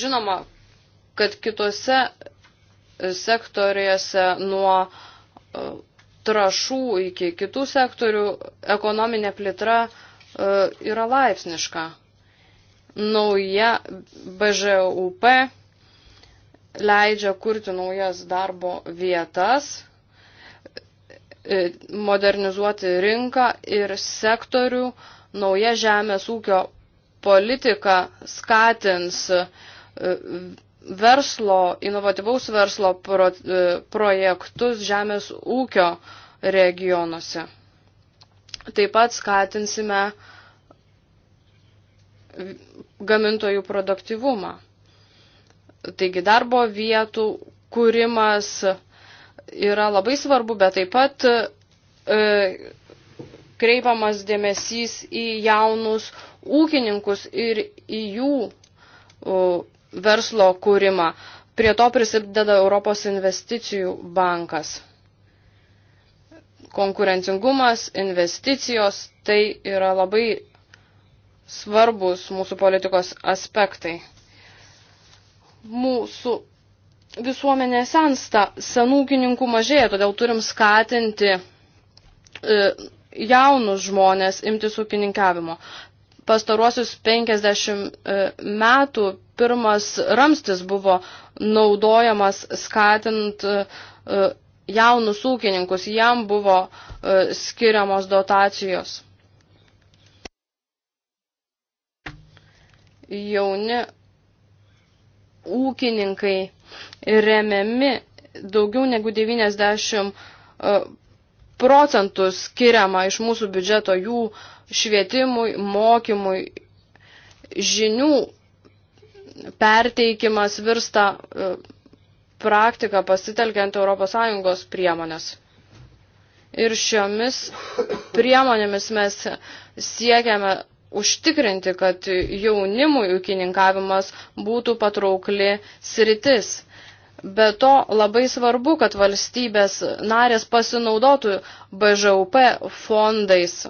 Žinoma, kad kitose sektorėse nuo e, trašų iki kitų sektorių ekonominė plėtra e, yra laipsniška. Nauja BŽUP leidžia kurti naujas darbo vietas, e, modernizuoti rinką ir sektorių, nauja žemės ūkio politika skatins verslo, inovatyvaus verslo pro, e, projektus žemės ūkio regionuose. Taip pat skatinsime gamintojų produktivumą. Taigi darbo vietų kūrimas yra labai svarbu, bet taip pat e, kreipiamas dėmesys į jaunus ūkininkus ir į jų verslo kūrimą. Prie to prisideda Europos investicijų bankas. Konkurencingumas, investicijos - tai yra labai svarbus mūsų politikos aspektai. Mūsų visuomenė sensta, senūkininkų mažėja, todėl turim skatinti e, jaunus žmonės imtis ūkininkavimo pastaruosius 50 e, metų pirmas ramstis buvo naudojamas skatint e, e, jaunus ūkininkus, jam buvo skiriamos dotacijos. Jauni ūkininkai remiami daugiau negu 90 procentų skiriama iš mūsų biudžeto jų uh, švietimui, mokymui, žinių perteikimas virsta e, praktika pasitelkiant ES priemonės. Ir šiomis priemonėmis mes siekiame užtikrinti, kad jaunimui ūkininkavimas būtų patraukli sritis. Be to labai svarbu, kad valstybės narės pasinaudotų BŽUP fondais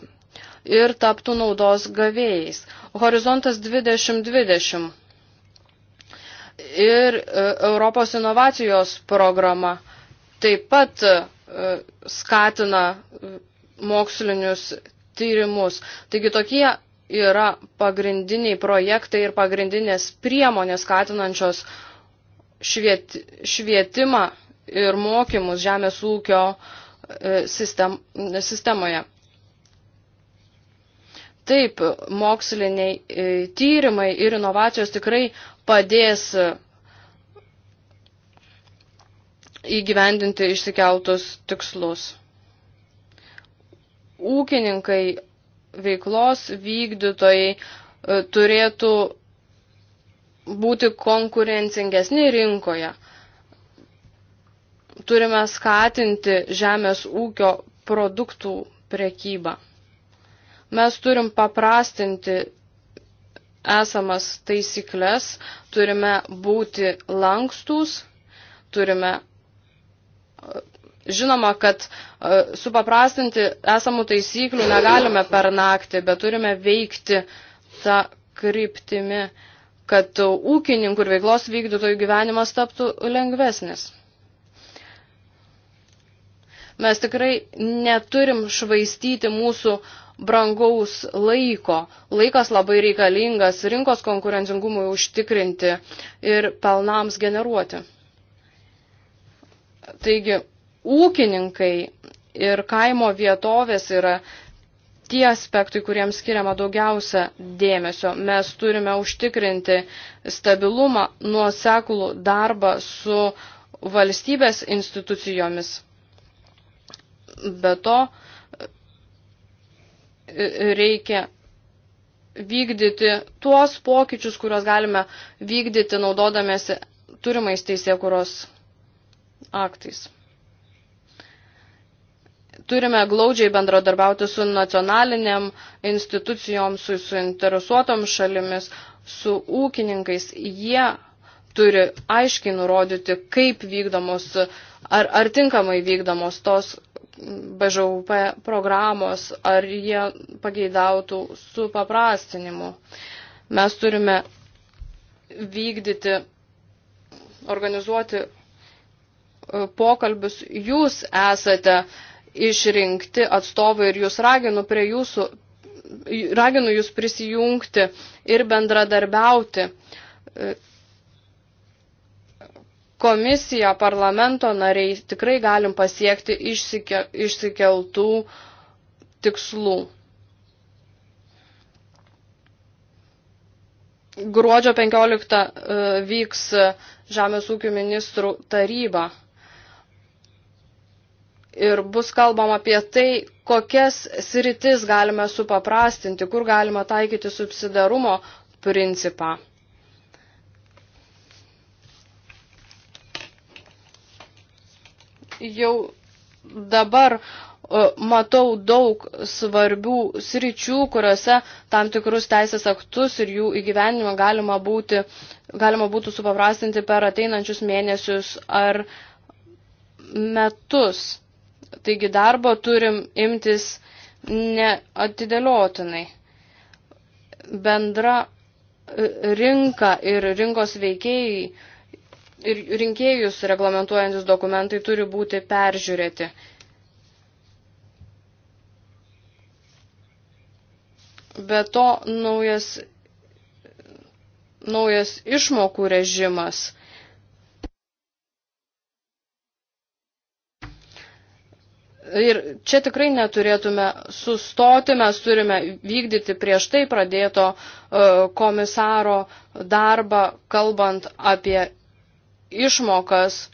ir taptų naudos gavėjais. Horizontas 2020 ir e, Europos inovacijos programa taip pat e, skatina e, mokslinius tyrimus. Taigi tokie yra pagrindiniai projektai ir pagrindinės priemonės skatinančios šviet, švietimą ir mokymus žemės ūkio sistem, sistemoje. Taip, moksliniai e, tyrimai ir inovacijos tikrai padės e, įgyvendinti išsikeltus tikslus. Ūkininkai, veiklos vykdytojai e, turėtų būti konkurencingesni rinkoje. Turime skatinti žemės ūkio produktų prekybą. Mes turim paprastinti esamas taisyklės, turime būti lankstus, turime Žinoma, kad e, supaprastinti esamų taisyklių negalime per naktį, bet turime veikti tą kryptimį, kad ūkininkų ir veiklos vykdytojų gyvenimas taptų lengvesnis. Mes tikrai neturim švaistyti mūsų uh, brangaus laiko. Laikas labai reikalingas rinkos konkurencingumui užtikrinti ir pelnams generuoti. Taigi, ūkininkai ir kaimo vietovės yra tie aspektai, kuriems skiriama daugiausia dėmesio. Mes turime užtikrinti stabilumą, nuoseklų darbą su valstybės institucijomis. Be to, reikia vykdyti tuos pokyčius, kuriuos galime vykdyti naudodamėsi turimais teisėkuros aktais. Turime glaudžiai bendradarbiauti su nacionaliniam institucijom, su suinteresuotom šalimis, su ūkininkais. Jie turi aiškiai nurodyti, kaip vykdomos ar, ar tinkamai vykdomos tos BŽUP programos, ar jie pageidautų su paprastinimu. Mes turime vykdyti, organizuoti e, pokalbius. Jūs esate išrinkti atstovai ir jūs raginu prie jūsų, raginu jūs prisijungti ir bendradarbiauti e, komisija, parlamento nariai tikrai galim pasiekti išsike, išsikeltų tikslų. Gruodžio 15 e, vyks Žemės ūkių ministrų taryba ir bus kalbama apie tai, kokias sritis galime supaprastinti, kur galima taikyti subsidarumo principą. jau dabar e, matau daug svarbių sričių, kuriuose tam tikrus teisės aktus ir jų įgyvenimą galima, būti, galima būtų supaprastinti per ateinančius mėnesius ar metus. Taigi darbo turim imtis neatidėliotinai. Bendra e, rinka ir rinkos veikėjai ir rinkėjus reglamentuojantis dokumentai turi būti peržiūrėti. Be to naujas, naujas išmokų režimas. Ir čia tikrai neturėtume sustoti, mes turime vykdyti prieš tai pradėto e, komisaro darbą, kalbant apie išmokas.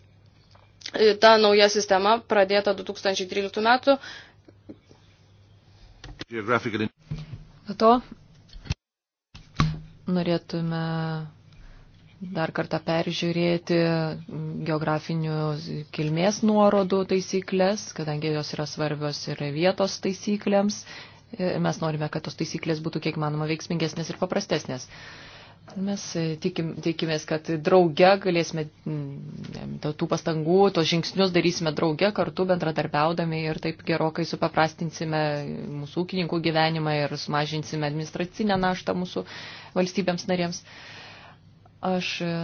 E, ta nauja sistema pradėta 2013 metų. Be to, norėtume dar kartą peržiūrėti geografinių kilmės nuorodų taisyklės, kadangi jos yra svarbios ir vietos taisyklėms. E, mes norime, kad tos taisyklės būtų kiek manoma veiksmingesnės ir paprastesnės. Mes e, tikim, tikimės, kad drauge galėsime mm, tų pastangų, tos žingsnius darysime drauge, kartu bendradarbiaudami ir taip gerokai supaprastinsime mūsų ūkininkų gyvenimą ir sumažinsime administracinę naštą mūsų valstybėms narėms. Aš e,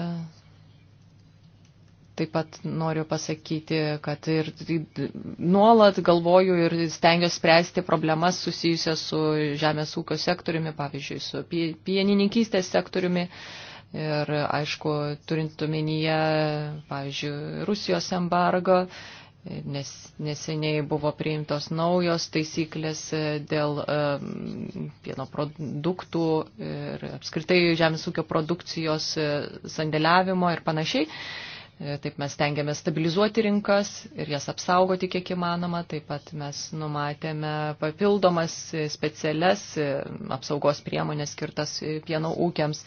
Taip pat noriu pasakyti, kad ir nuolat galvoju ir stengiuosi spręsti problemas susijusias su žemės ūkio sektoriumi, pavyzdžiui, su pienininkystės sektoriumi. Ir aišku, turint omenyje, pavyzdžiui, Rusijos embargo, nes neseniai buvo priimtos naujos taisyklės dėl pieno produktų ir apskritai žemės ūkio produkcijos e, sandėliavimo ir panašiai. E, taip mes tengiamės stabilizuoti rinkas ir jas apsaugoti kiek įmanoma. Taip pat mes numatėme papildomas e, specialias e, apsaugos priemonės skirtas pieno ūkiams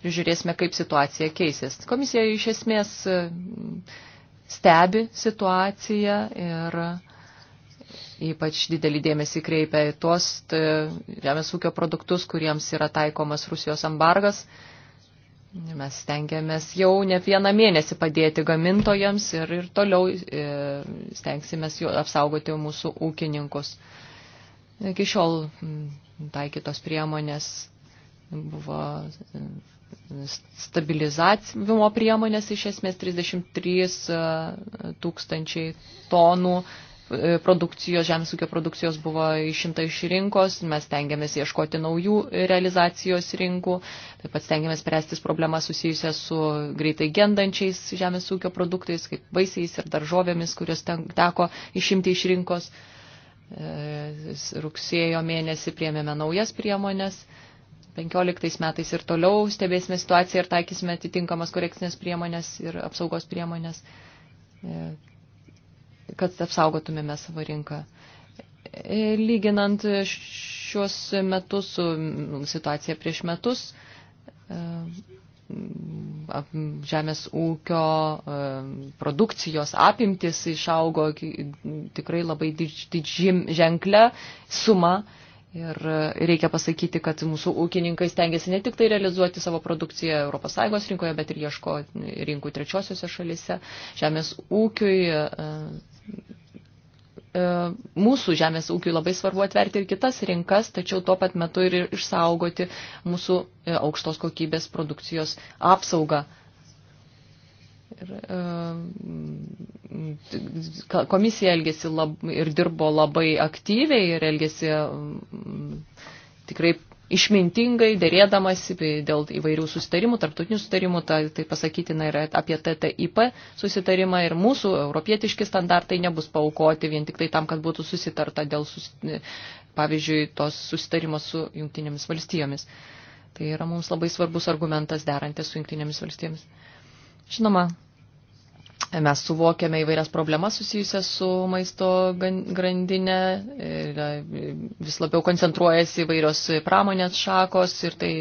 ir žiūrėsime, kaip situacija keisis. Komisija iš esmės stebi situaciją ir ypač didelį dėmesį kreipia į tuos žemės ūkio produktus, kuriems yra taikomas Rusijos embargas. Tai, Mes stengiamės jau ne vieną mėnesį padėti gamintojams ir, ir toliau e, stengsimės apsaugoti mūsų ūkininkus. Iki šiol taikytos priemonės buvo e, stabilizavimo priemonės iš esmės 33 e, tūkstančiai tonų E, produkcijos, žemės ūkio produkcijos buvo išimta iš rinkos, mes tengiamės ieškoti naujų realizacijos rinkų, taip pat tengiamės prestis problemą susijusią su greitai gendančiais žemės ūkio produktais, kaip vaisiais ir daržovėmis, kurios teko išimti iš rinkos. E, rugsėjo mėnesį priemėme naujas priemonės. 15 metais ir toliau stebėsime situaciją ir taikysime atitinkamas korekcinės priemonės ir apsaugos priemonės. E, kad apsaugotumėme savo rinką. E, lyginant šiuos metus su situacija prieš metus, e, žemės ūkio e, produkcijos apimtis išaugo tikrai labai didžim ženklę sumą. Ir reikia pasakyti, kad mūsų ūkininkai stengiasi ne tik tai realizuoti savo produkciją ES rinkoje, bet ir ieško rinkų trečiosiuose šalise. Žemės ūkiui E, mūsų žemės ūkiui labai svarbu atverti ir kitas rinkas, tačiau tuo pat metu ir išsaugoti mūsų e, aukštos kokybės produkcijos apsaugą. Ir, e, komisija elgėsi lab, ir dirbo labai aktyviai ir elgėsi tikrai išmintingai dėrėdamas dėl įvairių susitarimų, tarptautinių susitarimų, tai, tai pasakytina yra apie TTIP susitarimą ir mūsų europietiški standartai nebus paukoti vien tik tai tam, kad būtų susitarta dėl, sus, pavyzdžiui, tos susitarimo su jungtinėmis valstijomis. Tai yra mums labai svarbus argumentas derantis su jungtinėmis valstijomis. Žinoma, Mes suvokiame įvairias problemas susijusias su maisto grandinė, vis labiau koncentruojasi įvairios pramonės šakos ir tai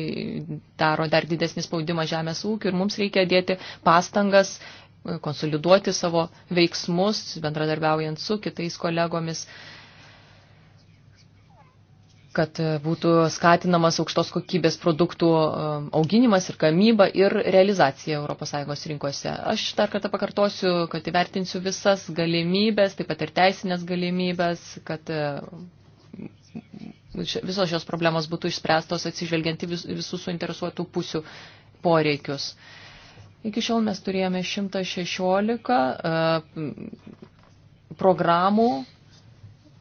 daro dar didesnį spaudimą žemės ūkiu ir mums reikia dėti pastangas e, konsoliduoti savo veiksmus, bendradarbiaujant su kitais kolegomis kad e, būtų skatinamas aukštos kokybės produktų e, auginimas ir gamyba ir realizacija ES rinkose. Aš dar kartą pakartosiu, kad įvertinsiu visas galimybės, taip pat ir teisinės galimybės, kad e, visos šios problemos būtų išspręstos atsižvelgiant į visų suinteresuotų pusių poreikius. Iki šiol mes turėjome 116 programų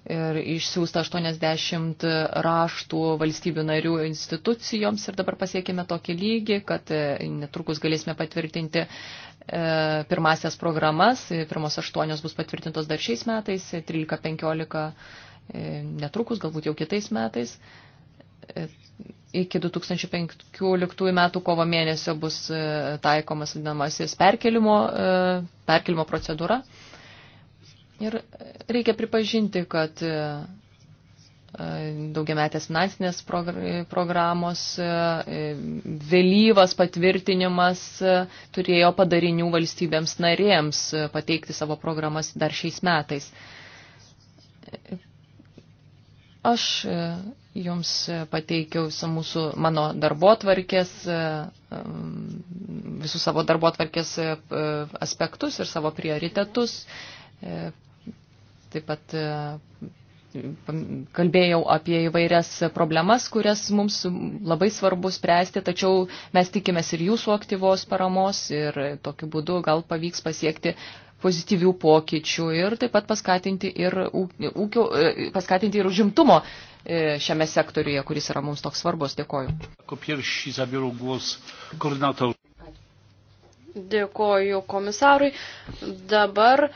ir išsiųsta 80 raštų valstybių narių institucijoms ir dabar pasiekime tokį lygį, kad e, netrukus galėsime patvirtinti e, pirmasias programas, e, pirmos aštuonios bus patvirtintos dar šiais metais, 13-15 netrukus, galbūt jau kitais metais. Iki 2015 metų kovo mėnesio bus taikomas vadinamasis perkelimo, perkelimo procedūra. Ir reikia pripažinti, kad e, daugiametės finansinės programos e, e, vėlyvas patvirtinimas turėjo padarinių valstybėms narėms pateikti savo programas dar šiais metais. Aš jums pateikiau mūsų mano darbotvarkės, visus savo darbotvarkės aspektus ir savo prioritetus Taip pat e, kalbėjau apie įvairias problemas, kurias mums labai svarbu spręsti, tačiau mes tikimės ir jūsų aktyvos paramos ir tokiu būdu gal pavyks pasiekti pozityvių pokyčių ir taip pat paskatinti ir, ūkio, e, paskatinti ir užimtumo e, šiame sektoriuje, kuris yra mums toks svarbus. Dėkoju. Dėkoju komisarui. Dabar e,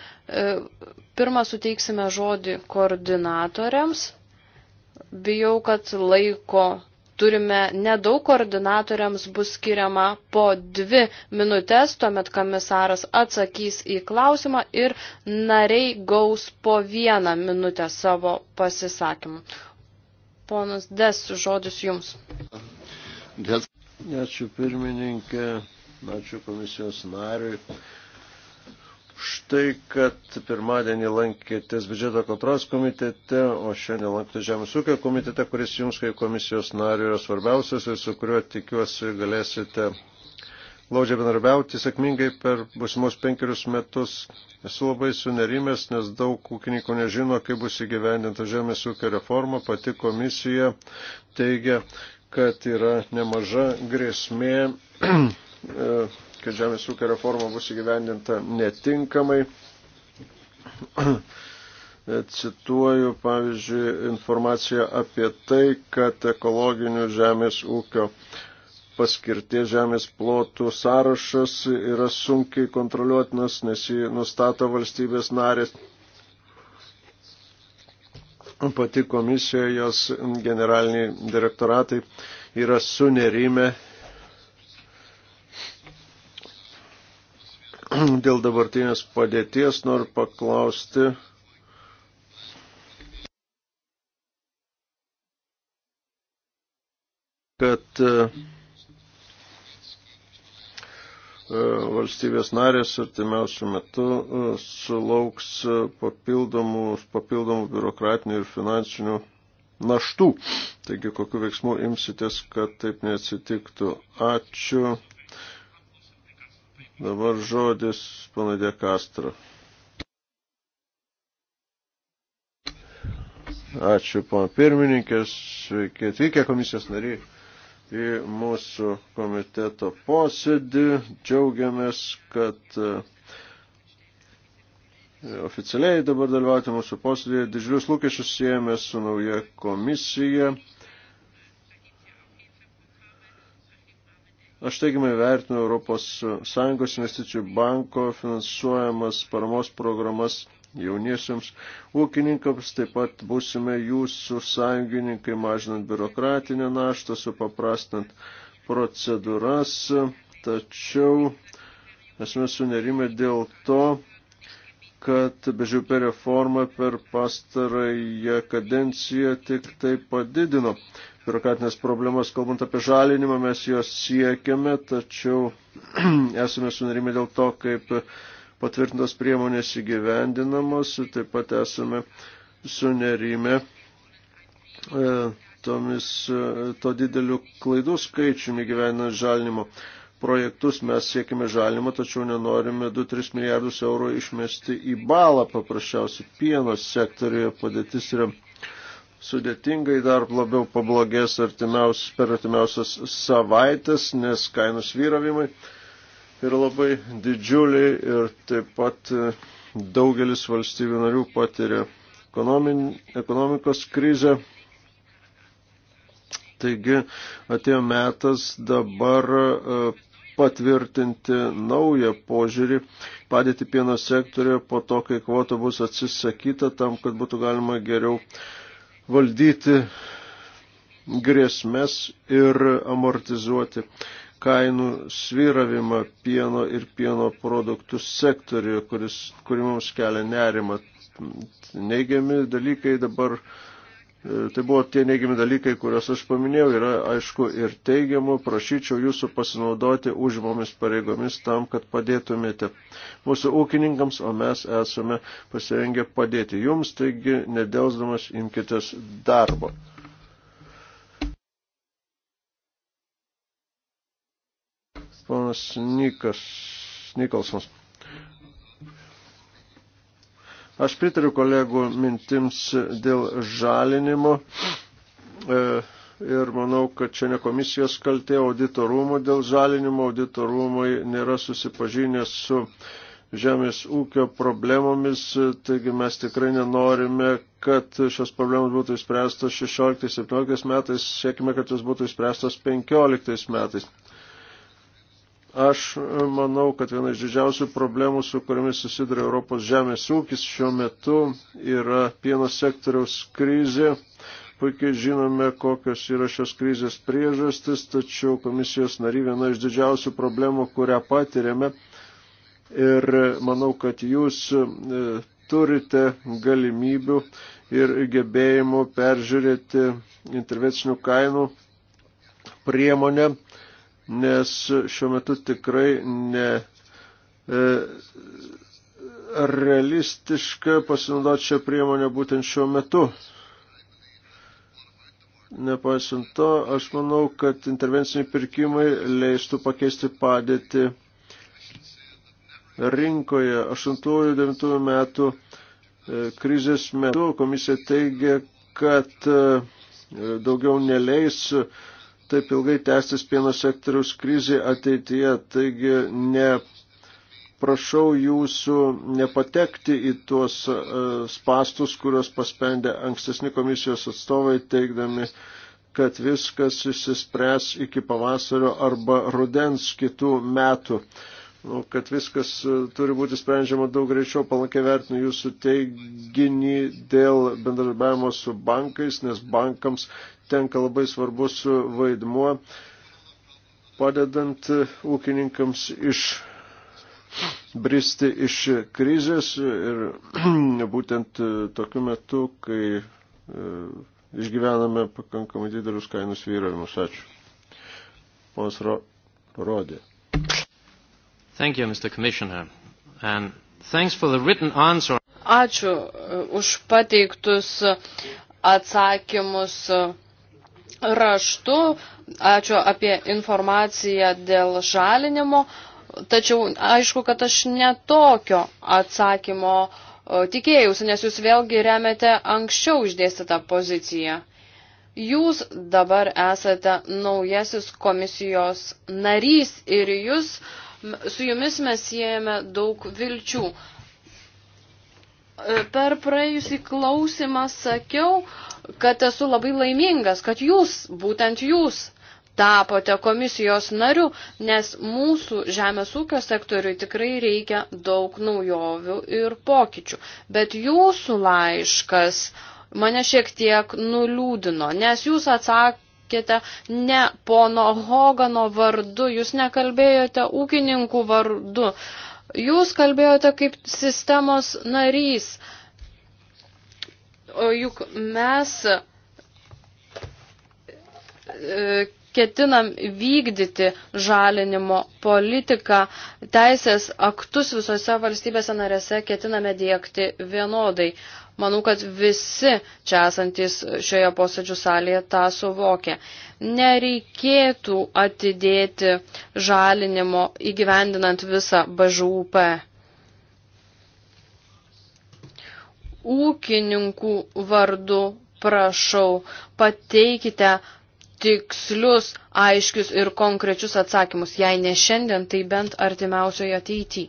pirmą suteiksime žodį koordinatoriams. Bijau, kad laiko turime nedaug koordinatoriams bus skiriama po dvi minutės, tuomet komisaras atsakys į klausimą ir nariai gaus po vieną minutę savo pasisakymą. Ponas Des, žodis jums. Ačiū pirmininkė. Ačiū komisijos nariui. Štai, kad pirmadienį lankėtės biudžeto kontros komitete, o šiandien lankėtės Žemės ūkio komitete, kuris jums kaip komisijos nariu yra svarbiausias ir su kuriuo tikiuosi galėsite glaudžiai bendarbiauti sėkmingai per busimus penkerius metus. Esu labai sunerimęs, nes daug ūkininkų nežino, kaip bus įgyvendinta žemės ūkio reforma. Pati komisija teigia, kad yra nemaža grėsmė E, kad žemės ūkio reforma bus įgyvendinta netinkamai. E, cituoju, pavyzdžiui, informaciją apie tai, kad ekologinių žemės ūkio paskirties žemės plotų sąrašas yra sunkiai kontroliuotinas, nes jį nustato valstybės narės. Pati komisija, jos generaliniai direktoratai yra sunerime Dėl dabartinės padėties noriu paklausti. kad e, e, valstybės narės artimiausių metų e, sulauks papildomų, papildomų biurokratinių ir finansinių naštų. Taigi, kokiu veiksmu imsitės, kad taip neatsitiktų. Ačiū. Dabar žodis pana De Castro. Ačiū, pana pirmininkės, sveiki atvykę komisijos nariai į mūsų komiteto posėdį. Džiaugiamės, kad e, oficialiai dabar dalyvauti mūsų posėdėje. Didžiulius lūkesčius siejame su nauja komisija. Aš teigiamai vertinu ES investicijų banko finansuojamas paramos programas jauniesiams ūkininkams, taip pat būsime jūsų sąjungininkai mažinant biurokratinę naštą, supaprastant procedūras, tačiau esame sunerime dėl to, kad bežiupė reforma per pastarąją kadenciją tik tai padidino biurokratinės problemas, kalbant apie žalinimą, mes jos siekiame, tačiau (clears throat) esame sunerimi dėl to, kaip patvirtintos priemonės įgyvendinamos, taip pat esame sunerimi e, tomis, e, to dideliu klaidų skaičiumi gyvenant žalinimo projektus. Mes siekime žalinimo, tačiau nenorime 2-3 milijardus eurų išmesti į balą, paprasčiausiai pieno sektoriuje padėtis yra. Ir sudėtingai dar labiau pablogės artimiaus, per artimiausias savaitės, nes kainų svyravimai yra labai didžiuliai ir taip pat e, daugelis valstybių narių patiria ekonomikos krizę. Taigi atėjo metas dabar e, patvirtinti naują požiūrį, padėti pieno sektoriuje po to, kai kvoto bus atsisakyta, tam, kad būtų galima geriau uh, valdyti grėsmes ir amortizuoti kainų sviravimą pieno ir pieno produktų sektoriuje, kuris, kurį mums kelia nerima. Neigiami dalykai dabar uh, E, tai buvo tie neigiami dalykai, kuriuos aš paminėjau, yra aišku ir teigiamų, prašyčiau jūsų pasinaudoti užimomis pareigomis tam, kad padėtumėte mūsų ūkininkams, o mes esame pasirengę padėti jums, taigi nedelsdamas imkitės darbo. Ponas Nikas, Nikolsons. Aš pritariu kolegų mintims dėl žalinimo e, ir manau, kad čia ne komisijos kaltė auditorumų dėl žalinimo. Auditorumai nėra susipažinę su žemės ūkio problemomis, taigi mes tikrai nenorime, kad šios problemos būtų išspręstos 16-17 metais, siekime, kad jos būtų išspręstos 15 metais. Aš e, manau, kad viena iš didžiausių problemų, su kuriamis susiduria Europos žemės ūkis šiuo metu, yra pieno sektoriaus krizė. Puikiai žinome, kokios yra šios krizės priežastis, tačiau komisijos nary viena iš didžiausių problemų, kurią patiriame. Ir e, manau, kad jūs e, turite galimybių ir gebėjimų peržiūrėti intervencinių kainų priemonę nes šiuo metu tikrai ne e, realistiška pasinaudoti šią priemonę būtent šiuo metu. Nepaisant to, aš manau, kad intervenciniai pirkimai leistų pakeisti padėtį rinkoje. 8-9 metų e, krizės metu komisija teigia, kad e, daugiau neleis taip ilgai tęstis pieno sektoriaus krizė ateityje. Taigi ne prašau jūsų nepatekti į tuos e, spastus, kuriuos paspendė ankstesni komisijos atstovai, teikdami, kad viskas išsispręs iki pavasario arba rudens kitų metų nu, kad viskas e, turi būti sprendžiama daug greičiau, palankiai vertinu jūsų teiginį dėl bendradarbiavimo su bankais, nes bankams tenka labai svarbus vaidmuo, padedant e, ūkininkams iš bristi iš krizės ir (clears throat) būtent e, tokiu metu, kai išgyvename pakankamai didelius kainų svyravimus. Ačiū. Ponas Rodė. Thank you, Mr. Commissioner. And thanks for the written answer. Ačiū uh, už pateiktus uh, atsakymus uh, raštu. Ačiū apie informaciją dėl žalinimo. Tačiau aišku, kad aš netokio atsakymo tikėjausi, nes jūs vėlgi remiate anksčiau išdėstytą poziciją. Jūs dabar esate naujasis komisijos narys ir jūs uh, Su jumis mes siejame daug vilčių. E, per praėjusį klausimą sakiau, kad esu labai laimingas, kad jūs, būtent jūs, tapote komisijos nariu, nes mūsų žemės ūkio sektoriui tikrai reikia daug naujovių ir pokyčių. Bet jūsų laiškas mane šiek tiek nuliūdino, nes jūs atsakėte kalbėkite ne pono Hogano vardu, jūs nekalbėjote ūkininkų vardu, jūs kalbėjote kaip sistemos narys. O juk mes ketinam vykdyti žalinimo politiką, teisės aktus visose valstybėse narėse ketiname dėkti vienodai. Manau, kad visi čia esantis šioje posėdžių salėje tą suvokia. Nereikėtų atidėti žalinimo įgyvendinant visą BŽUP. Ūkininkų vardu prašau, pateikite tikslius, aiškius ir konkrečius atsakymus, jei ne šiandien, tai bent artimiausioje ateityje.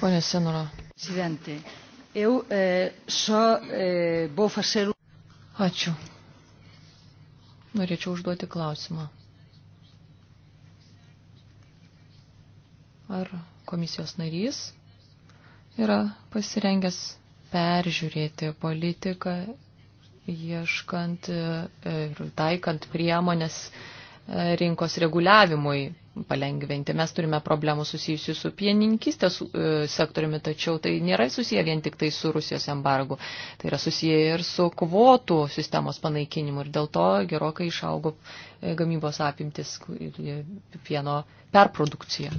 Pone Senora. Presidente, eu eh, só eh, vou fazer... Um- Ačiū. Norėčiau užduoti klausimą. Ar komisijos narys yra pasirengęs peržiūrėti politiką, ieškant e, ir taikant priemonės e, rinkos reguliavimui palengventi. Mes turime problemų susijusių su pieninkistės e, sektoriumi, tačiau tai nėra susiję vien tik tai su Rusijos embargu. Tai yra susiję ir su kvotų sistemos panaikinimu ir dėl to gerokai išaugo gamybos apimtis pieno perprodukcija.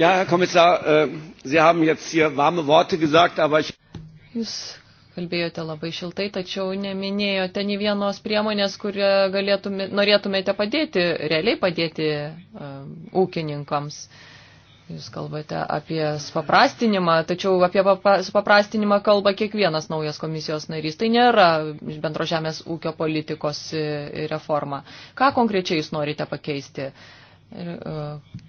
Ja, Herr Kommissar, äh, Sie haben jetzt hier warme Worte gesagt, aber ich. Jūs kalbėjote labai šiltai, tačiau neminėjote nei vienos priemonės, kurią galėtume, norėtumėte padėti, realiai padėti um, ūkininkams. Jūs kalbate apie supaprastinimą, tačiau apie supaprastinimą kalba kiekvienas naujas komisijos narys. Tai nėra bendro žemės ūkio politikos äh, reforma. Ką konkrečiai jūs norite pakeisti? Ir, uh,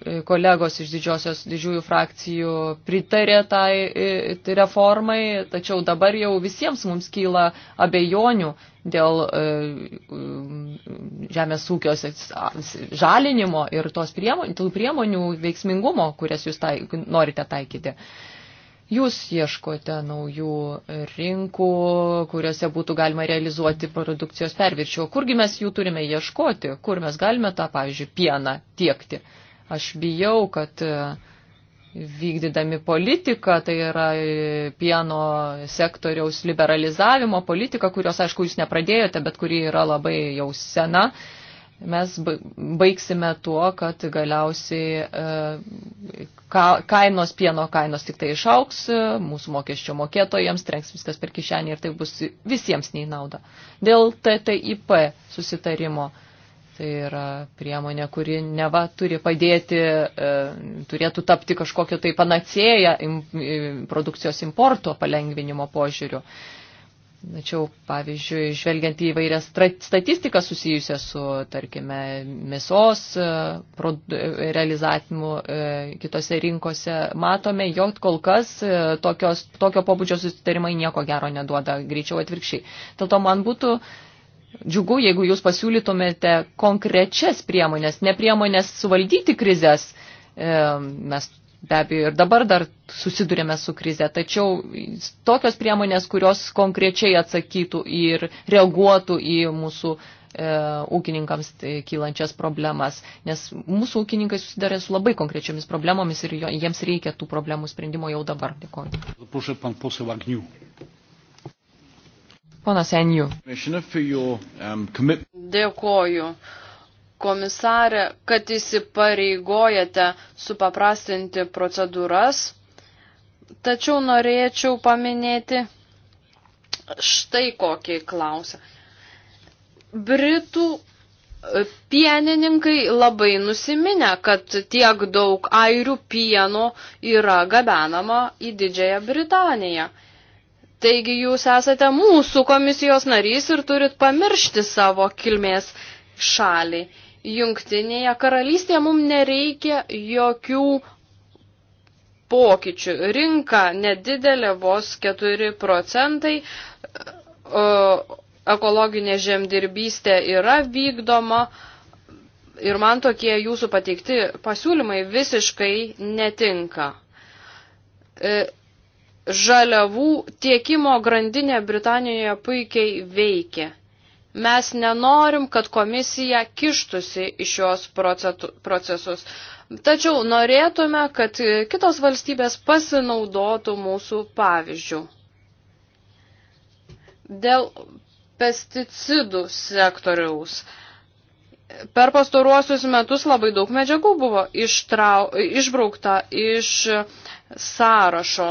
E, kolegos iš didžiosios didžiųjų frakcijų pritarė tai, e, tai reformai, tačiau dabar jau visiems mums kyla abejonių dėl e, žemės ūkio žalinimo ir tos priemonių, tų priemonių veiksmingumo, kurias jūs tai, norite taikyti. Jūs ieškote naujų rinkų, kuriuose būtų galima realizuoti produkcijos perviršio. Kurgi mes jų turime ieškoti? Kur mes galime tą, pavyzdžiui, pieną tiekti? Uh, Aš bijau, kad e, vykdydami politiką, tai yra e, pieno sektoriaus liberalizavimo politika, kurios, aišku, jūs nepradėjote, bet kuri yra labai jau sena, mes baigsime tuo, kad galiausiai e, kainos, pieno kainos tik tai išauks, mūsų mokesčio mokėtojams trenks viskas per kišenį ir tai bus visiems neįnauda. Dėl TTIP susitarimo. Tai Tai yra priemonė, kuri neva turi padėti, e, turėtų tapti kažkokią tai panacėją produkcijos importo palengvinimo požiūriu. Tačiau, pavyzdžiui, žvelgiant į vairią statistiką susijusią su, tarkime, mėsos e, e, realizavimu kitose rinkose, matome, jog kol kas tokios, tokio pobūdžio susitarimai nieko gero neduoda, greičiau atvirkščiai. Dėl to man būtų džiugu, jeigu jūs pasiūlytumėte konkrečias priemonės, ne priemonės suvaldyti krizės. E, mes be abejo ir dabar dar susidurėme su krize, tačiau tokios priemonės, kurios konkrečiai atsakytų ir reaguotų į mūsų e, ūkininkams tai kylančias problemas, nes mūsų ūkininkai susidarė su labai konkrečiomis problemomis ir jo, jiems reikia tų problemų sprendimo jau dabar. Dėkuoju. Ponas Enjų. Um, Dėkoju, komisarė, kad įsipareigojate supaprastinti procedūras, tačiau norėčiau paminėti štai kokį klausimą. Britų e, pienininkai labai nusiminę, kad tiek daug airių pieno yra gabenama į Didžiąją Britaniją. Taigi jūs esate mūsų komisijos narys ir turit pamiršti savo kilmės šalį. Jungtinėje karalystėje mums nereikia jokių pokyčių. Rinka nedidelė, vos 4 procentai. Ekologinė žemdirbystė yra vykdoma. Ir man tokie jūsų pateikti pasiūlymai visiškai netinka e, žaliavų tiekimo grandinė Britanijoje puikiai veikia. Mes nenorim, kad komisija kištusi į šios procesus, tačiau norėtume, kad kitos valstybės pasinaudotų mūsų pavyzdžių. Dėl pesticidų sektoriaus. Per pastaruosius metus labai daug medžiagų buvo ištrau, išbraukta iš sąrašo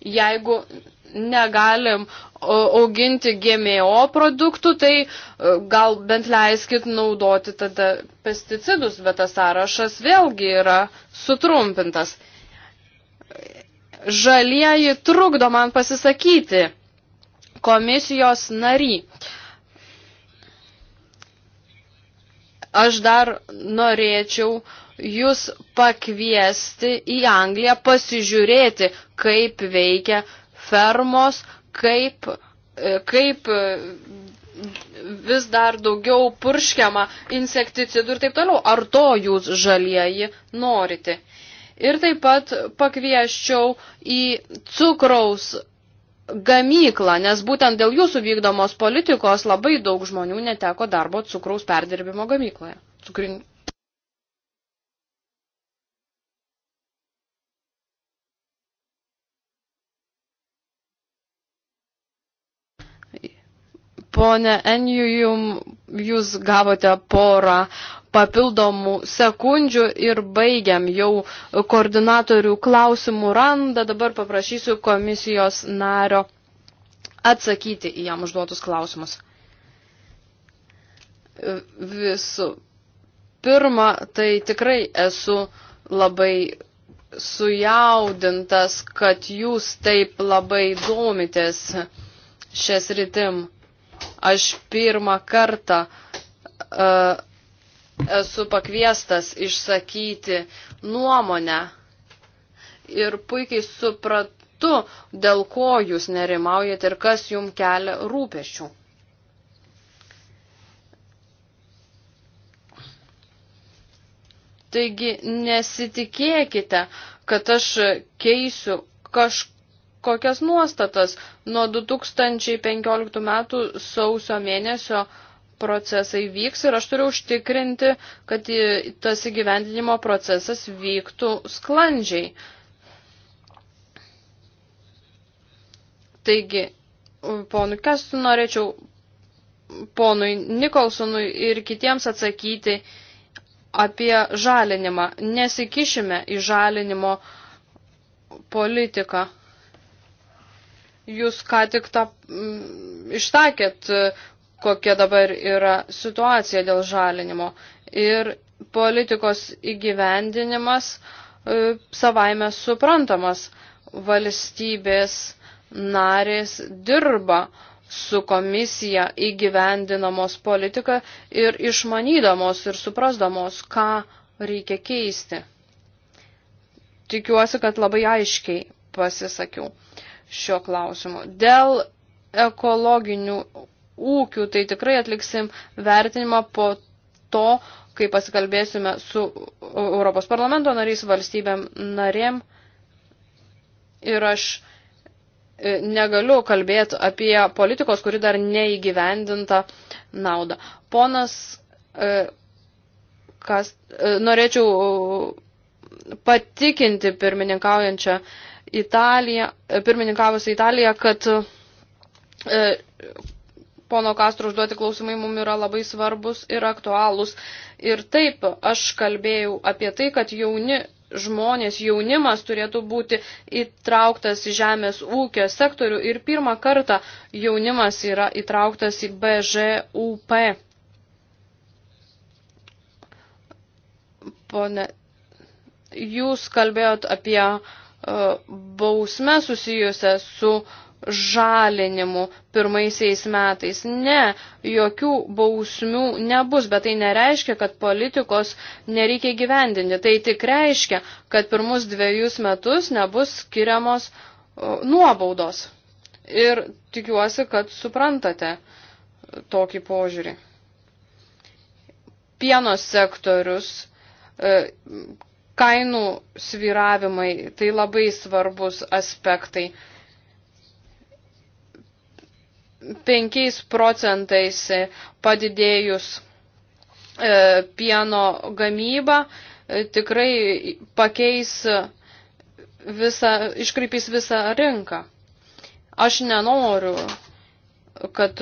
Jeigu negalim auginti GMO produktų, tai e, gal bent leiskit naudoti tada pesticidus, bet tas sąrašas vėlgi yra sutrumpintas. Žalieji trukdo man pasisakyti komisijos nary. Aš dar norėčiau uh, jūs pakviesti į Angliją pasižiūrėti, kaip veikia fermos, kaip, e, kaip e, vis dar daugiau purškiama insekticidų ir taip toliau. Ar to jūs žalieji norite? Ir taip pat pakvieščiau į cukraus gamyklą, nes būtent dėl jūsų vykdomos politikos labai daug žmonių neteko darbo cukraus perdirbimo gamykloje, cukrin, Pone Enjujum, jūs gavote porą papildomų sekundžių ir baigiam jau koordinatorių klausimų randą. Dabar paprašysiu komisijos nario atsakyti į jam užduotus klausimus. Visų pirma, tai tikrai esu labai sujaudintas, kad jūs taip labai domitės šias rytim. Aš pirmą kartą uh, esu pakviestas išsakyti nuomonę ir puikiai supratau, dėl ko jūs nerimaujate ir kas jums kelia rūpešių. Taigi nesitikėkite, kad aš keisiu kažką kokias nuostatas. Nuo 2015 metų sausio mėnesio procesai vyks ir aš turiu užtikrinti, kad tas įgyvendinimo procesas vyktų sklandžiai. Taigi, ponui Kestu norėčiau, ponui Nikolsonui ir kitiems atsakyti apie žalinimą. Nesikišime į žalinimo politiką jūs ką tik tą m, mm, ištakėt, kokia dabar yra situacija dėl žalinimo. Ir politikos įgyvendinimas e, savaime suprantamas. Valstybės narės dirba su komisija įgyvendinamos politiką ir išmanydamos ir suprasdamos, ką reikia keisti. Tikiuosi, kad labai aiškiai pasisakiau šio klausimu. Dėl ekologinių ūkių, tai tikrai atliksim vertinimą po to, kai pasikalbėsime su Europos parlamento narys valstybėm narėm. Ir aš e, negaliu kalbėti apie politikos, kuri dar neįgyvendinta naudą. Ponas, e, kas, e, norėčiau patikinti pirmininkaujančią Italija, pirmininkavusi Italija, kad e, pono Kastro užduoti klausimai mum yra labai svarbus ir aktualūs. Ir taip aš kalbėjau apie tai, kad jauni žmonės, jaunimas turėtų būti įtrauktas į žemės ūkio sektorių ir pirmą kartą jaunimas yra įtrauktas į BŽUP. Pone, jūs kalbėjot apie uh, E, bausme susijusią su žalinimu pirmaisiais metais. Ne, jokių bausmių nebus, bet tai nereiškia, kad politikos nereikia gyvendinti. Tai tik reiškia, kad pirmus dviejus metus nebus skiriamos e, nuobaudos. Ir tikiuosi, kad suprantate tokį požiūrį. Pieno sektorius e, Kainų sviravimai tai labai svarbus aspektai. 5 procentais padidėjus e, pieno gamybą e, tikrai pakeis visą, iškreipys visą rinką. Aš nenoriu, kad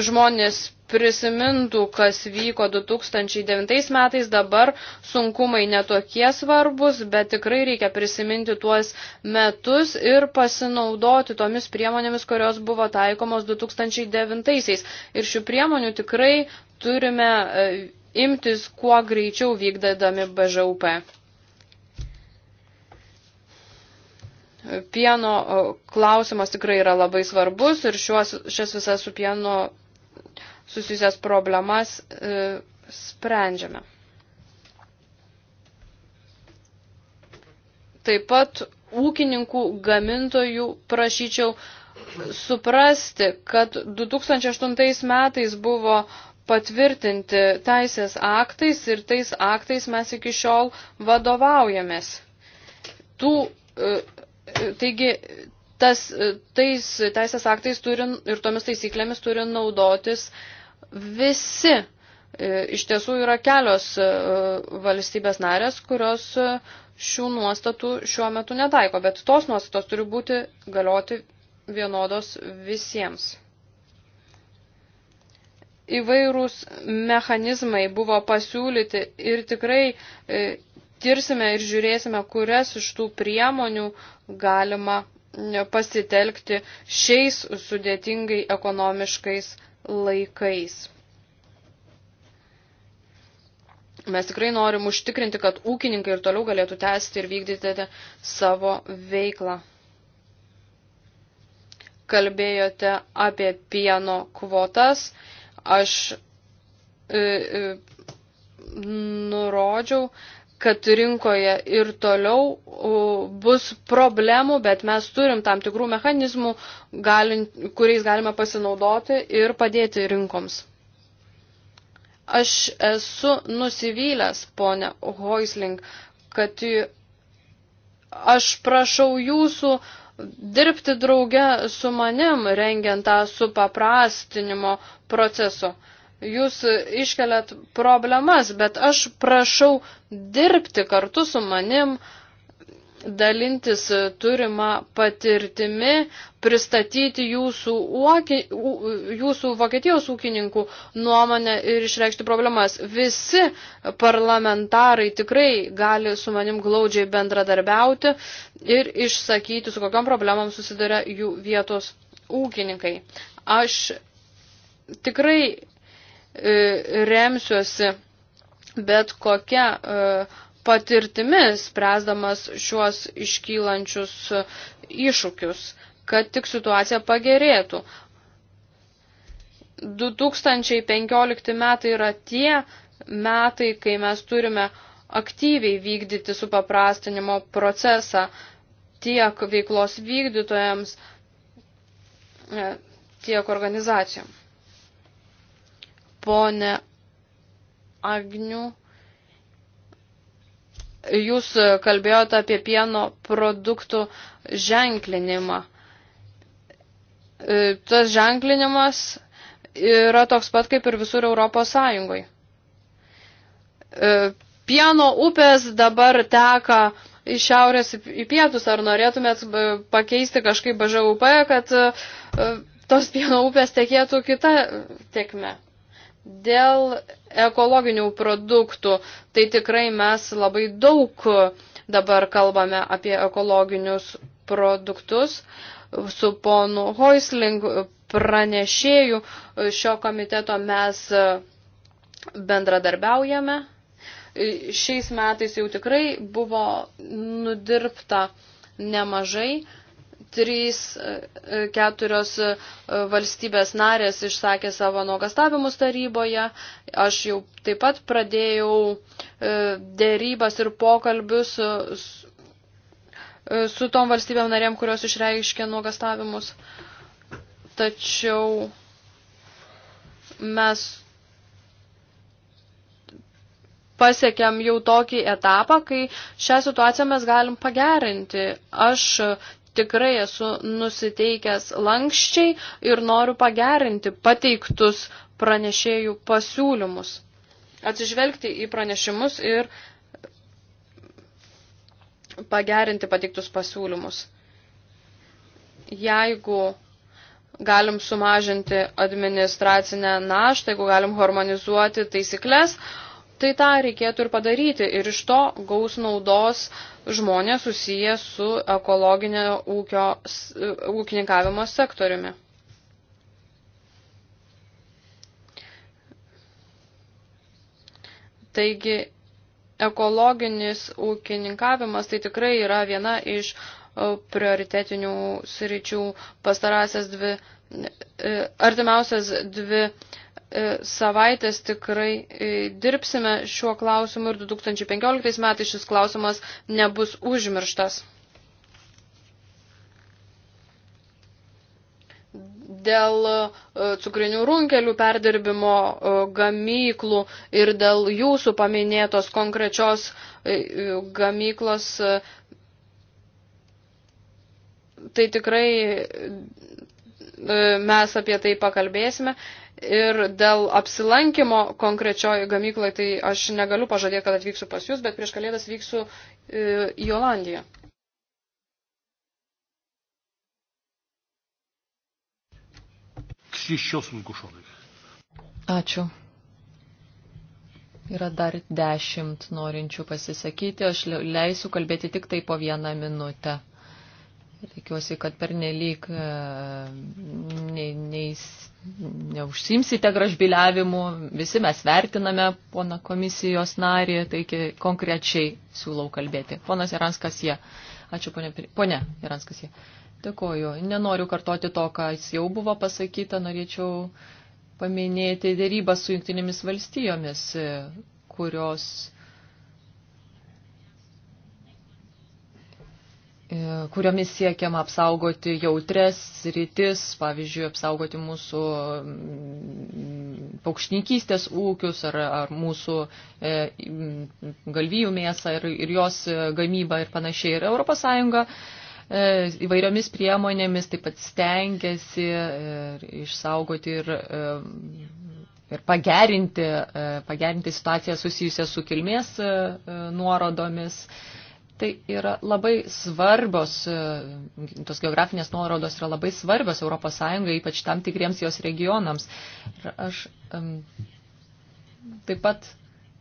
žmonės prisimintų, kas vyko 2009 metais, dabar sunkumai netokie svarbus, bet tikrai reikia prisiminti tuos metus ir pasinaudoti tomis priemonėmis, kurios buvo taikomos 2009. -aisiais. Ir šių priemonių tikrai turime e, imtis kuo greičiau vykdydami BŽUP. Pieno e, klausimas tikrai yra labai svarbus ir šiuos, šias visas su pieno susijusias problemas e, sprendžiame. Taip pat ūkininkų gamintojų prašyčiau suprasti, kad 2008 metais buvo patvirtinti teisės aktais ir tais aktais mes iki šiol vadovaujamės. Tų, e, e, taigi, tas, e, tais teisės aktais turi ir tomis taisyklėmis turi naudotis uh, visi. E, iš tiesų yra kelios e, valstybės narės, kurios e, šių nuostatų šiuo metu netaiko, bet tos nuostatos turi būti galioti vienodos visiems. Įvairūs mechanizmai buvo pasiūlyti ir tikrai tirsime ir žiūrėsime, kurias iš tų priemonių galima pasitelkti šiais sudėtingai ekonomiškais laikais. Mes tikrai norim užtikrinti, kad ūkininkai ir toliau galėtų tęsti ir vykdyti savo veiklą. Kalbėjote apie pieno kvotas. Aš e, e, nurodžiau, kad rinkoje ir toliau bus problemų, bet mes turim tam tikrų mechanizmų, galint, kuriais galime pasinaudoti ir padėti rinkoms. Aš esu nusivylęs, ponė Hoisling, kad aš prašau jūsų dirbti drauge su manim, rengiant tą supaprastinimo procesu. procesu jūs iškeliat problemas, bet aš prašau dirbti kartu su manim, dalintis turimą patirtimi, pristatyti jūsų, uoki, jūsų Vokietijos ūkininkų nuomonę ir išreikšti problemas. Visi parlamentarai tikrai gali su manim glaudžiai bendradarbiauti ir išsakyti, su kokiam problemam susiduria jų vietos ūkininkai. Aš tikrai E, remsiuosi bet kokia e, patirtimi spręsdamas šiuos iškylančius e, iššūkius, kad tik situacija pagerėtų. 2015 metai yra tie metai, kai mes turime aktyviai vykdyti supaprastinimo procesą tiek veiklos vykdytojams, tiek organizacijoms. Pone Agnių, jūs kalbėjote apie pieno produktų ženklinimą. E, tas ženklinimas yra toks pat kaip ir visur Europos Sąjungoj. E, pieno upės dabar teka iš šiaurės į pietus, ar norėtumėt pakeisti kažkaip BŽUP, kad e, tos pieno upės tekėtų kita tekme. Dėl ekologinių produktų, tai tikrai mes labai daug dabar kalbame apie ekologinius produktus su ponu Hoisling pranešėjų šio komiteto mes bendradarbiaujame. Šiais metais jau tikrai buvo nudirbta nemažai trys, e, keturios e, valstybės narės išsakė savo nuogastavimus taryboje. Aš jau taip pat pradėjau e, dėrybas ir pokalbius su, su tom valstybėm narėm, kurios išreiškė nuogastavimus. Tačiau mes pasiekėm jau tokį etapą, kai šią situaciją mes galim pagerinti. Aš tikrai esu nusiteikęs lankščiai ir noriu pagerinti pateiktus pranešėjų pasiūlymus. Atsižvelgti į pranešimus ir pagerinti pateiktus pasiūlymus. Jeigu galim sumažinti administracinę naštą, jeigu galim harmonizuoti taisyklės, tai tą reikėtų ir padaryti ir iš to gaus naudos žmonės susiję su ekologinė ūkio, ūkininkavimo sektoriumi. Taigi, ekologinis ūkininkavimas tai tikrai yra viena iš e, prioritetinių sričių pastarąsias dvi, e, artimiausias dvi E, savaitės tikrai e, dirbsime šiuo klausimu ir 2015 metais šis klausimas nebus užmirštas. dėl e, cukrinių runkelių perdirbimo gamyklų ir dėl jūsų paminėtos konkrečios gamyklos, tai tikrai mes apie tai pakalbėsime. Ir dėl apsilankimo konkrečioje gamykloje, tai aš negaliu pažadėti, kad atvyksiu pas jūs, bet prieš kalėdas vyksiu e, į Olandiją. Ačiū. Yra dar dešimt norinčių pasisakyti. Aš leisiu kalbėti tik tai po vieną minutę. Tikiuosi, kad per e, nelik neįs neužsimsite gražbiliavimu, visi mes vertiname pona komisijos narį, taigi konkrečiai siūlau kalbėti. Ponas Jeranskas jie. Ačiū, ponė, ponė Jeranskas jie. Dėkoju. Nenoriu kartoti to, kas jau buvo pasakyta, norėčiau paminėti dėrybą su jungtinėmis valstijomis, kurios E, kuriomis siekiama apsaugoti jautres rytis, pavyzdžiui, apsaugoti mūsų mm, paukšnykystės ūkius ar, ar mūsų e, mm, galvijų mėsą ir, ir jos e, gamybą ir panašiai. Ir ES e, įvairiomis priemonėmis taip pat stengiasi ir e, išsaugoti ir, e, ir pagerinti, e, pagerinti situaciją susijusią su kilmės e, nuorodomis. E, tai yra labai svarbios, e, tos geografinės nuorodos yra labai svarbios Europos Sąjungai, ypač tam tikriems jos regionams. Ir aš um, taip pat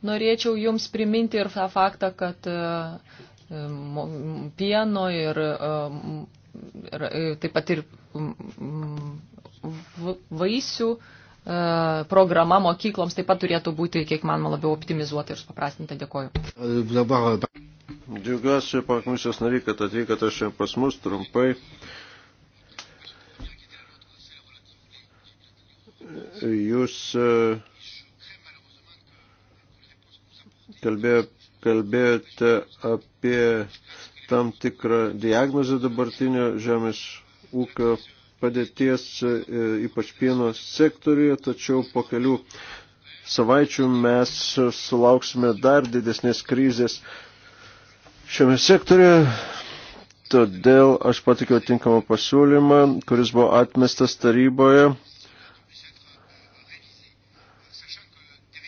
norėčiau Jums priminti ir tą faktą, kad um, pieno ir, um, ir taip pat ir um, vaisių programa mokykloms taip pat turėtų būti, kiek man labiau optimizuota ir supaprastinta. Dėkoju. Euh, Džiaugiuosi, pakomisijos nariai, kad atvykote šiandien pas mus trumpai. Jūs e, kalbėjo, kalbėjote apie tam tikrą diagnozę dabartinio žemės ūkio padėties, e, ypač pieno sektoriuje, tačiau po kelių savaičių mes sulauksime dar didesnės krizės šiame sektorėje. Todėl aš patikiau tinkamą pasiūlymą, kuris buvo atmestas taryboje.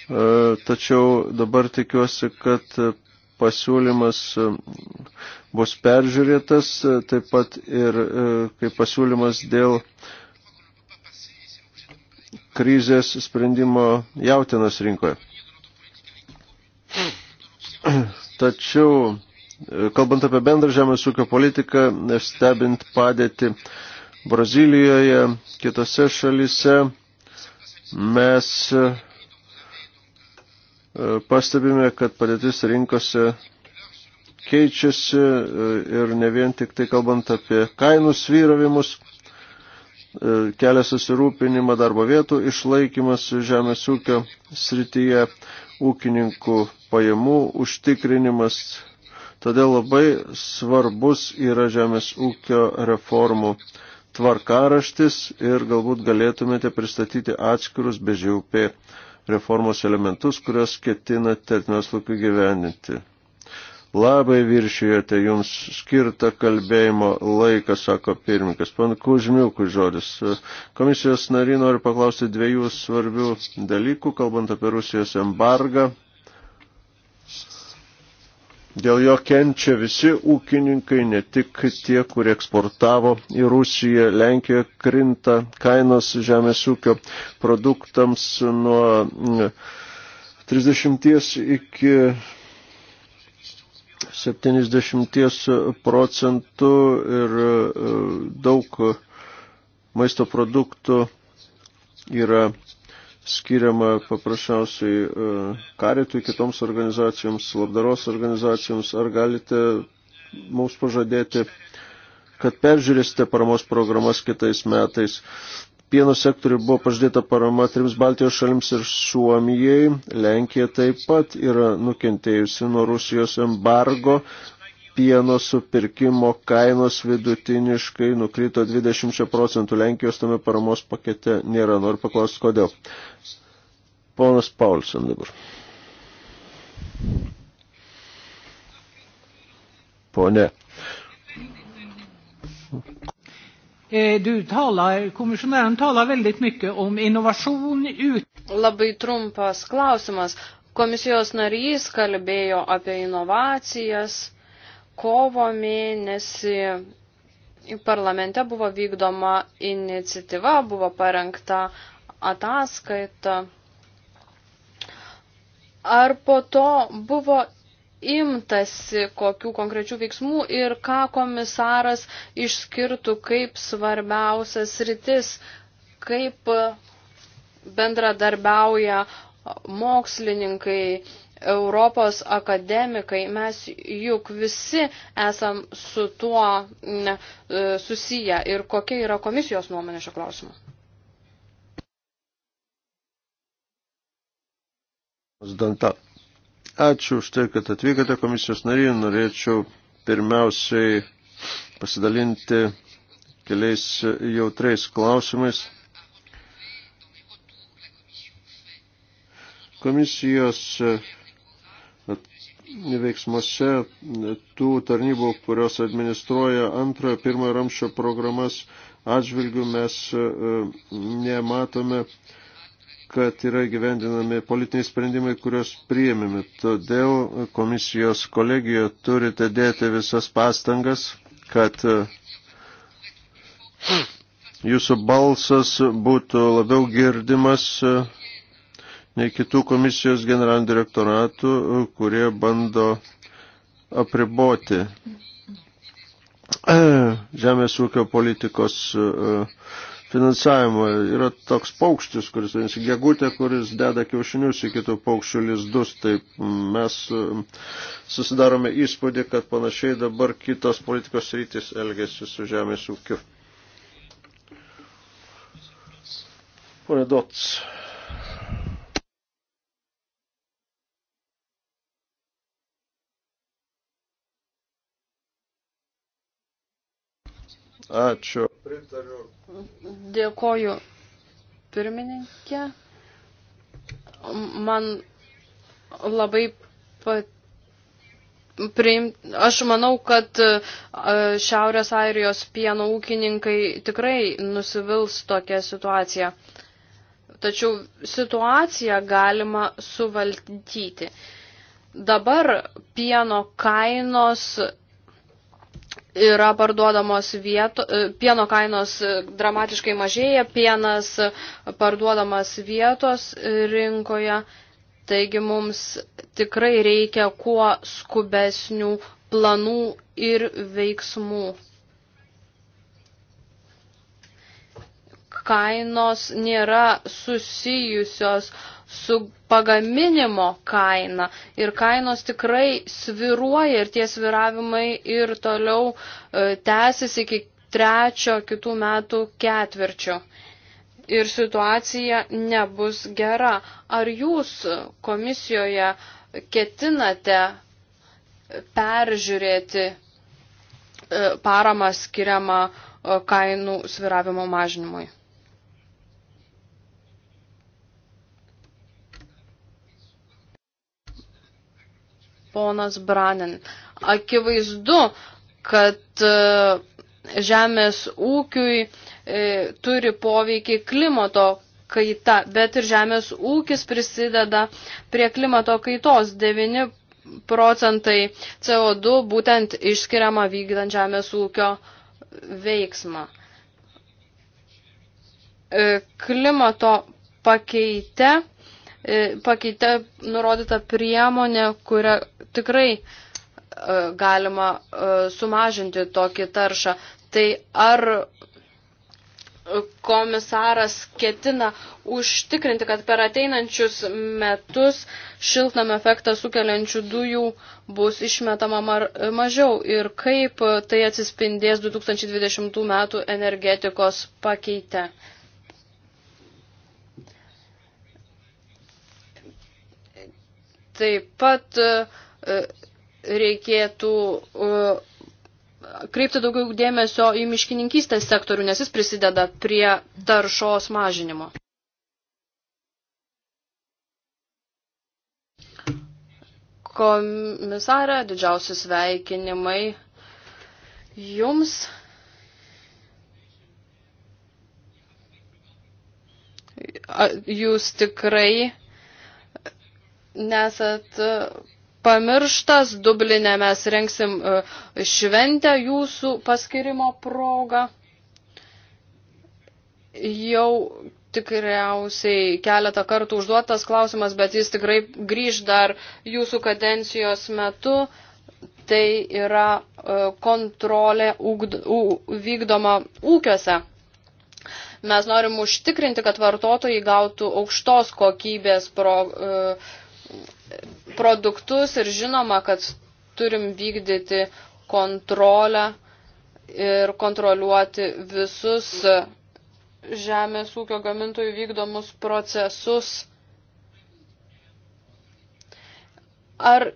E, tačiau dabar tikiuosi, kad pasiūlymas e, bus peržiūrėtas, e, taip pat ir kaip pasiūlymas dėl krizės sprendimo jautinos rinkoje. Tačiau Kalbant apie bendrą žemės ūkio politiką, stebint padėti Brazilijoje, kitose šalise, mes e, pastebime, kad padėtis rinkose keičiasi e, ir ne vien tik tai kalbant apie kainų svyravimus, e, kelia susirūpinimą darbo vietų išlaikymas žemės ūkio srityje, ūkininkų pajamų užtikrinimas Todėl labai svarbus yra žemės ūkio reformų tvarkaraštis ir galbūt galėtumėte pristatyti atskirus BŽUP reformos elementus, kurios ketinate artimiausiu laiku gyveninti. Labai viršijote jums skirtą kalbėjimo laiką, sako pirmininkas. Pan Kužmiukų žodis. Komisijos nariai nori paklausti dviejų svarbių dalykų, kalbant apie Rusijos embargą Dėl jo kenčia visi ūkininkai, ne tik tie, kurie eksportavo į Rusiją, Lenkiją krinta kainos žemės ūkio produktams nuo 30 e, iki 70 procentų ir e, daug maisto produktų yra skiriama paprasčiausiai e, karitui, kitoms organizacijoms, labdaros organizacijoms, ar galite mums pažadėti, kad peržiūrėsite paramos programas kitais metais. Pieno sektoriui buvo pažadėta parama trims Baltijos šalims ir Suomijai. Lenkija taip pat yra nukentėjusi nuo Rusijos embargo pieno supirkimo kainos vidutiniškai nukrito 20 procentų. Lenkijos tame paramos pakete nėra. Noriu paklausti, kodėl. Ponas Paulsen dabar. Pone. Eh, du talar, kommissionären talar väldigt mycket om innovation ut... Labai trumpas klausimas. Komisijos narys kalbėjo apie inovacijas kovo mėnesį parlamente buvo vykdoma iniciatyva, buvo parengta ataskaita. Ar po to buvo imtasi kokių konkrečių veiksmų ir ką komisaras išskirtų kaip svarbiausias rytis, kaip bendradarbiauja mokslininkai, Europos akademikai, mes juk visi esam su tuo ne, mm, susiję ir kokia yra komisijos nuomonė šio klausimu. Danta. Ačiū už tai, kad atvykote komisijos nariai. Norėčiau pirmiausiai pasidalinti keliais jautriais klausimais. Komisijos veiksmuose tų tarnybų, kurios administruoja antrojo, pirmojo ramščio programas atžvilgių, mes e, nematome, kad yra gyvendinami politiniai sprendimai, kuriuos priėmėme. Todėl komisijos kolegijoje turite dėti visas pastangas, kad e, jūsų balsas būtų labiau girdimas e, nei kitų komisijos generalinių direktoratų, kurie bando apriboti (clears throat) žemės ūkio politikos e, finansavimo. Yra toks paukštis, kuris, vadinasi, gegutė, kuris deda kiaušinius į kitų paukščių lizdus. Taip mes e, susidarome įspūdį, kad panašiai dabar kitos politikos rytis elgesi su žemės ūkiu. Pone Dots. Ačiū. Pritariu. Dėkoju pirmininkė. Man labai pat. Priimt, aš manau, kad Šiaurės Airijos pieno ūkininkai tikrai nusivils tokią situaciją. Tačiau situaciją galima suvaldyti. Dabar pieno kainos yra parduodamos vieto, e, pieno kainos e, dramatiškai mažėja, pienas parduodamas vietos rinkoje, taigi mums tikrai reikia kuo skubesnių planų ir veiksmų. Kainos nėra susijusios su pagaminimo kaina ir kainos tikrai sviruoja ir tie sviravimai ir toliau e, tęsis iki trečio kitų metų ketvirčio. Ir situacija nebus gera. Ar jūs komisijoje ketinate peržiūrėti e, paramą skiriamą e, kainų sviravimo mažinimui? ponas Branin. Akivaizdu, kad e, žemės ūkiui e, turi poveikį klimato kaita, bet ir žemės ūkis prisideda prie klimato kaitos. 9 procentai CO2 būtent išskiriama vykdant žemės ūkio veiksmą. E, klimato pakeite E, pakeitė nurodytą priemonę, kurią tikrai e, galima e, sumažinti tokį taršą. Tai ar komisaras ketina užtikrinti, kad per ateinančius metus šiltnamio efektą sukeliančių dujų bus išmetama mar, mažiau ir kaip tai atsispindės 2020 metų energetikos pakeite, Taip pat e, reikėtų e, kreipti daugiau dėmesio į miškininkystės sektorių, nes jis prisideda prie taršos mažinimo. Komisarė, didžiausi sveikinimai jums. Jūs tikrai nesat e, pamirštas, Dublinė mes rengsim e, šventę jūsų paskirimo progą. Jau tikriausiai keletą kartų užduotas klausimas, bet jis tikrai grįž dar jūsų kadencijos metu. Tai yra e, kontrolė ugd, u, vykdoma ūkiuose. Mes norim užtikrinti, kad vartotojai gautų aukštos kokybės pro, uh, produktus ir žinoma, kad turim vykdyti kontrolę ir kontroliuoti visus žemės ūkio gamintojų vykdomus procesus. Ar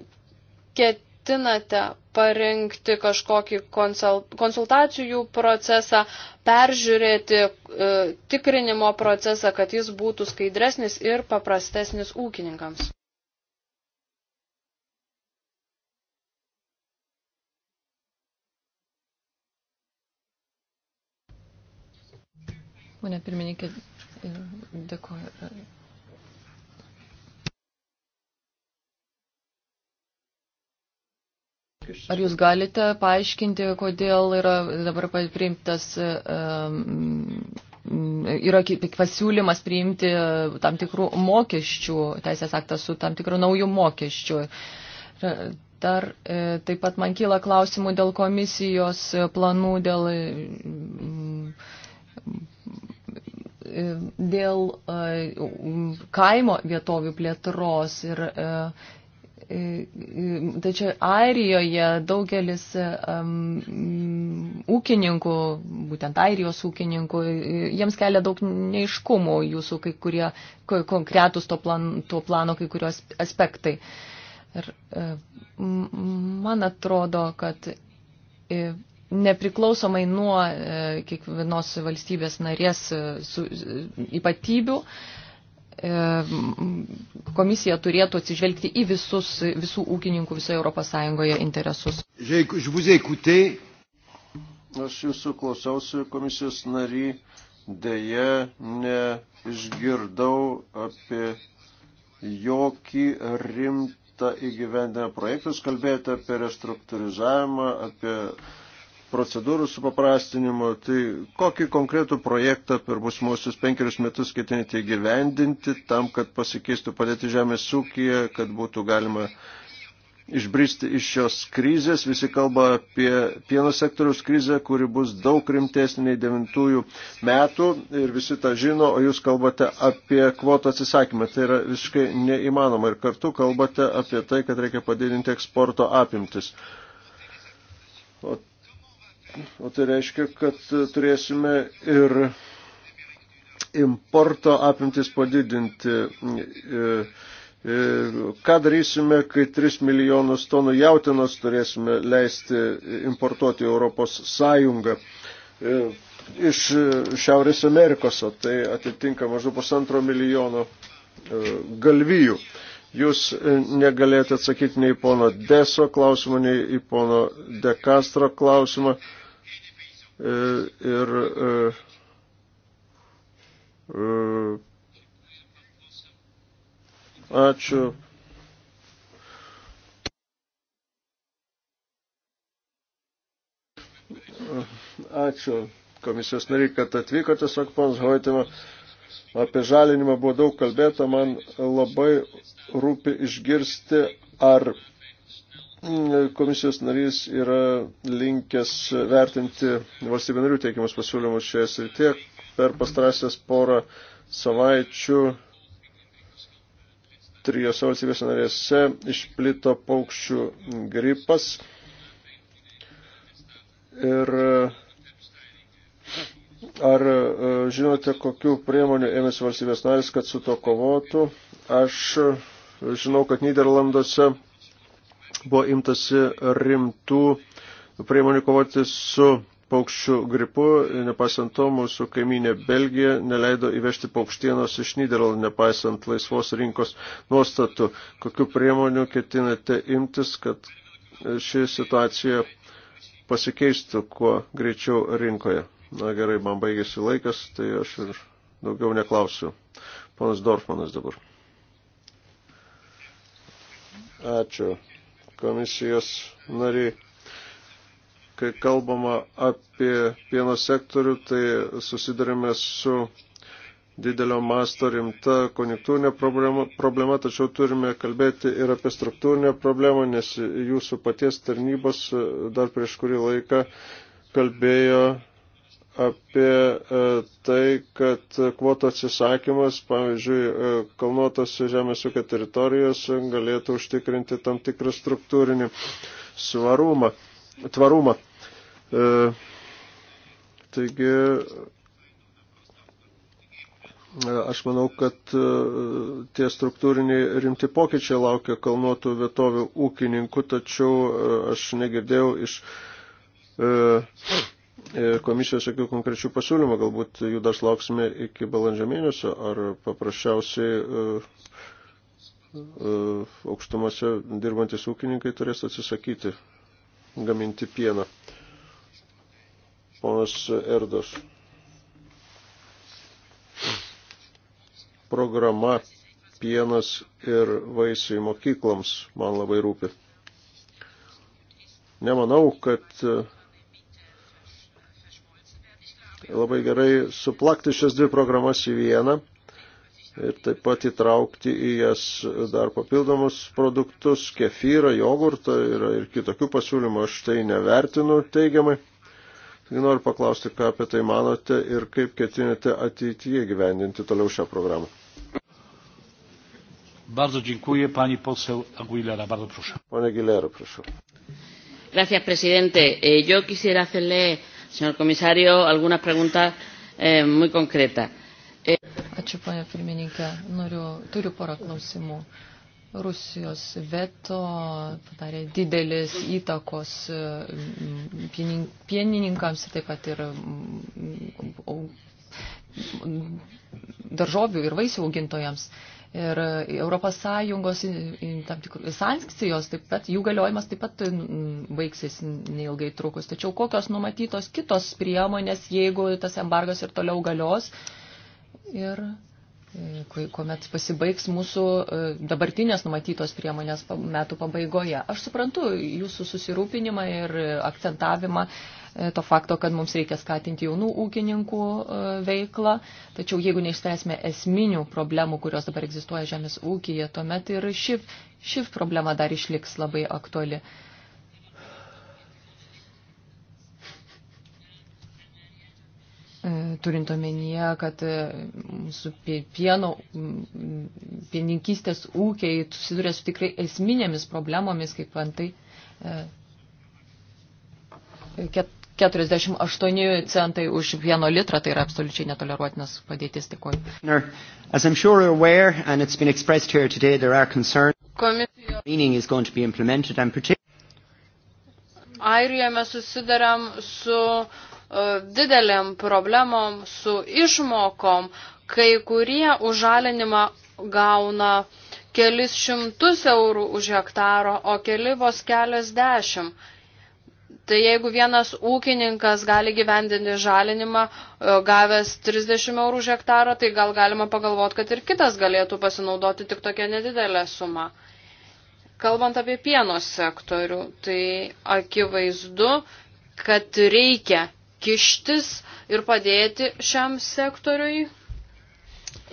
ketinate parengti kažkokį konsultacijų procesą, peržiūrėti e, tikrinimo procesą, kad jis būtų skaidresnis ir paprastesnis ūkininkams? Pone pirmininkė, e, dėkuoju. E, Ar jūs galite paaiškinti, kodėl yra dabar priimtas, e, yra pasiūlymas priimti tam tikrų mokesčių, teisės aktas su tam tikrų naujų mokesčių? Dar taip pat man kyla klausimų dėl komisijos planų, dėl E, dėl e, kaimo vietovių plėtros ir e, tačiau Airijoje daugelis um, ūkininkų, būtent Airijos ūkininkų, jiems kelia daug neiškumų jūsų kai kurie konkretus to, plan, to plano kai kurios aspektai. Ir man atrodo, kad nepriklausomai nuo e, kiekvienos valstybės narės e, su, e, ypatybių, komisija turėtų atsižvelgti į visus, visų ūkininkų visoje Europos Sąjungoje interesus. Aš jūsų klausiausi komisijos nary, dėje neišgirdau apie jokį rimtą įgyvendinę projektus, kalbėjote apie restruktūrizavimą, apie procedūrų supaprastinimo, tai kokį konkretų projektą per busmuosius penkerius metus ketinate gyvendinti tam, kad pasikeistų padėti žemės ūkiją, kad būtų galima išbristi iš šios krizės. Visi kalba apie pieno sektoriaus krizę, kuri bus daug rimtesnė nei devintųjų metų ir visi tą žino, o jūs kalbate apie kvotų atsisakymą. Tai yra visiškai neįmanoma ir kartu kalbate apie tai, kad reikia padidinti eksporto apimtis. O o tai reiškia, kad turėsime ir importo apimtis padidinti. E, e, ką darysime, kai 3 milijonus tonų jautinos turėsime leisti importuoti Europos Sąjungą e, iš Šiaurės Amerikos, o tai atitinka maždaug pusantro milijono galvijų. Jūs negalėjote atsakyti nei pono Deso klausimą, nei į pono Dekastro klausimą. E, ir e, e, ačiū. Ačiū komisijos nariai, kad atvyko tiesiog pas Hoitimą. Apie žalinimą buvo daug kalbėta, man labai rūpi išgirsti, ar Mm, komisijos narys yra linkęs vertinti valstybė narių teikiamus pasiūlymus šioje srityje. Per pastarąsias porą savaičių trijose valstybės narėse išplito paukščių gripas ir Ar e, žinote, kokiu priemoniu ėmėsi valstybės narės, kad su to kovotų? Aš žinau, kad Niderlanduose buvo imtasi rimtų priemonių kovoti su paukščių gripu, nepaisant to mūsų kaiminė Belgija neleido įvežti paukštienos iš Niderlandų, nepaisant laisvos rinkos nuostatų. Kokiu priemoniu ketinate imtis, kad ši situacija pasikeistų kuo greičiau rinkoje? Na gerai, man baigėsi laikas, tai aš ir daugiau neklausiu. Ponas Dorfmanas dabar. Ačiū komisijos nariai. Kai kalbama apie pieno sektorių, tai susidarėme su didelio masto rimta konjunktūrinė problema, problema, tačiau turime kalbėti ir apie struktūrinę problemą, nes jūsų paties tarnybos dar prieš kurį laiką kalbėjo apie e, tai, kad kvoto atsisakymas, pavyzdžiui, e, kalnuotose žemės ūkio teritorijose galėtų užtikrinti tam tikrą struktūrinį svarumą, tvarumą. E, taigi, aš manau, kad tie struktūriniai rimti pokyčiai laukia kalnuotų vietovių ūkininkų, tačiau aš negirdėjau iš komisijos jokių konkrečių pasiūlymų, galbūt jų dar lauksime iki balandžio mėnesio, ar paprasčiausiai e, e, aukštumose dirbantis ūkininkai turės atsisakyti gaminti pieną. Ponas Erdos. Programa pienas ir vaisiai mokykloms man labai rūpi. Nemanau, kad uh, labai gerai suplakti šias dvi programas į vieną ir taip pat įtraukti į jas dar papildomus produktus, kefyrą, jogurtą ir, ir kitokių pasiūlymų aš tai nevertinu teigiamai. Taigi noriu paklausti, ką apie tai manote ir kaip ketinate ateityje gyvendinti toliau šią programą. Bardzo dziękuję. Pani poseł Aguilera, bardzo proszę. Pani Aguilera, proszę. Gracias, presidente. Eh, yo quisiera hacerle Señor komisario, algunas preguntas eh, muy concretas. Eh... Ačiū, ponia pirmininkė. Noriu, turiu porą klausimų. Rusijos veto padarė didelis įtakos mm, pienininkams ir taip pat ir mm, daržovių ir vaisių augintojams. Ir Europos Sąjungos sankcijos, taip pat jų galiojimas taip pat baigsis neilgai trukus. Tačiau kokios numatytos kitos priemonės, jeigu tas embargas ir toliau galios ir e, kuomet pasibaigs mūsų e, dabartinės numatytos priemonės metų pabaigoje. Aš suprantu jūsų susirūpinimą ir akcentavimą E, to fakto, kad mums reikia skatinti jaunų ūkininkų e, veiklą. Tačiau jeigu neišspręsime esminių problemų, kurios dabar egzistuoja žemės ūkyje, tuomet ir ši, ši problema dar išliks labai aktuali. E, turint omenyje, kad mūsų pieno, pieninkystės ūkiai susiduria su tikrai esminėmis problemomis, kaip antai 48 centai už vieno litrą, tai yra absoliučiai netoleruotinas padėtis, dėkuoju. Komisijos. Airijoje mes susidariam su uh, didelėm problemom, su išmokom, kai kurie užalinimą gauna kelis šimtus eurų už hektaro, o keli vos keliasdešimt Tai jeigu vienas ūkininkas gali gyvendinti žalinimą, e, gavęs 30 eurų už hektarą, tai gal galima pagalvoti, kad ir kitas galėtų pasinaudoti tik tokią nedidelę sumą. Kalbant apie pieno sektorių, tai akivaizdu, kad reikia kištis ir padėti šiam sektoriui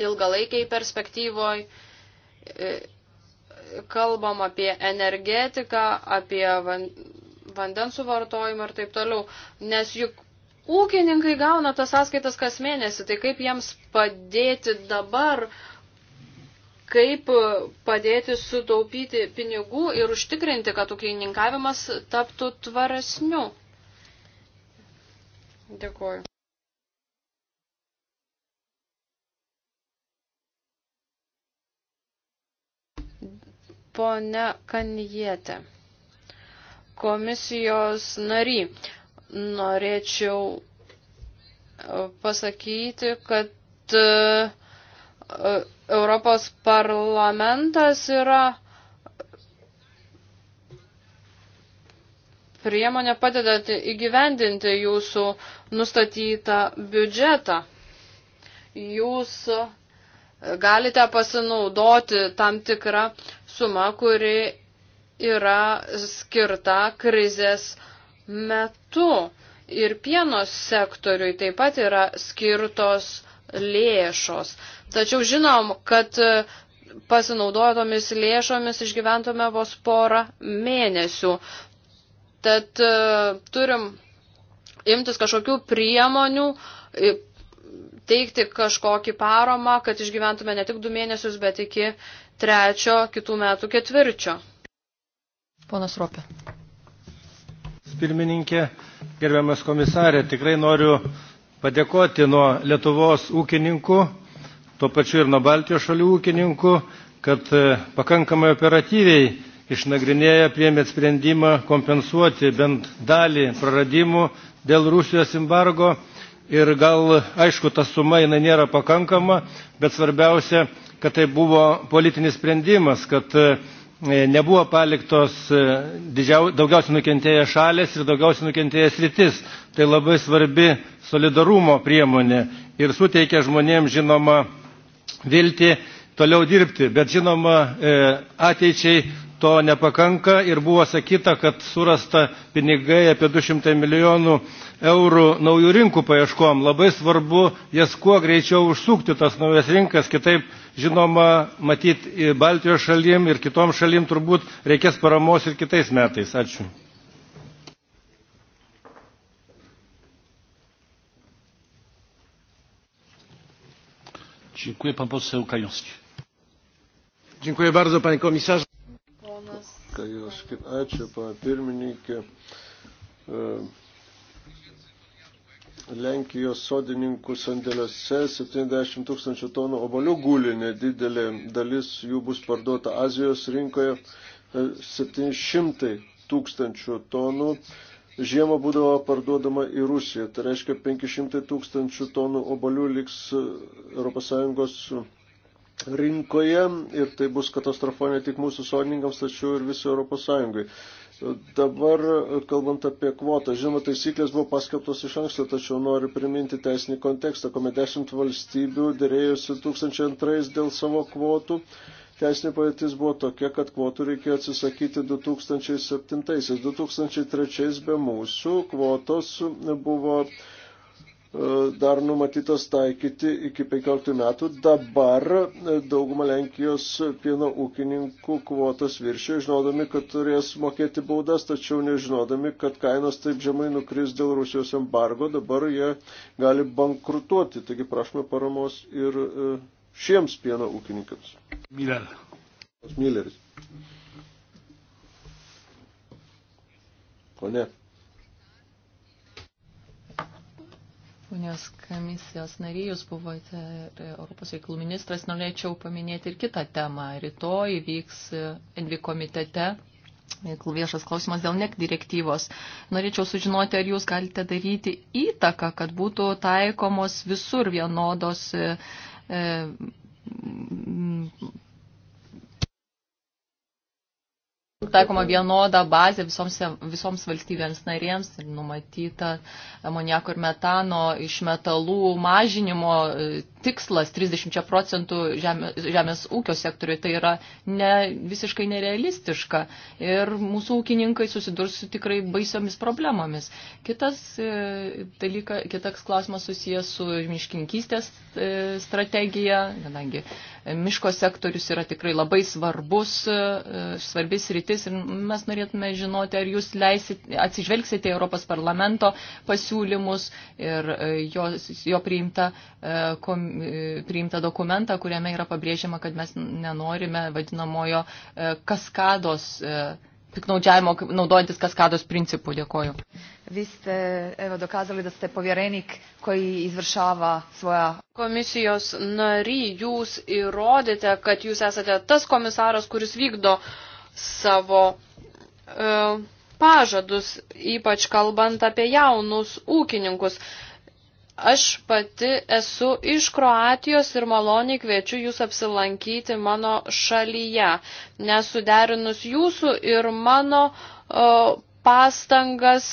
ilgalaikiai perspektyvoj. E, kalbam apie energetiką, apie vandens suvartojimą ir taip toliau. Nes juk ūkininkai gauna tas sąskaitas kas mėnesį, tai kaip jiems padėti dabar, kaip padėti sutaupyti pinigų ir užtikrinti, kad ūkininkavimas taptų tvaresniu. Dėkuoju. Pone Kanijėte. Komisijos nary, norėčiau e, pasakyti, kad e, Europos parlamentas yra priemonė padedate įgyvendinti jūsų nustatytą biudžetą. Jūs galite pasinaudoti tam tikrą sumą, kuri yra skirta krizės metu. Ir pieno sektoriui taip pat yra skirtos lėšos. Tačiau žinom, kad pasinaudojo tomis lėšomis išgyventume vos porą mėnesių. Tad e, turim imtis kažkokių priemonių, teikti kažkokį paromą, kad išgyventume ne tik du mėnesius, bet iki trečio kitų metų ketvirčio. Ponas Ropė. Pirmininkė, gerbiamas komisarė, tikrai noriu padėkoti nuo Lietuvos ūkininkų, tuo pačiu ir nuo Baltijos šalių ūkininkų, kad e, pakankamai operatyviai išnagrinėję priemėt sprendimą kompensuoti bent dalį praradimų dėl Rusijos embargo. Ir gal, aišku, ta suma jinai nėra pakankama, bet svarbiausia, kad tai buvo politinis sprendimas, kad e, E, nebuvo paliktos e, didžiau, daugiausiai nukentėję šalės ir daugiausiai nukentėję sritis. Tai labai svarbi solidarumo priemonė ir suteikia žmonėms žinoma vilti toliau dirbti. Bet žinoma, e, ateičiai to nepakanka ir buvo sakyta, kad surasta pinigai apie 200 milijonų eurų naujų rinkų paieškom. Labai svarbu jas kuo greičiau užsukti tas naujas rinkas, kitaip Žinoma, matyti Baltijos šalim ir kitom šalim turbūt reikės paramos ir kitais metais. Ačiū. Dziękuję pan poseł Kajonski. Dziękuję bardzo panie komisarzu. Ačiū, pana pirmininkė. Uh, Lenkijos sodininkų sandėliuose 70 tūkstančių tonų obolių guli, nedidelė dalis jų bus parduota Azijos rinkoje 700 e, tūkstančių tonų. Žiemą būdavo parduodama į Rusiją, tai reiškia 500 tūkstančių tonų obolių liks ES rinkoje ir tai bus katastrofa ne tik mūsų sodininkams, tačiau ir visai ES. Dabar, kalbant apie kvotą, žinoma, taisyklės buvo paskelbtos iš anksto, tačiau noriu priminti teisinį kontekstą, kuomet dešimt valstybių dėrėjusi 2002 dėl savo kvotų. Teisinė padėtis buvo tokia, kad kvotų reikėjo atsisakyti 2007. -aisiais. 2003 -aisiais be mūsų kvotos buvo E, dar numatytas taikyti iki 15 metų. Dabar e, dauguma Lenkijos pieno ūkininkų kvotas viršio, žinodami, kad turės mokėti baudas, tačiau nežinodami, kad kainos taip žemai nukris dėl Rusijos embargo, dabar jie gali bankrutuoti. Taigi prašome paramos ir e, šiems pieno ūkininkams. Miller. Milleris. O ne. Ponios komisijos nariai, jūs buvote ir Europos reikalų ministras, norėčiau paminėti ir kitą temą. Rytoj vyks Envi komitete viešas klausimas dėl NEC direktyvos. Norėčiau sužinoti, ar jūs galite daryti įtaką, kad būtų taikomos visur vienodos e, taikoma vienoda bazė visoms, visoms valstybėms narėms ir numatyta amoniako ir metano iš metalų mažinimo tikslas 30 procentų žemės, žemės ūkio sektoriui, tai yra ne, visiškai nerealistiška ir mūsų ūkininkai susidurs su tikrai baisiomis problemomis. Kitas, e, dalyka, kitas klausimas susijęs su miškinkystės e, strategija, kadangi miško sektorius yra tikrai labai svarbus, e, svarbis rytis ir mes norėtume žinoti, ar jūs leisit, atsižvelgsite Europos parlamento pasiūlymus ir jo, jo priimta komisija E, priimtą dokumentą, kuriame yra pabrėžiama, kad mes nenorime vadinamojo e, kaskados e, piknaudžiavimo naudojantis kaskados principu. Dėkoju. Vi ste evo, dokazali da ste povjerenik koji izvršava svoja... Komisijos nary, jūs įrodėte, kad jūs esate tas komisaras, kuris vykdo savo e, pažadus, ypač kalbant apie jaunus ūkininkus. Aš pati esu iš Kroatijos ir maloniai kviečiu jūs apsilankyti mano šalyje, nesuderinus jūsų ir mano o, pastangas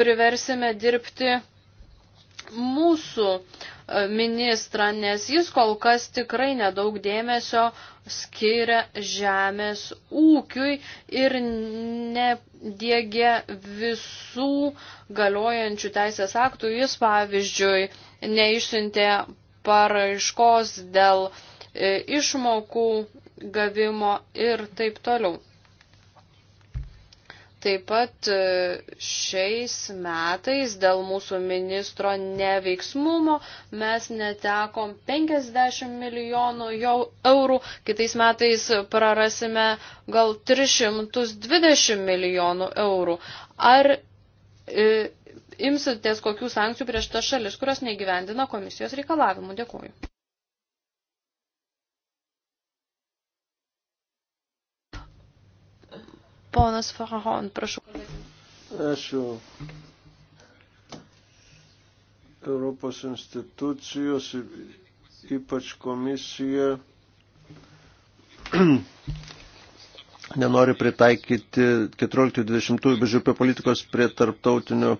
priversime dirbti mūsų o, ministrą, nes jis kol kas tikrai nedaug dėmesio skiria žemės ūkiui ir nedėgia visų galiojančių teisės aktų. Jis, pavyzdžiui, neišsintė paraiškos dėl e, išmokų gavimo ir taip toliau. Taip pat e, šiais metais dėl mūsų ministro neveiksmumo mes netekom 50 milijonų jau eurų, kitais metais prarasime gal 320 milijonų eurų. Ar e, imsitės kokių sankcijų prieš tas šalis, kurios negyvendina komisijos reikalavimų? Dėkuoju. Ponas Farahon, prašau. Ačiū. Europos institucijos, ypač komisija, (clears throat) nenori pritaikyti 14-20 BŽP politikos prie tarptautinio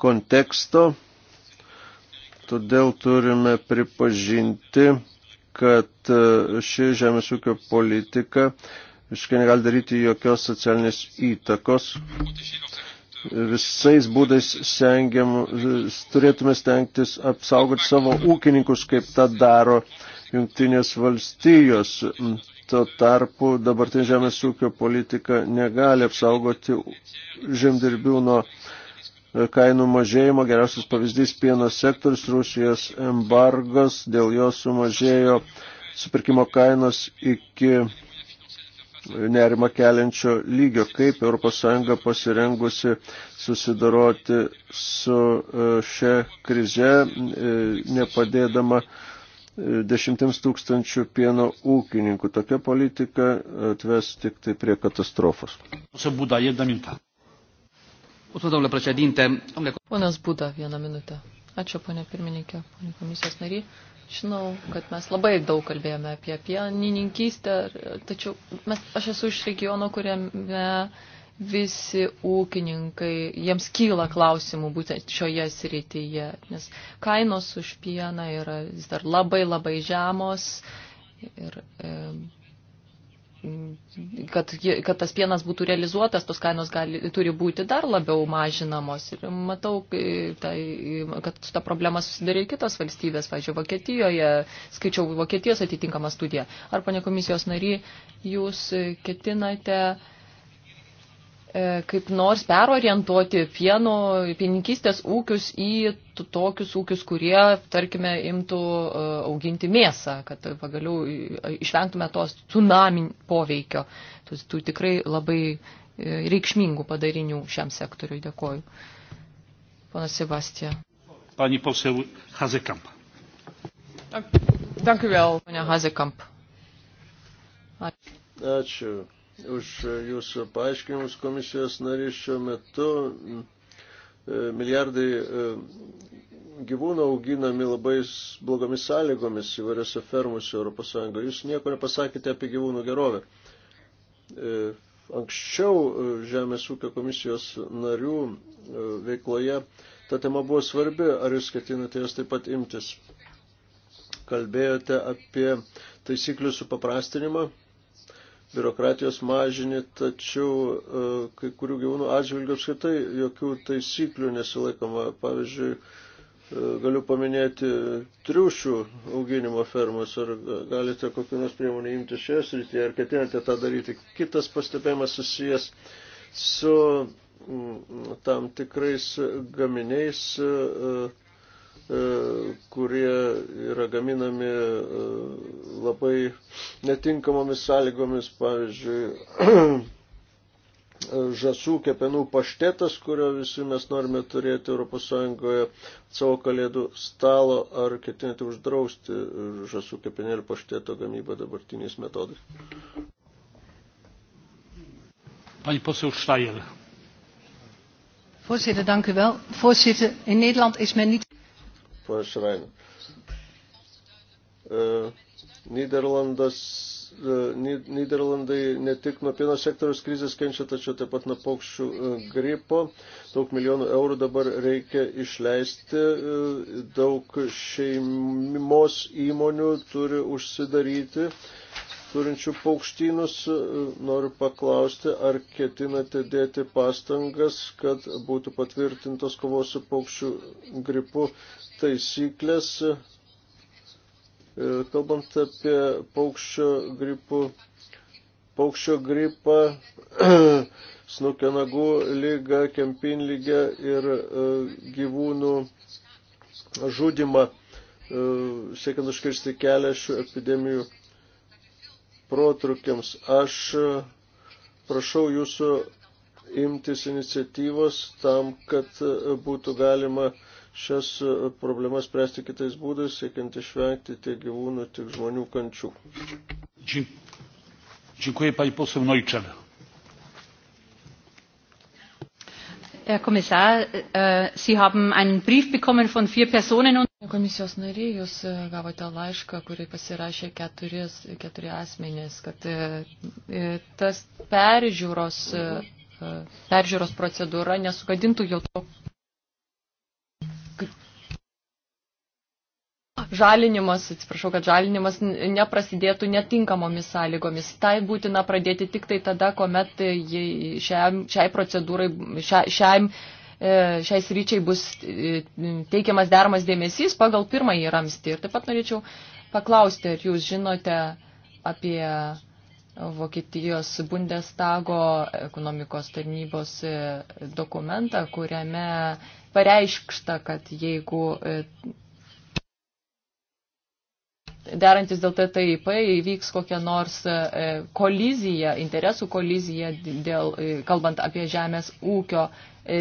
konteksto. Todėl turime pripažinti, kad ši žemės ūkio politika visiškai negali daryti jokios socialinės įtakos. Visais būdais sengiam, turėtume stengtis apsaugoti savo ūkininkus, kaip tą daro jungtinės valstijos. Tuo tarpu dabartinė žemės ūkio politika negali apsaugoti žemdirbių nuo kainų mažėjimo. Geriausias pavyzdys pieno sektorius, Rusijos embargas, dėl jo sumažėjo supirkimo kainos iki nerima keliančio lygio, kaip ES pasirengusi susidaroti su e, šia krize, e, nepadėdama e, dešimtims tūkstančių pieno ūkininkų. Tokia politika atves tik tai prie katastrofos. Ponas Būda, vieną minutę. Ačiū, ponė pirmininkė, ponė komisijos nariai. Žinau, kad mes labai daug kalbėjome apie pienininkystę, tačiau mes, aš esu iš regiono, kuriame visi ūkininkai, jiems kyla klausimų būtent šioje srityje, nes kainos už pieną yra vis dar labai labai žemos ir e, kad, kad tas pienas būtų realizuotas, tos kainos gali, turi būti dar labiau mažinamos. Ir matau, tai, kad su tą problemą susidarė ir kitos valstybės, važiuoju, Vokietijoje, skaičiau Vokietijos atitinkamą studiją. Ar, ponė komisijos nary, jūs ketinate uh, E, kaip nors perorientuoti pieno, pieninkystės ūkius į tokius ūkius, kurie, tarkime, imtų e, auginti mėsą, kad pagaliau išvengtume tos tsunami poveikio, tų, tų tikrai labai e, reikšmingų padarinių šiam sektoriui. Dėkoju. Pana Sebastija. Pani posel Hazekamp. Dank u wel. Pane Hazekamp. Ačiū. Ačiū už jūsų paaiškinimus komisijos narys šiuo metu. E, milijardai e, gyvūnų auginami labai blogomis sąlygomis įvairiose fermose ES. Jūs nieko nepasakėte apie gyvūnų gerovę. E, anksčiau Žemės ūkio komisijos narių veikloje ta tema buvo svarbi. Ar jūs ketinate jos taip pat imtis? Kalbėjote apie taisyklių supaprastinimą biurokratijos mažinį, tačiau e, kai kurių gyvūnų atžvilgių apskritai jokių taisyklių nesilaikoma. Pavyzdžiui, e, galiu paminėti triušių auginimo fermas, ar galite kokią nors priemonę imti šioje srityje, ar ketinate tą daryti. Kitas pastebėjimas susijęs su mm, tam tikrais gaminiais. Uh, E, kurie yra gaminami e, labai netinkamomis sąlygomis, pavyzdžiui, (clears throat) e, žasų kepenų paštetas, kurio visi mes norime turėti ES savo kalėdų stalo, ar ketinate uždrausti žasų kepenėlių pašteto gamybą dabartiniais metodais? Pani poseł Steyer. Voorzitter, dank u wel. Voorzitter, in Nederland is men niet. Pane Šrainė. E, Niderlandas, e, Niderlandai ne tik nuo pieno sektoriaus krizės kenčia, tačiau taip pat nuo paukščių e, gripo. Daug milijonų eurų dabar reikia išleisti. E, daug šeimos įmonių turi užsidaryti turinčių paukštynus, e, noriu paklausti, ar ketinate dėti pastangas, kad būtų patvirtintos kovos su paukščių gripu taisyklės. E, kalbant apie paukščio gripų, paukščio gripą, (clears throat) snukio nagų lygą, kempinlygę ir e, gyvūnų žudimą, siekiant užkirsti kelią šių epidemijų protrukiams. Aš e, prašau jūsų imtis iniciatyvos tam, kad e, būtų galima šias e, problemas spręsti kitais būdais, siekiant išvengti tiek gyvūnų, tiek žmonių kančių. Dziękuję pani poseł Neuchel. Herr Kommissar, äh, Sie haben einen Brief bekommen von vier Personen. Komisijos nariai, jūs e, gavote laišką, kurį pasirašė keturis, keturi asmenys, kad e, e, tas peržiūros, peržiūros procedūra nesugadintų jau to žalinimas, atsiprašau, kad žalinimas neprasidėtų netinkamomis sąlygomis. Tai būtina pradėti tik tai tada, kuomet šiam, šiai procedūrai, šia, šiam E, šiais ryčiai bus e, teikiamas dermas dėmesys pagal pirmąjį ramstį. Ir taip pat norėčiau paklausti, ar jūs žinote apie Vokietijos Bundestago ekonomikos tarnybos e, dokumentą, kuriame pareiškšta, kad jeigu derantis dėl TTIP įvyks kokia nors kolizija, interesų kolizija, dėl, kalbant apie žemės ūkio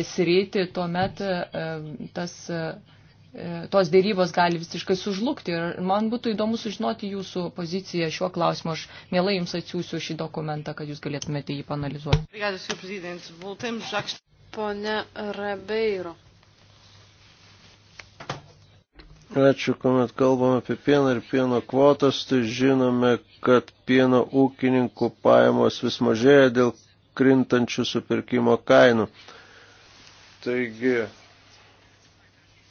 sritį, tuomet e, tas, e, tos dėrybos gali visiškai sužlugti. Ir man būtų įdomu sužinoti jūsų poziciją šiuo klausimu. Aš mielai jums atsiųsiu šį dokumentą, kad jūs galėtumėte jį panalizuoti. Pone Rabeiro. Ačiū, kuomet kalbame apie pieną ir pieno kvotas, tai žinome, kad pieno ūkininkų pajamos vis mažėja dėl krintančių supirkimo kainų. Taigi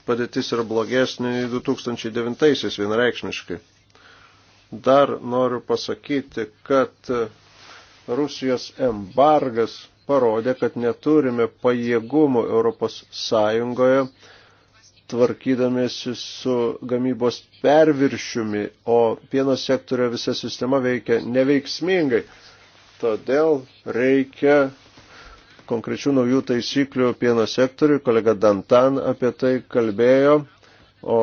padėtis yra blogesnė nei 2009-aisiais vienareikšmiškai. Dar noriu pasakyti, kad Rusijos embargas parodė, kad neturime pajėgumų Europos Sąjungoje tvarkydamėsi su gamybos perviršiumi, o pieno sektorio visa sistema veikia neveiksmingai. Todėl reikia konkrečių naujų taisyklių pieno sektoriui, kolega Dantan apie tai kalbėjo, o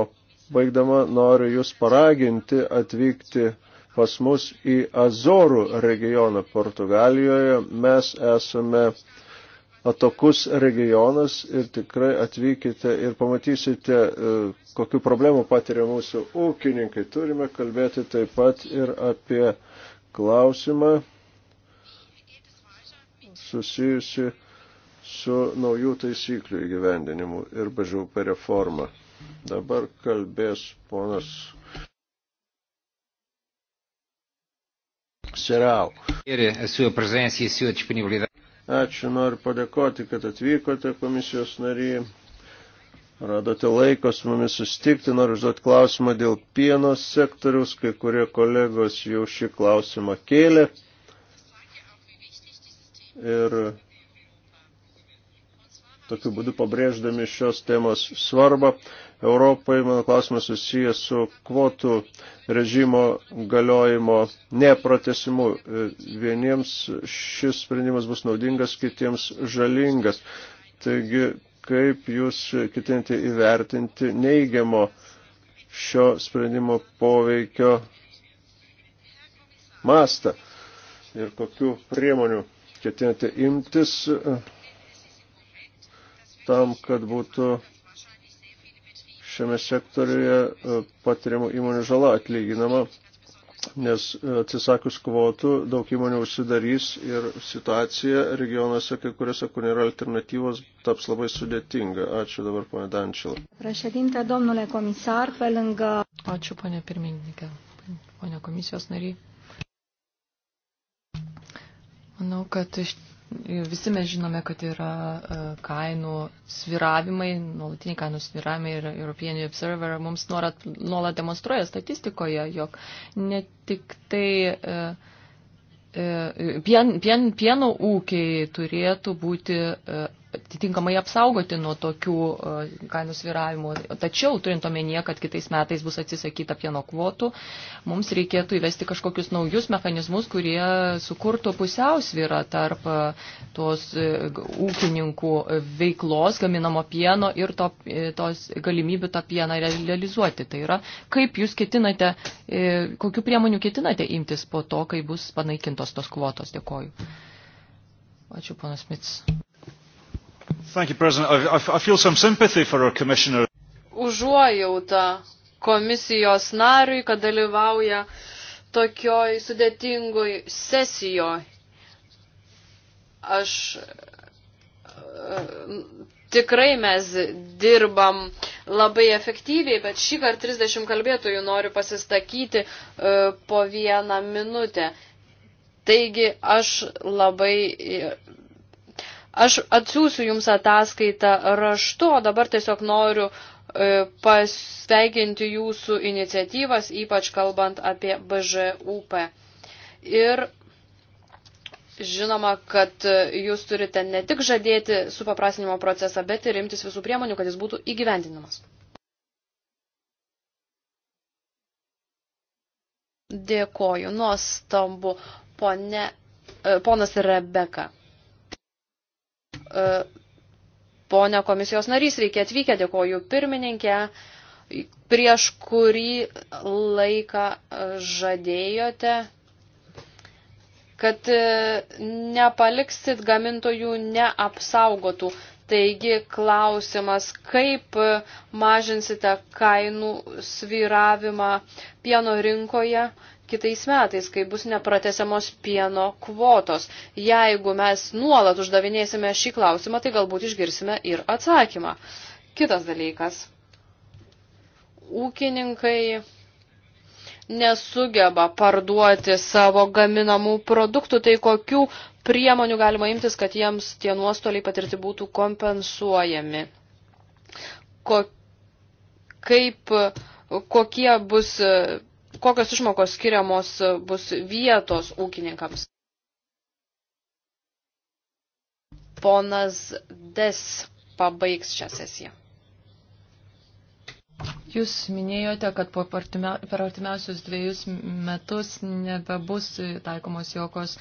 baigdama noriu Jūs paraginti atvykti pas mus į Azorų regioną Portugalijoje. Mes esame atokus regionas ir tikrai atvykite ir pamatysite, e, kokiu problemu patiria mūsų ūkininkai. Turime kalbėti taip pat ir apie klausimą susijusi su naujų taisyklių įgyvendinimu ir BŽUP reforma. Dabar kalbės ponas Serau. Ir esu prezencija, esu disponibilidad. Ačiū, noriu padėkoti, kad atvykote komisijos nariai. Radote laiko su mumis sustikti, noriu užduoti klausimą dėl pieno sektoriaus, kai kurie kolegos jau šį klausimą kėlė ir tokiu būdu pabrėždami šios temos svarbą. Europai, mano klausimas susijęs su kvotų režimo galiojimo nepratesimu. Vieniems šis sprendimas bus naudingas, kitiems žalingas. Taigi, kaip jūs ketinate įvertinti neigiamo šio sprendimo poveikio mastą ir kokiu priemoniu ketinate imtis e, tam, kad būtų šiame sektoriuje e, patiriamų įmonių žala atlyginama, nes e, atsisakius kvotų daug įmonių užsidarys ir situacija regionuose, kai kuriuose, kur nėra alternatyvos, taps labai sudėtinga. Ačiū dabar, ponė Dančila. Prašedinte, domnule komisar, pelingą. Ačiū, ponė pirmininkė, ponė komisijos nariai. Manau, kad iš Visi mes žinome, kad yra e, kainų sviravimai, nuolatiniai kainų sviravimai ir European Observer mums nuolat, nuolat demonstruoja statistikoje, jog ne tik tai e, e, pien, pien, pieno ūkiai turėtų būti atitinkamai apsaugoti nuo tokių e, kainų sviravimų. Tačiau, turint omenyje, kad kitais metais bus atsisakyta pieno kvotų, mums reikėtų įvesti kažkokius naujus mechanizmus, kurie sukurtų pusiausvyrą tarp e, tos e, ūkininkų veiklos gaminamo pieno ir to, tos galimybių tą pieną realizuoti. Tai yra, kaip jūs ketinate, kokiu priemonių ketinate imtis po to, kai bus panaikintos tos kvotos. Dėkoju. Ačiū, ponas Mits. Thank you, President. I, I feel some sympathy for our commissioner. Užuojauta komisijos nariui, kad dalyvauja tokioj sudėtingoj sesijoje. Aš tikrai mes dirbam labai efektyviai, bet šį kartą 30 kalbėtojų noriu pasistakyti e, po vieną minutę. Taigi aš labai Aš atsiųsiu jums ataskaitą raštu, o dabar tiesiog noriu e, pasveikinti jūsų iniciatyvas, ypač kalbant apie BŽUP. Ir žinoma, kad jūs turite ne tik žadėti supaprastinimo procesą, bet ir imtis visų priemonių, kad jis būtų įgyvendinamas. Dėkoju, nuostambu, pone, e, ponas Rebeka. Pone komisijos narys, reikia atvykę, dėkoju pirmininkė, prieš kurį laiką žadėjote, kad e, nepaliksit gamintojų neapsaugotų. Taigi klausimas, kaip mažinsite kainų sviravimą pieno rinkoje, kitais metais, kai bus nepratesiamos pieno kvotos. Jeigu mes nuolat uždavinėsime šį klausimą, tai galbūt išgirsime ir atsakymą. Kitas dalykas. Ūkininkai nesugeba parduoti savo gaminamų produktų, tai kokių priemonių galima imtis, kad jiems tie nuostoliai patirti būtų kompensuojami. Ko, kaip, kokie bus kokios išmokos skiriamos e, bus vietos ūkininkams. Ponas Des pabaigs šią sesiją. Jūs minėjote, kad per artimiausius dviejus metus nebebus taikomos jokios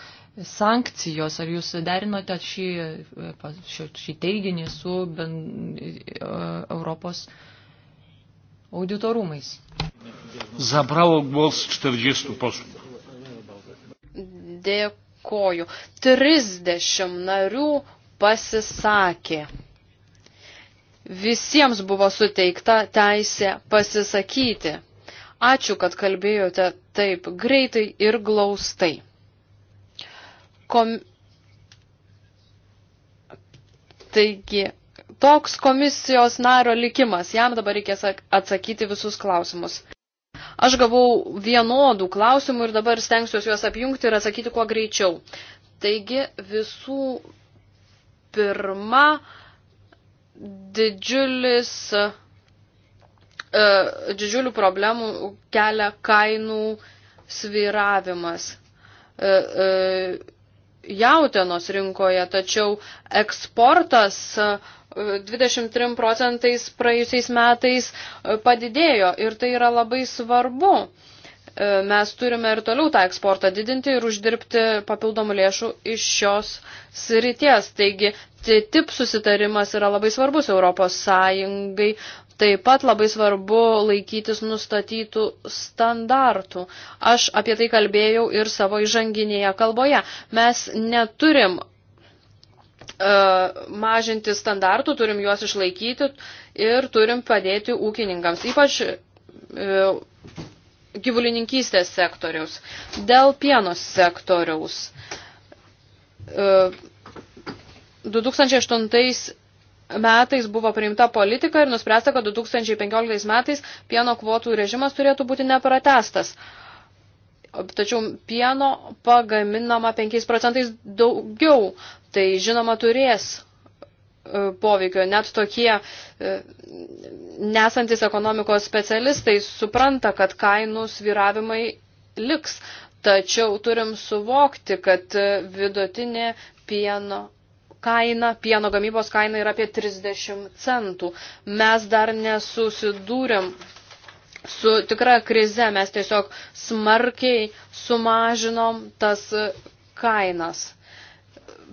sankcijos. Ar jūs derinote šį, e, šį teiginį su ben, e, Europos auditorumais. Zabrało głos 40 posłów. Dėkoju. 30 narių pasisakė. Visiems buvo suteikta teisė pasisakyti. Ačiū, kad kalbėjote taip greitai ir glaustai. Kom... Taigi, toks komisijos nario likimas. Jam dabar reikės atsakyti visus klausimus. Aš gavau vienodų klausimų ir dabar stengsiuosi juos apjungti ir atsakyti kuo greičiau. Taigi visų pirma, didžiulis, e, didžiulių problemų kelia kainų sviravimas e, e, jautienos rinkoje, tačiau eksportas 23 e, procentais praėjusiais metais e, padidėjo ir tai yra labai svarbu. E, mes turime ir toliau tą eksportą didinti ir uždirbti papildomų lėšų iš šios srities. Taigi, TTIP susitarimas yra labai svarbus Europos Sąjungai, Taip pat labai svarbu laikytis nustatytų standartų. Aš apie tai kalbėjau ir savo įžanginėje kalboje. Mes neturim e, mažinti standartų, turim juos išlaikyti ir turim padėti ūkininkams, ypač e, gyvulininkystės sektoriaus. Dėl pienos sektoriaus. 2008 e, metais buvo priimta politika ir nuspręsta, kad 2015 metais pieno kvotų režimas turėtų būti nepratestas. Tačiau pieno pagaminama 5 procentais daugiau, tai žinoma turės e, poveikio. Net tokie e, nesantis ekonomikos specialistai supranta, kad kainų sviravimai liks. Tačiau turim suvokti, kad e, vidutinė pieno kaina, pieno gamybos kaina yra apie 30 centų. Mes dar nesusidūrėm su tikra krize, mes tiesiog smarkiai sumažinom tas kainas.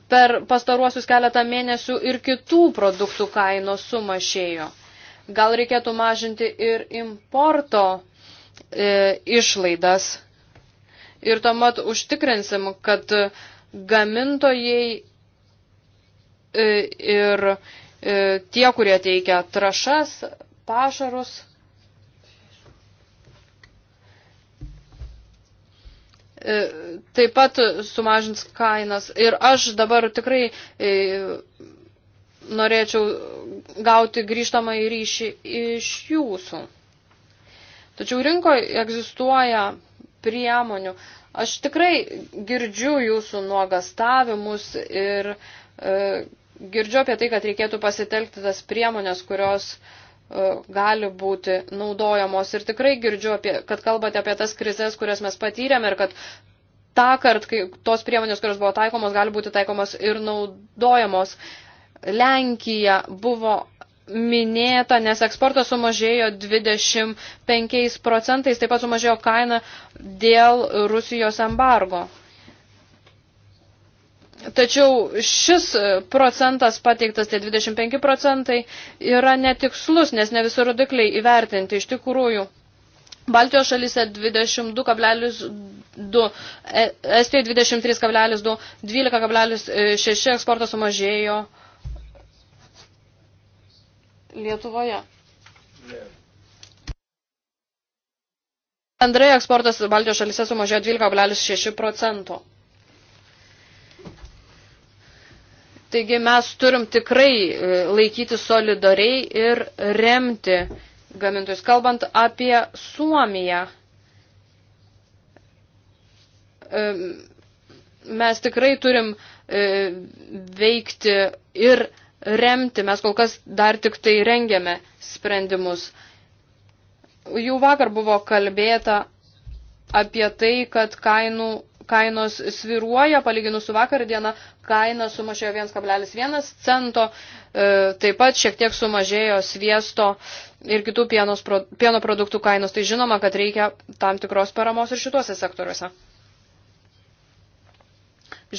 Per pastaruosius keletą mėnesių ir kitų produktų kainos sumažėjo. Gal reikėtų mažinti ir importo e, išlaidas. Ir tuomet užtikrinsim, kad gamintojai E, ir e, tie, kurie teikia trašas, pašarus. E, taip pat sumažins kainas. Ir aš dabar tikrai norėčiau gauti grįžtamą į ryšį iš jūsų. Tačiau rinkoje egzistuoja priemonių. Aš tikrai girdžiu jūsų nuogastavimus ir e, girdžiu apie tai, kad reikėtų pasitelkti tas priemonės, kurios e, gali būti naudojamos. Ir tikrai girdžiu, apie, kad kalbate apie tas krizės, kurias mes patyrėme ir kad tą kartą, kai tos priemonės, kurios buvo taikomos, gali būti taikomos ir naudojamos. Lenkija buvo minėta, nes eksportas sumažėjo 25 procentais, taip pat sumažėjo kaina dėl Rusijos embargo. Tačiau šis procentas pateiktas, tie 25 procentai, yra netikslus, nes ne visi rodikliai įvertinti iš tikrųjų. Baltijos šalyse 22,2, Estijoje 23,2, 12,6 eksportas sumažėjo Lietuvoje. Bendrai eksportas Baltijos šalyse sumažėjo 12,6 procento. Taigi mes turim tikrai e, laikyti solidariai ir remti gamintojus. Kalbant apie Suomiją, e, mes tikrai turim e, veikti ir remti. Mes kol kas dar tik tai rengiame sprendimus. Jau vakar buvo kalbėta apie tai, kad kainų kainos sviruoja, palyginus su vakar diena, kaina sumažėjo 1,1 cento, e, taip pat šiek tiek sumažėjo sviesto ir kitų pienos, pieno produktų kainos. Tai žinoma, kad reikia tam tikros paramos ir šituose sektoriuose.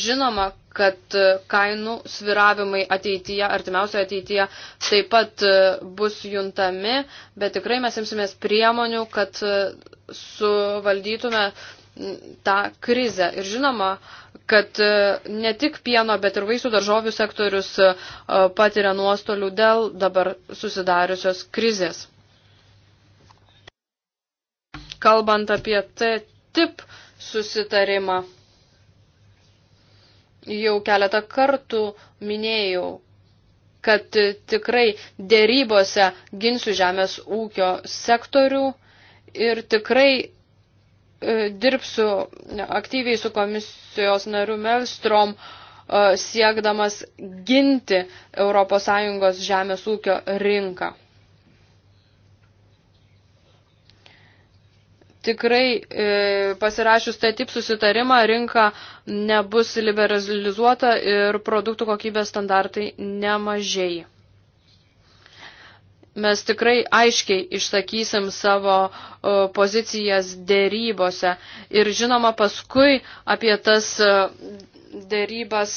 Žinoma, kad e, kainų sviravimai ateityje, artimiausioje ateityje taip pat e, bus juntami, bet tikrai mes imsimės priemonių, kad suvaldytume tą krizę. Ir žinoma, kad e, ne tik pieno, bet ir vaisių daržovių sektorius e, patiria nuostolių dėl dabar susidariusios krizės. Kalbant apie T-tip susitarimą, jau keletą kartų minėjau, kad tikrai dėrybose ginsiu žemės ūkio sektorių ir tikrai E, dirbsiu aktyviai su komisijos nariu Melstrom, e, siekdamas ginti ES žemės ūkio rinką. Tikrai e, pasirašius TTIP susitarimą rinka nebus liberalizuota ir produktų kokybės standartai nemažėja mes tikrai aiškiai išsakysim savo pozicijas dėrybose. Ir žinoma, paskui apie tas dėrybas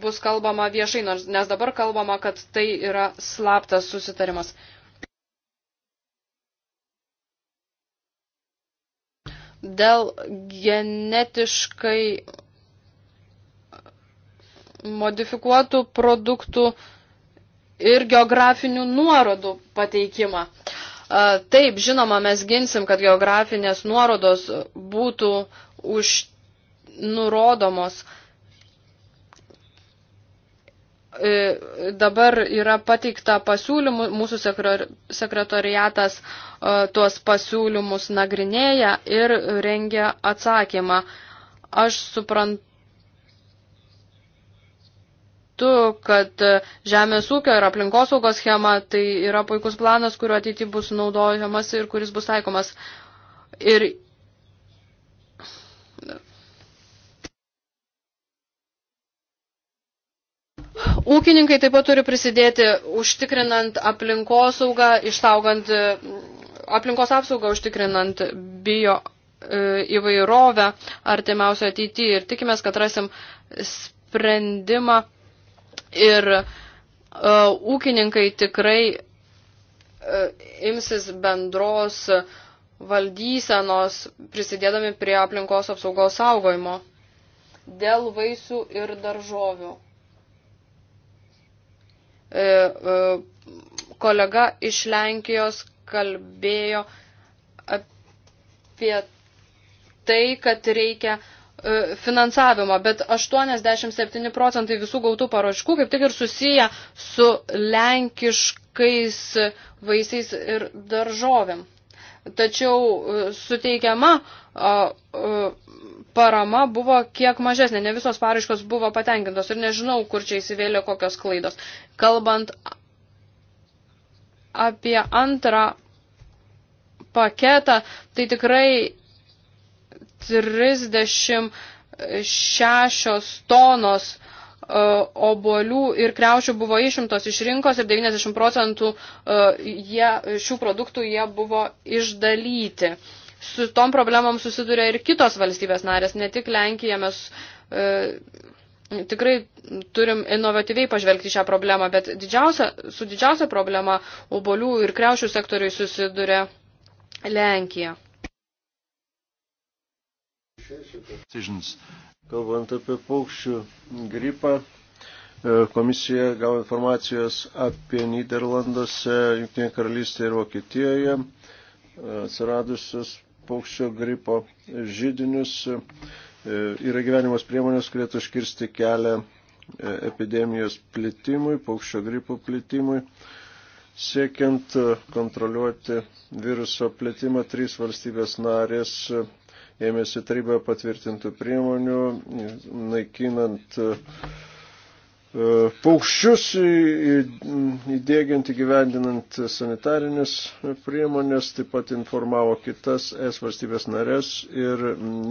bus kalbama viešai, nes dabar kalbama, kad tai yra slaptas susitarimas. Dėl genetiškai modifikuotų produktų uh, ir geografinių nuorodų pateikimą. Taip, žinoma, mes ginsim, kad geografinės nuorodos būtų už nurodomos. E, dabar yra pateikta pasiūlymų, mūsų sekretoriatas tuos pasiūlymus nagrinėja ir rengia atsakymą. Aš suprantu suprantu, kad e, žemės ūkio ir aplinkosaugos schema tai yra puikus planas, kuriuo ateity bus naudojamas ir kuris bus taikomas. Ir Ūkininkai taip pat turi prisidėti užtikrinant aplinkosaugą, išsaugant e, aplinkos apsaugą, užtikrinant bio e, įvairovę artimiausio ateityje ir tikimės, kad rasim sprendimą Ir uh, ūkininkai tikrai uh, imsis bendros valdysenos, prisidėdami prie aplinkos apsaugos saugojimo dėl vaisių ir daržovių. E, e, kolega iš Lenkijos kalbėjo apie tai, kad reikia E, finansavimo, bet 87 procentai visų gautų paraškų kaip tik ir susiję su lenkiškais vaisiais ir daržovėm. Tačiau e, suteikiama e, parama buvo kiek mažesnė, ne visos paraiškos buvo patenkintos ir nežinau, kur čia įsivėlė kokios klaidos. Kalbant apie antrą paketą, tai tikrai 36 tonos e, obolių ir kreušių buvo išimtos iš rinkos ir 90 procentų e, jie, šių produktų jie buvo išdalyti. Su tom problemom susiduria ir kitos valstybės narės, ne tik Lenkija, mes e, tikrai turim inovatyviai pažvelgti šią problemą, bet didžiausia, su didžiausia problema obolių ir kreušių sektoriui susiduria Lenkija. Kalbant apie paukščių gripą, e, komisija gavo informacijos apie Niderlanduose, Junktinėje karalystėje ir Vokietijoje e, atsiradusius paukščio gripo žydinius. E, yra gyvenimas priemonės, kurėtų užkirsti kelią epidemijos plitimui, paukščio gripo plitimui. Siekiant kontroliuoti viruso plitimą, trys valstybės narės ėmėsi taryboje patvirtintų priemonių, naikinant e, e, paukščius, įdėgiant įgyvendinant sanitarinės priemonės, taip pat informavo kitas ES valstybės narės ir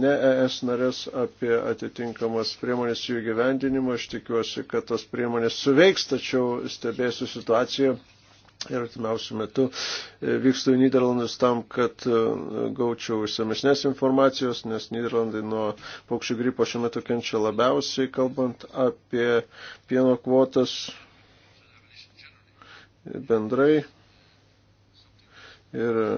ne ES narės apie atitinkamas priemonės jų įgyvendinimą. Aš tikiuosi, kad tos priemonės suveiks, tačiau stebėsiu situaciją ir artimiausių metų e, vykstu į Niderlandus tam, kad e, gaučiau išsamesnės informacijos, nes Niderlandai nuo paukščių gripo šiuo metu kenčia labiausiai, kalbant apie pieno kvotas bendrai. Ir e,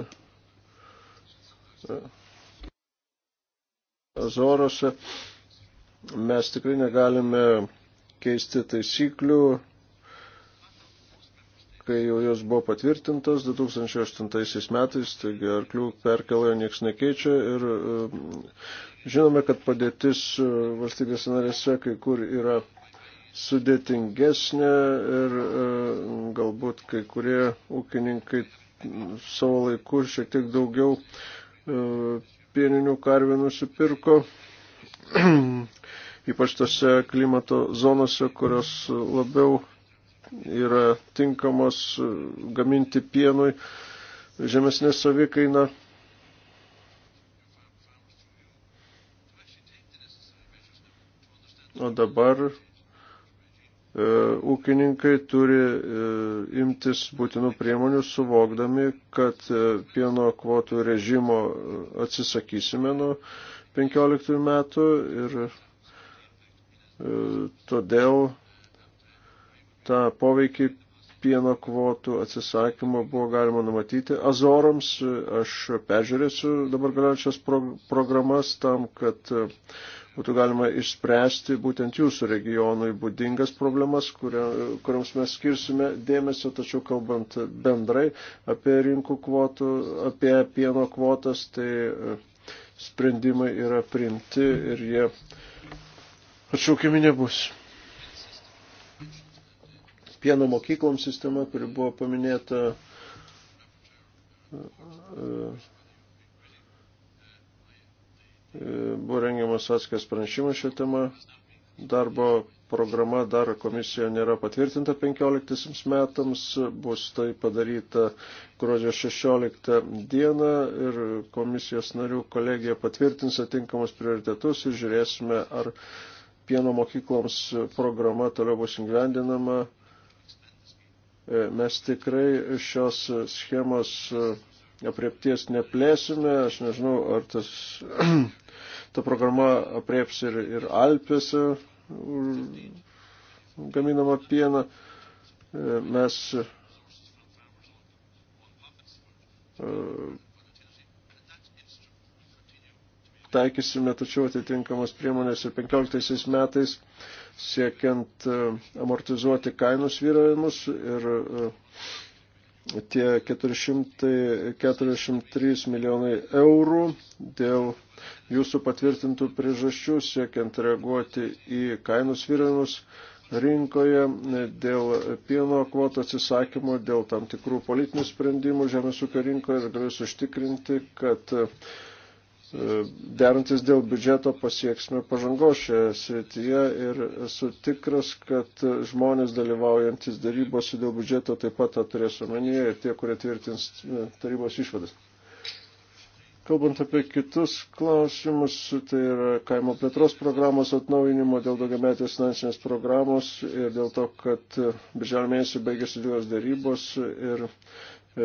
Azorose mes tikrai negalime keisti taisyklių kai jau jos buvo patvirtintos 2008 metais, taigi arklių perkeloje niekas nekeičia ir e, žinome, kad padėtis e, valstybės narėse kai kur yra sudėtingesnė ir e, galbūt kai kurie ūkininkai savo laiku šiek tiek daugiau pieninių karvių nusipirko (clears throat) ypač tose klimato zonose, kurios labiau yra tinkamos gaminti pienui žemesnė savikaina. O dabar e, ūkininkai turi e, imtis būtinų priemonių, suvokdami, kad e, pieno kvotų režimo e, atsisakysime nuo 15 metų ir e, todėl tą poveikį pieno kvotų atsisakymą buvo galima numatyti. Azorams aš peržiūrėsiu dabar galiojančias pro programas tam, kad e, būtų galima išspręsti būtent jūsų regionui būdingas problemas, kuria, kuriams mes skirsime dėmesio, tačiau kalbant bendrai apie rinkų kvotų, apie pieno kvotas, tai e, sprendimai yra priimti ir jie atšaukiami nebus pieno mokyklom sistema, kuri buvo paminėta e, e, buvo rengiamas atskiras pranešimas šią temą. Darbo programa dar komisijoje nėra patvirtinta 15 metams, bus tai padaryta gruodžio 16 dieną ir komisijos narių kolegija patvirtins atinkamus prioritetus ir žiūrėsime, ar pieno mokykloms programa toliau bus įgyvendinama E, mes tikrai šios schemos e, apriepties neplėsime. Aš nežinau, ar tas, (clears throat) ta programa aprieps ir, ir Alpėse gaminamą pieną. E, mes taikysime tačiau atitinkamas priemonės ir 15 metais siekiant e, amortizuoti kainų sviravimus ir e, tie 443 milijonai eurų dėl jūsų patvirtintų priežasčių siekiant reaguoti į kainų sviravimus rinkoje e, dėl pieno kvotų atsisakymo, dėl tam tikrų politinių sprendimų žemės ūkio rinkoje ir galiu užtikrinti, kad derantis dėl biudžeto pasieksime pažangos šioje srityje ir esu tikras, kad žmonės dalyvaujantis darybose dėl biudžeto taip pat tą turės omenyje ir tie, kurie tvirtins e, tarybos išvadas. Kalbant apie kitus klausimus, tai yra kaimo plėtros programos atnaujinimo dėl daugiametės finansinės programos ir dėl to, kad birželio mėnesį baigėsi dviejos darybos ir E,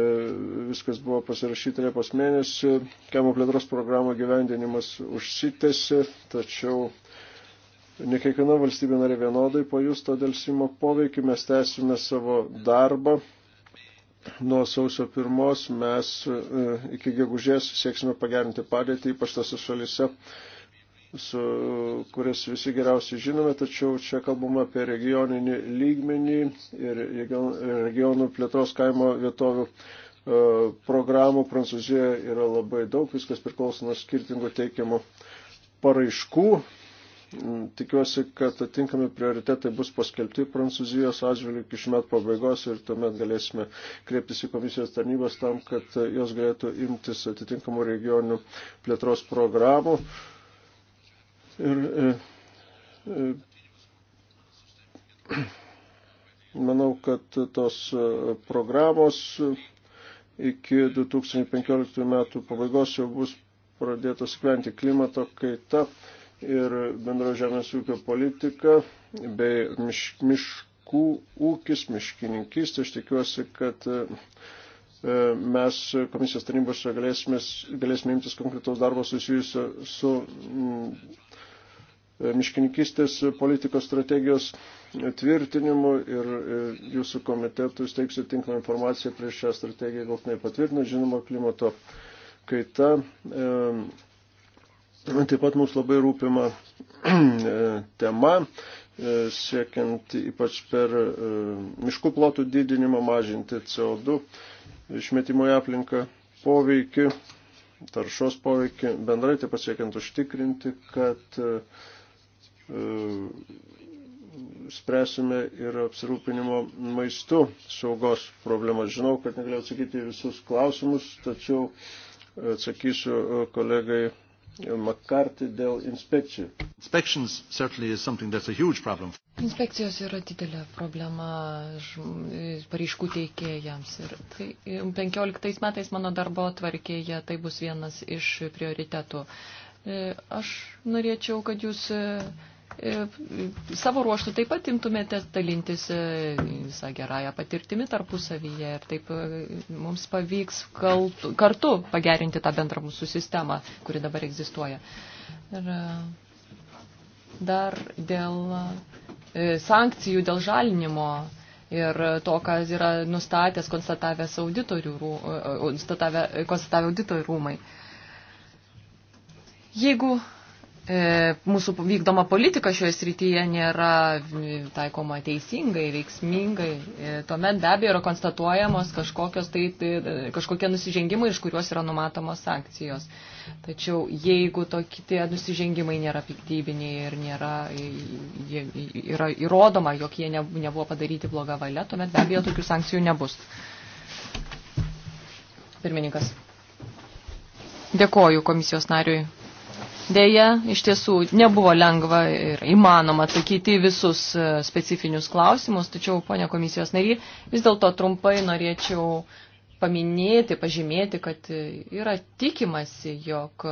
viskas buvo pasirašyta Liepos mėnesį, kaimo plėtros programo gyvendinimas užsitėsi, tačiau ne kiekviena valstybė narė vienodai pajusto dėl simo poveikį, mes tęsime savo darbą. Nuo sausio pirmos mes e, iki gegužės sieksime pagerinti padėtį, ypač tose šalise, su, kuris visi geriausiai žinome, tačiau čia kalbama apie regioninį lygmenį ir regionų plėtros kaimo vietovių e, programų Prancūzijoje yra labai daug, viskas priklauso nuo skirtingų teikiamų paraiškų. Mm, tikiuosi, kad atitinkami prioritetai bus paskelbti Prancūzijos atžvilgiu iki šių metų pabaigos ir tuomet galėsime kreiptis į komisijos tarnybos tam, kad jos galėtų imtis atitinkamų regionių plėtros programų. Uh, Ir e, e, manau, kad tos e, programos iki 2015 metų pabaigos jau bus pradėtos sprendti klimato kaita ir bendro žemės ūkio politika bei miš, miškų ūkis, miškininkystė. Aš tikiuosi, kad mes komisijos tarybose galėsime, galėsime imtis konkretaus darbo susijusio su E, miškininkistės politikos strategijos tvirtinimu ir e, jūsų komitetų steiksiu tinkamą informaciją prieš šią strategiją galtinai patvirtinant, žinoma, klimato kaita. E, taip pat mums labai rūpima tema, siekiant ypač per miškų plotų didinimą mažinti CO2 išmetimo į aplinką poveikį, taršos poveikį, bendrai taip pat siekiant užtikrinti, kad uh, E, spręsime ir apsirūpinimo maistu saugos problemas. Žinau, kad negalėjau atsakyti visus klausimus, tačiau atsakysiu e, kolegai McCarthy dėl inspekcijų. Inspekcijos yra didelė problema pareiškų teikėjams. Ir tai, 15 e, metais mano darbo tvarkėje tai bus vienas iš prioritetų. Aš norėčiau, kad jūs E, savo ruoštų taip pat imtumėte dalintis e, visą gerąją patirtimį tarpusavyje ir taip e, mums pavyks kaltu, kartu pagerinti tą bendrą mūsų sistemą, kuri dabar egzistuoja. Ir dar dėl sankcijų, dėl žalinimo ir to, kas yra nustatęs, konstatavęs auditorių, konstatavę, konstatavę auditorių rūmai. Jeigu E, mūsų vykdoma politika šioje srityje nėra taikoma teisingai, veiksmingai, e, tuomet be abejo yra konstatuojamos kažkokios tai, tai, kažkokie nusižengimai, iš kuriuos yra numatomos sankcijos. Tačiau jeigu tokie nusižengimai nėra piktybiniai ir nėra, jie, yra įrodoma, jog jie nebuvo padaryti bloga valia, tuomet be abejo tokių sankcijų nebus. Pirmininkas. Dėkoju komisijos nariui Deja, iš tiesų nebuvo lengva ir įmanoma atsakyti visus e, specifinius klausimus, tačiau, ponia komisijos nary, vis dėlto trumpai norėčiau paminėti, pažymėti, kad e, yra tikimasi, jog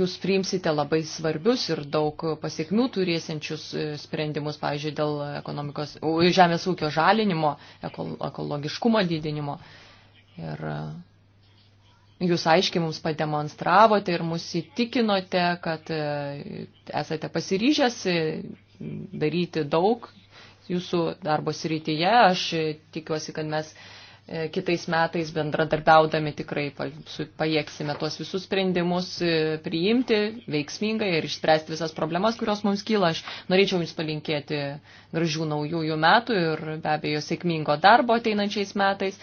jūs priimsite labai svarbius ir daug pasiekmių turėsiančius e, sprendimus, pavyzdžiui, dėl ekonomikos, žemės ūkio žalinimo, ekologiškumo didinimo. Ir Jūs aiškiai mums pademonstravote ir mus įtikinote, kad e, esate pasiryžęs e, daryti daug jūsų darbo srityje. Aš e, tikiuosi, kad mes kitais metais bendradarbiaudami tikrai pajėgsime tuos visus sprendimus priimti veiksmingai ir išspręsti visas problemas, kurios mums kyla. Aš norėčiau Jums palinkėti gražių naujųjų metų ir be abejo sėkmingo darbo ateinančiais metais.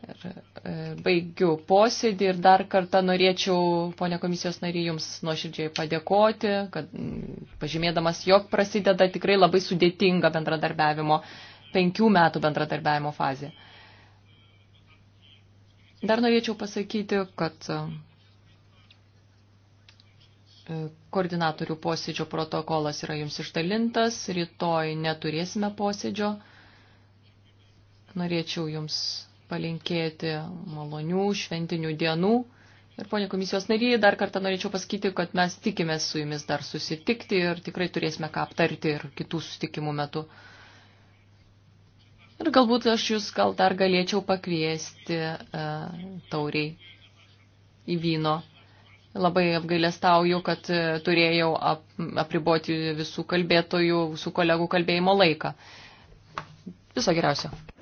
Ir e, baigiu posėdį ir dar kartą norėčiau, ponia komisijos nariai, Jums nuoširdžiai padėkoti, kad mm, pažymėdamas, jog prasideda tikrai labai sudėtinga bendradarbiavimo, penkių metų bendradarbiavimo fazė. Dar norėčiau pasakyti, kad e, koordinatorių posėdžio protokolas yra Jums išdalintas, rytoj neturėsime posėdžio. Norėčiau Jums palinkėti malonių šventinių dienų. Ir ponė komisijos nariai, dar kartą norėčiau pasakyti, kad mes tikimės su jumis dar susitikti ir tikrai turėsime ką aptarti ir kitų susitikimų metu. Ir galbūt aš jūs gal dar galėčiau pakviesti uh, tauriai į vyno. Labai apgailestauju, kad uh, turėjau ap, apriboti visų kalbėtojų, visų kolegų kalbėjimo laiką. Viso geriausio.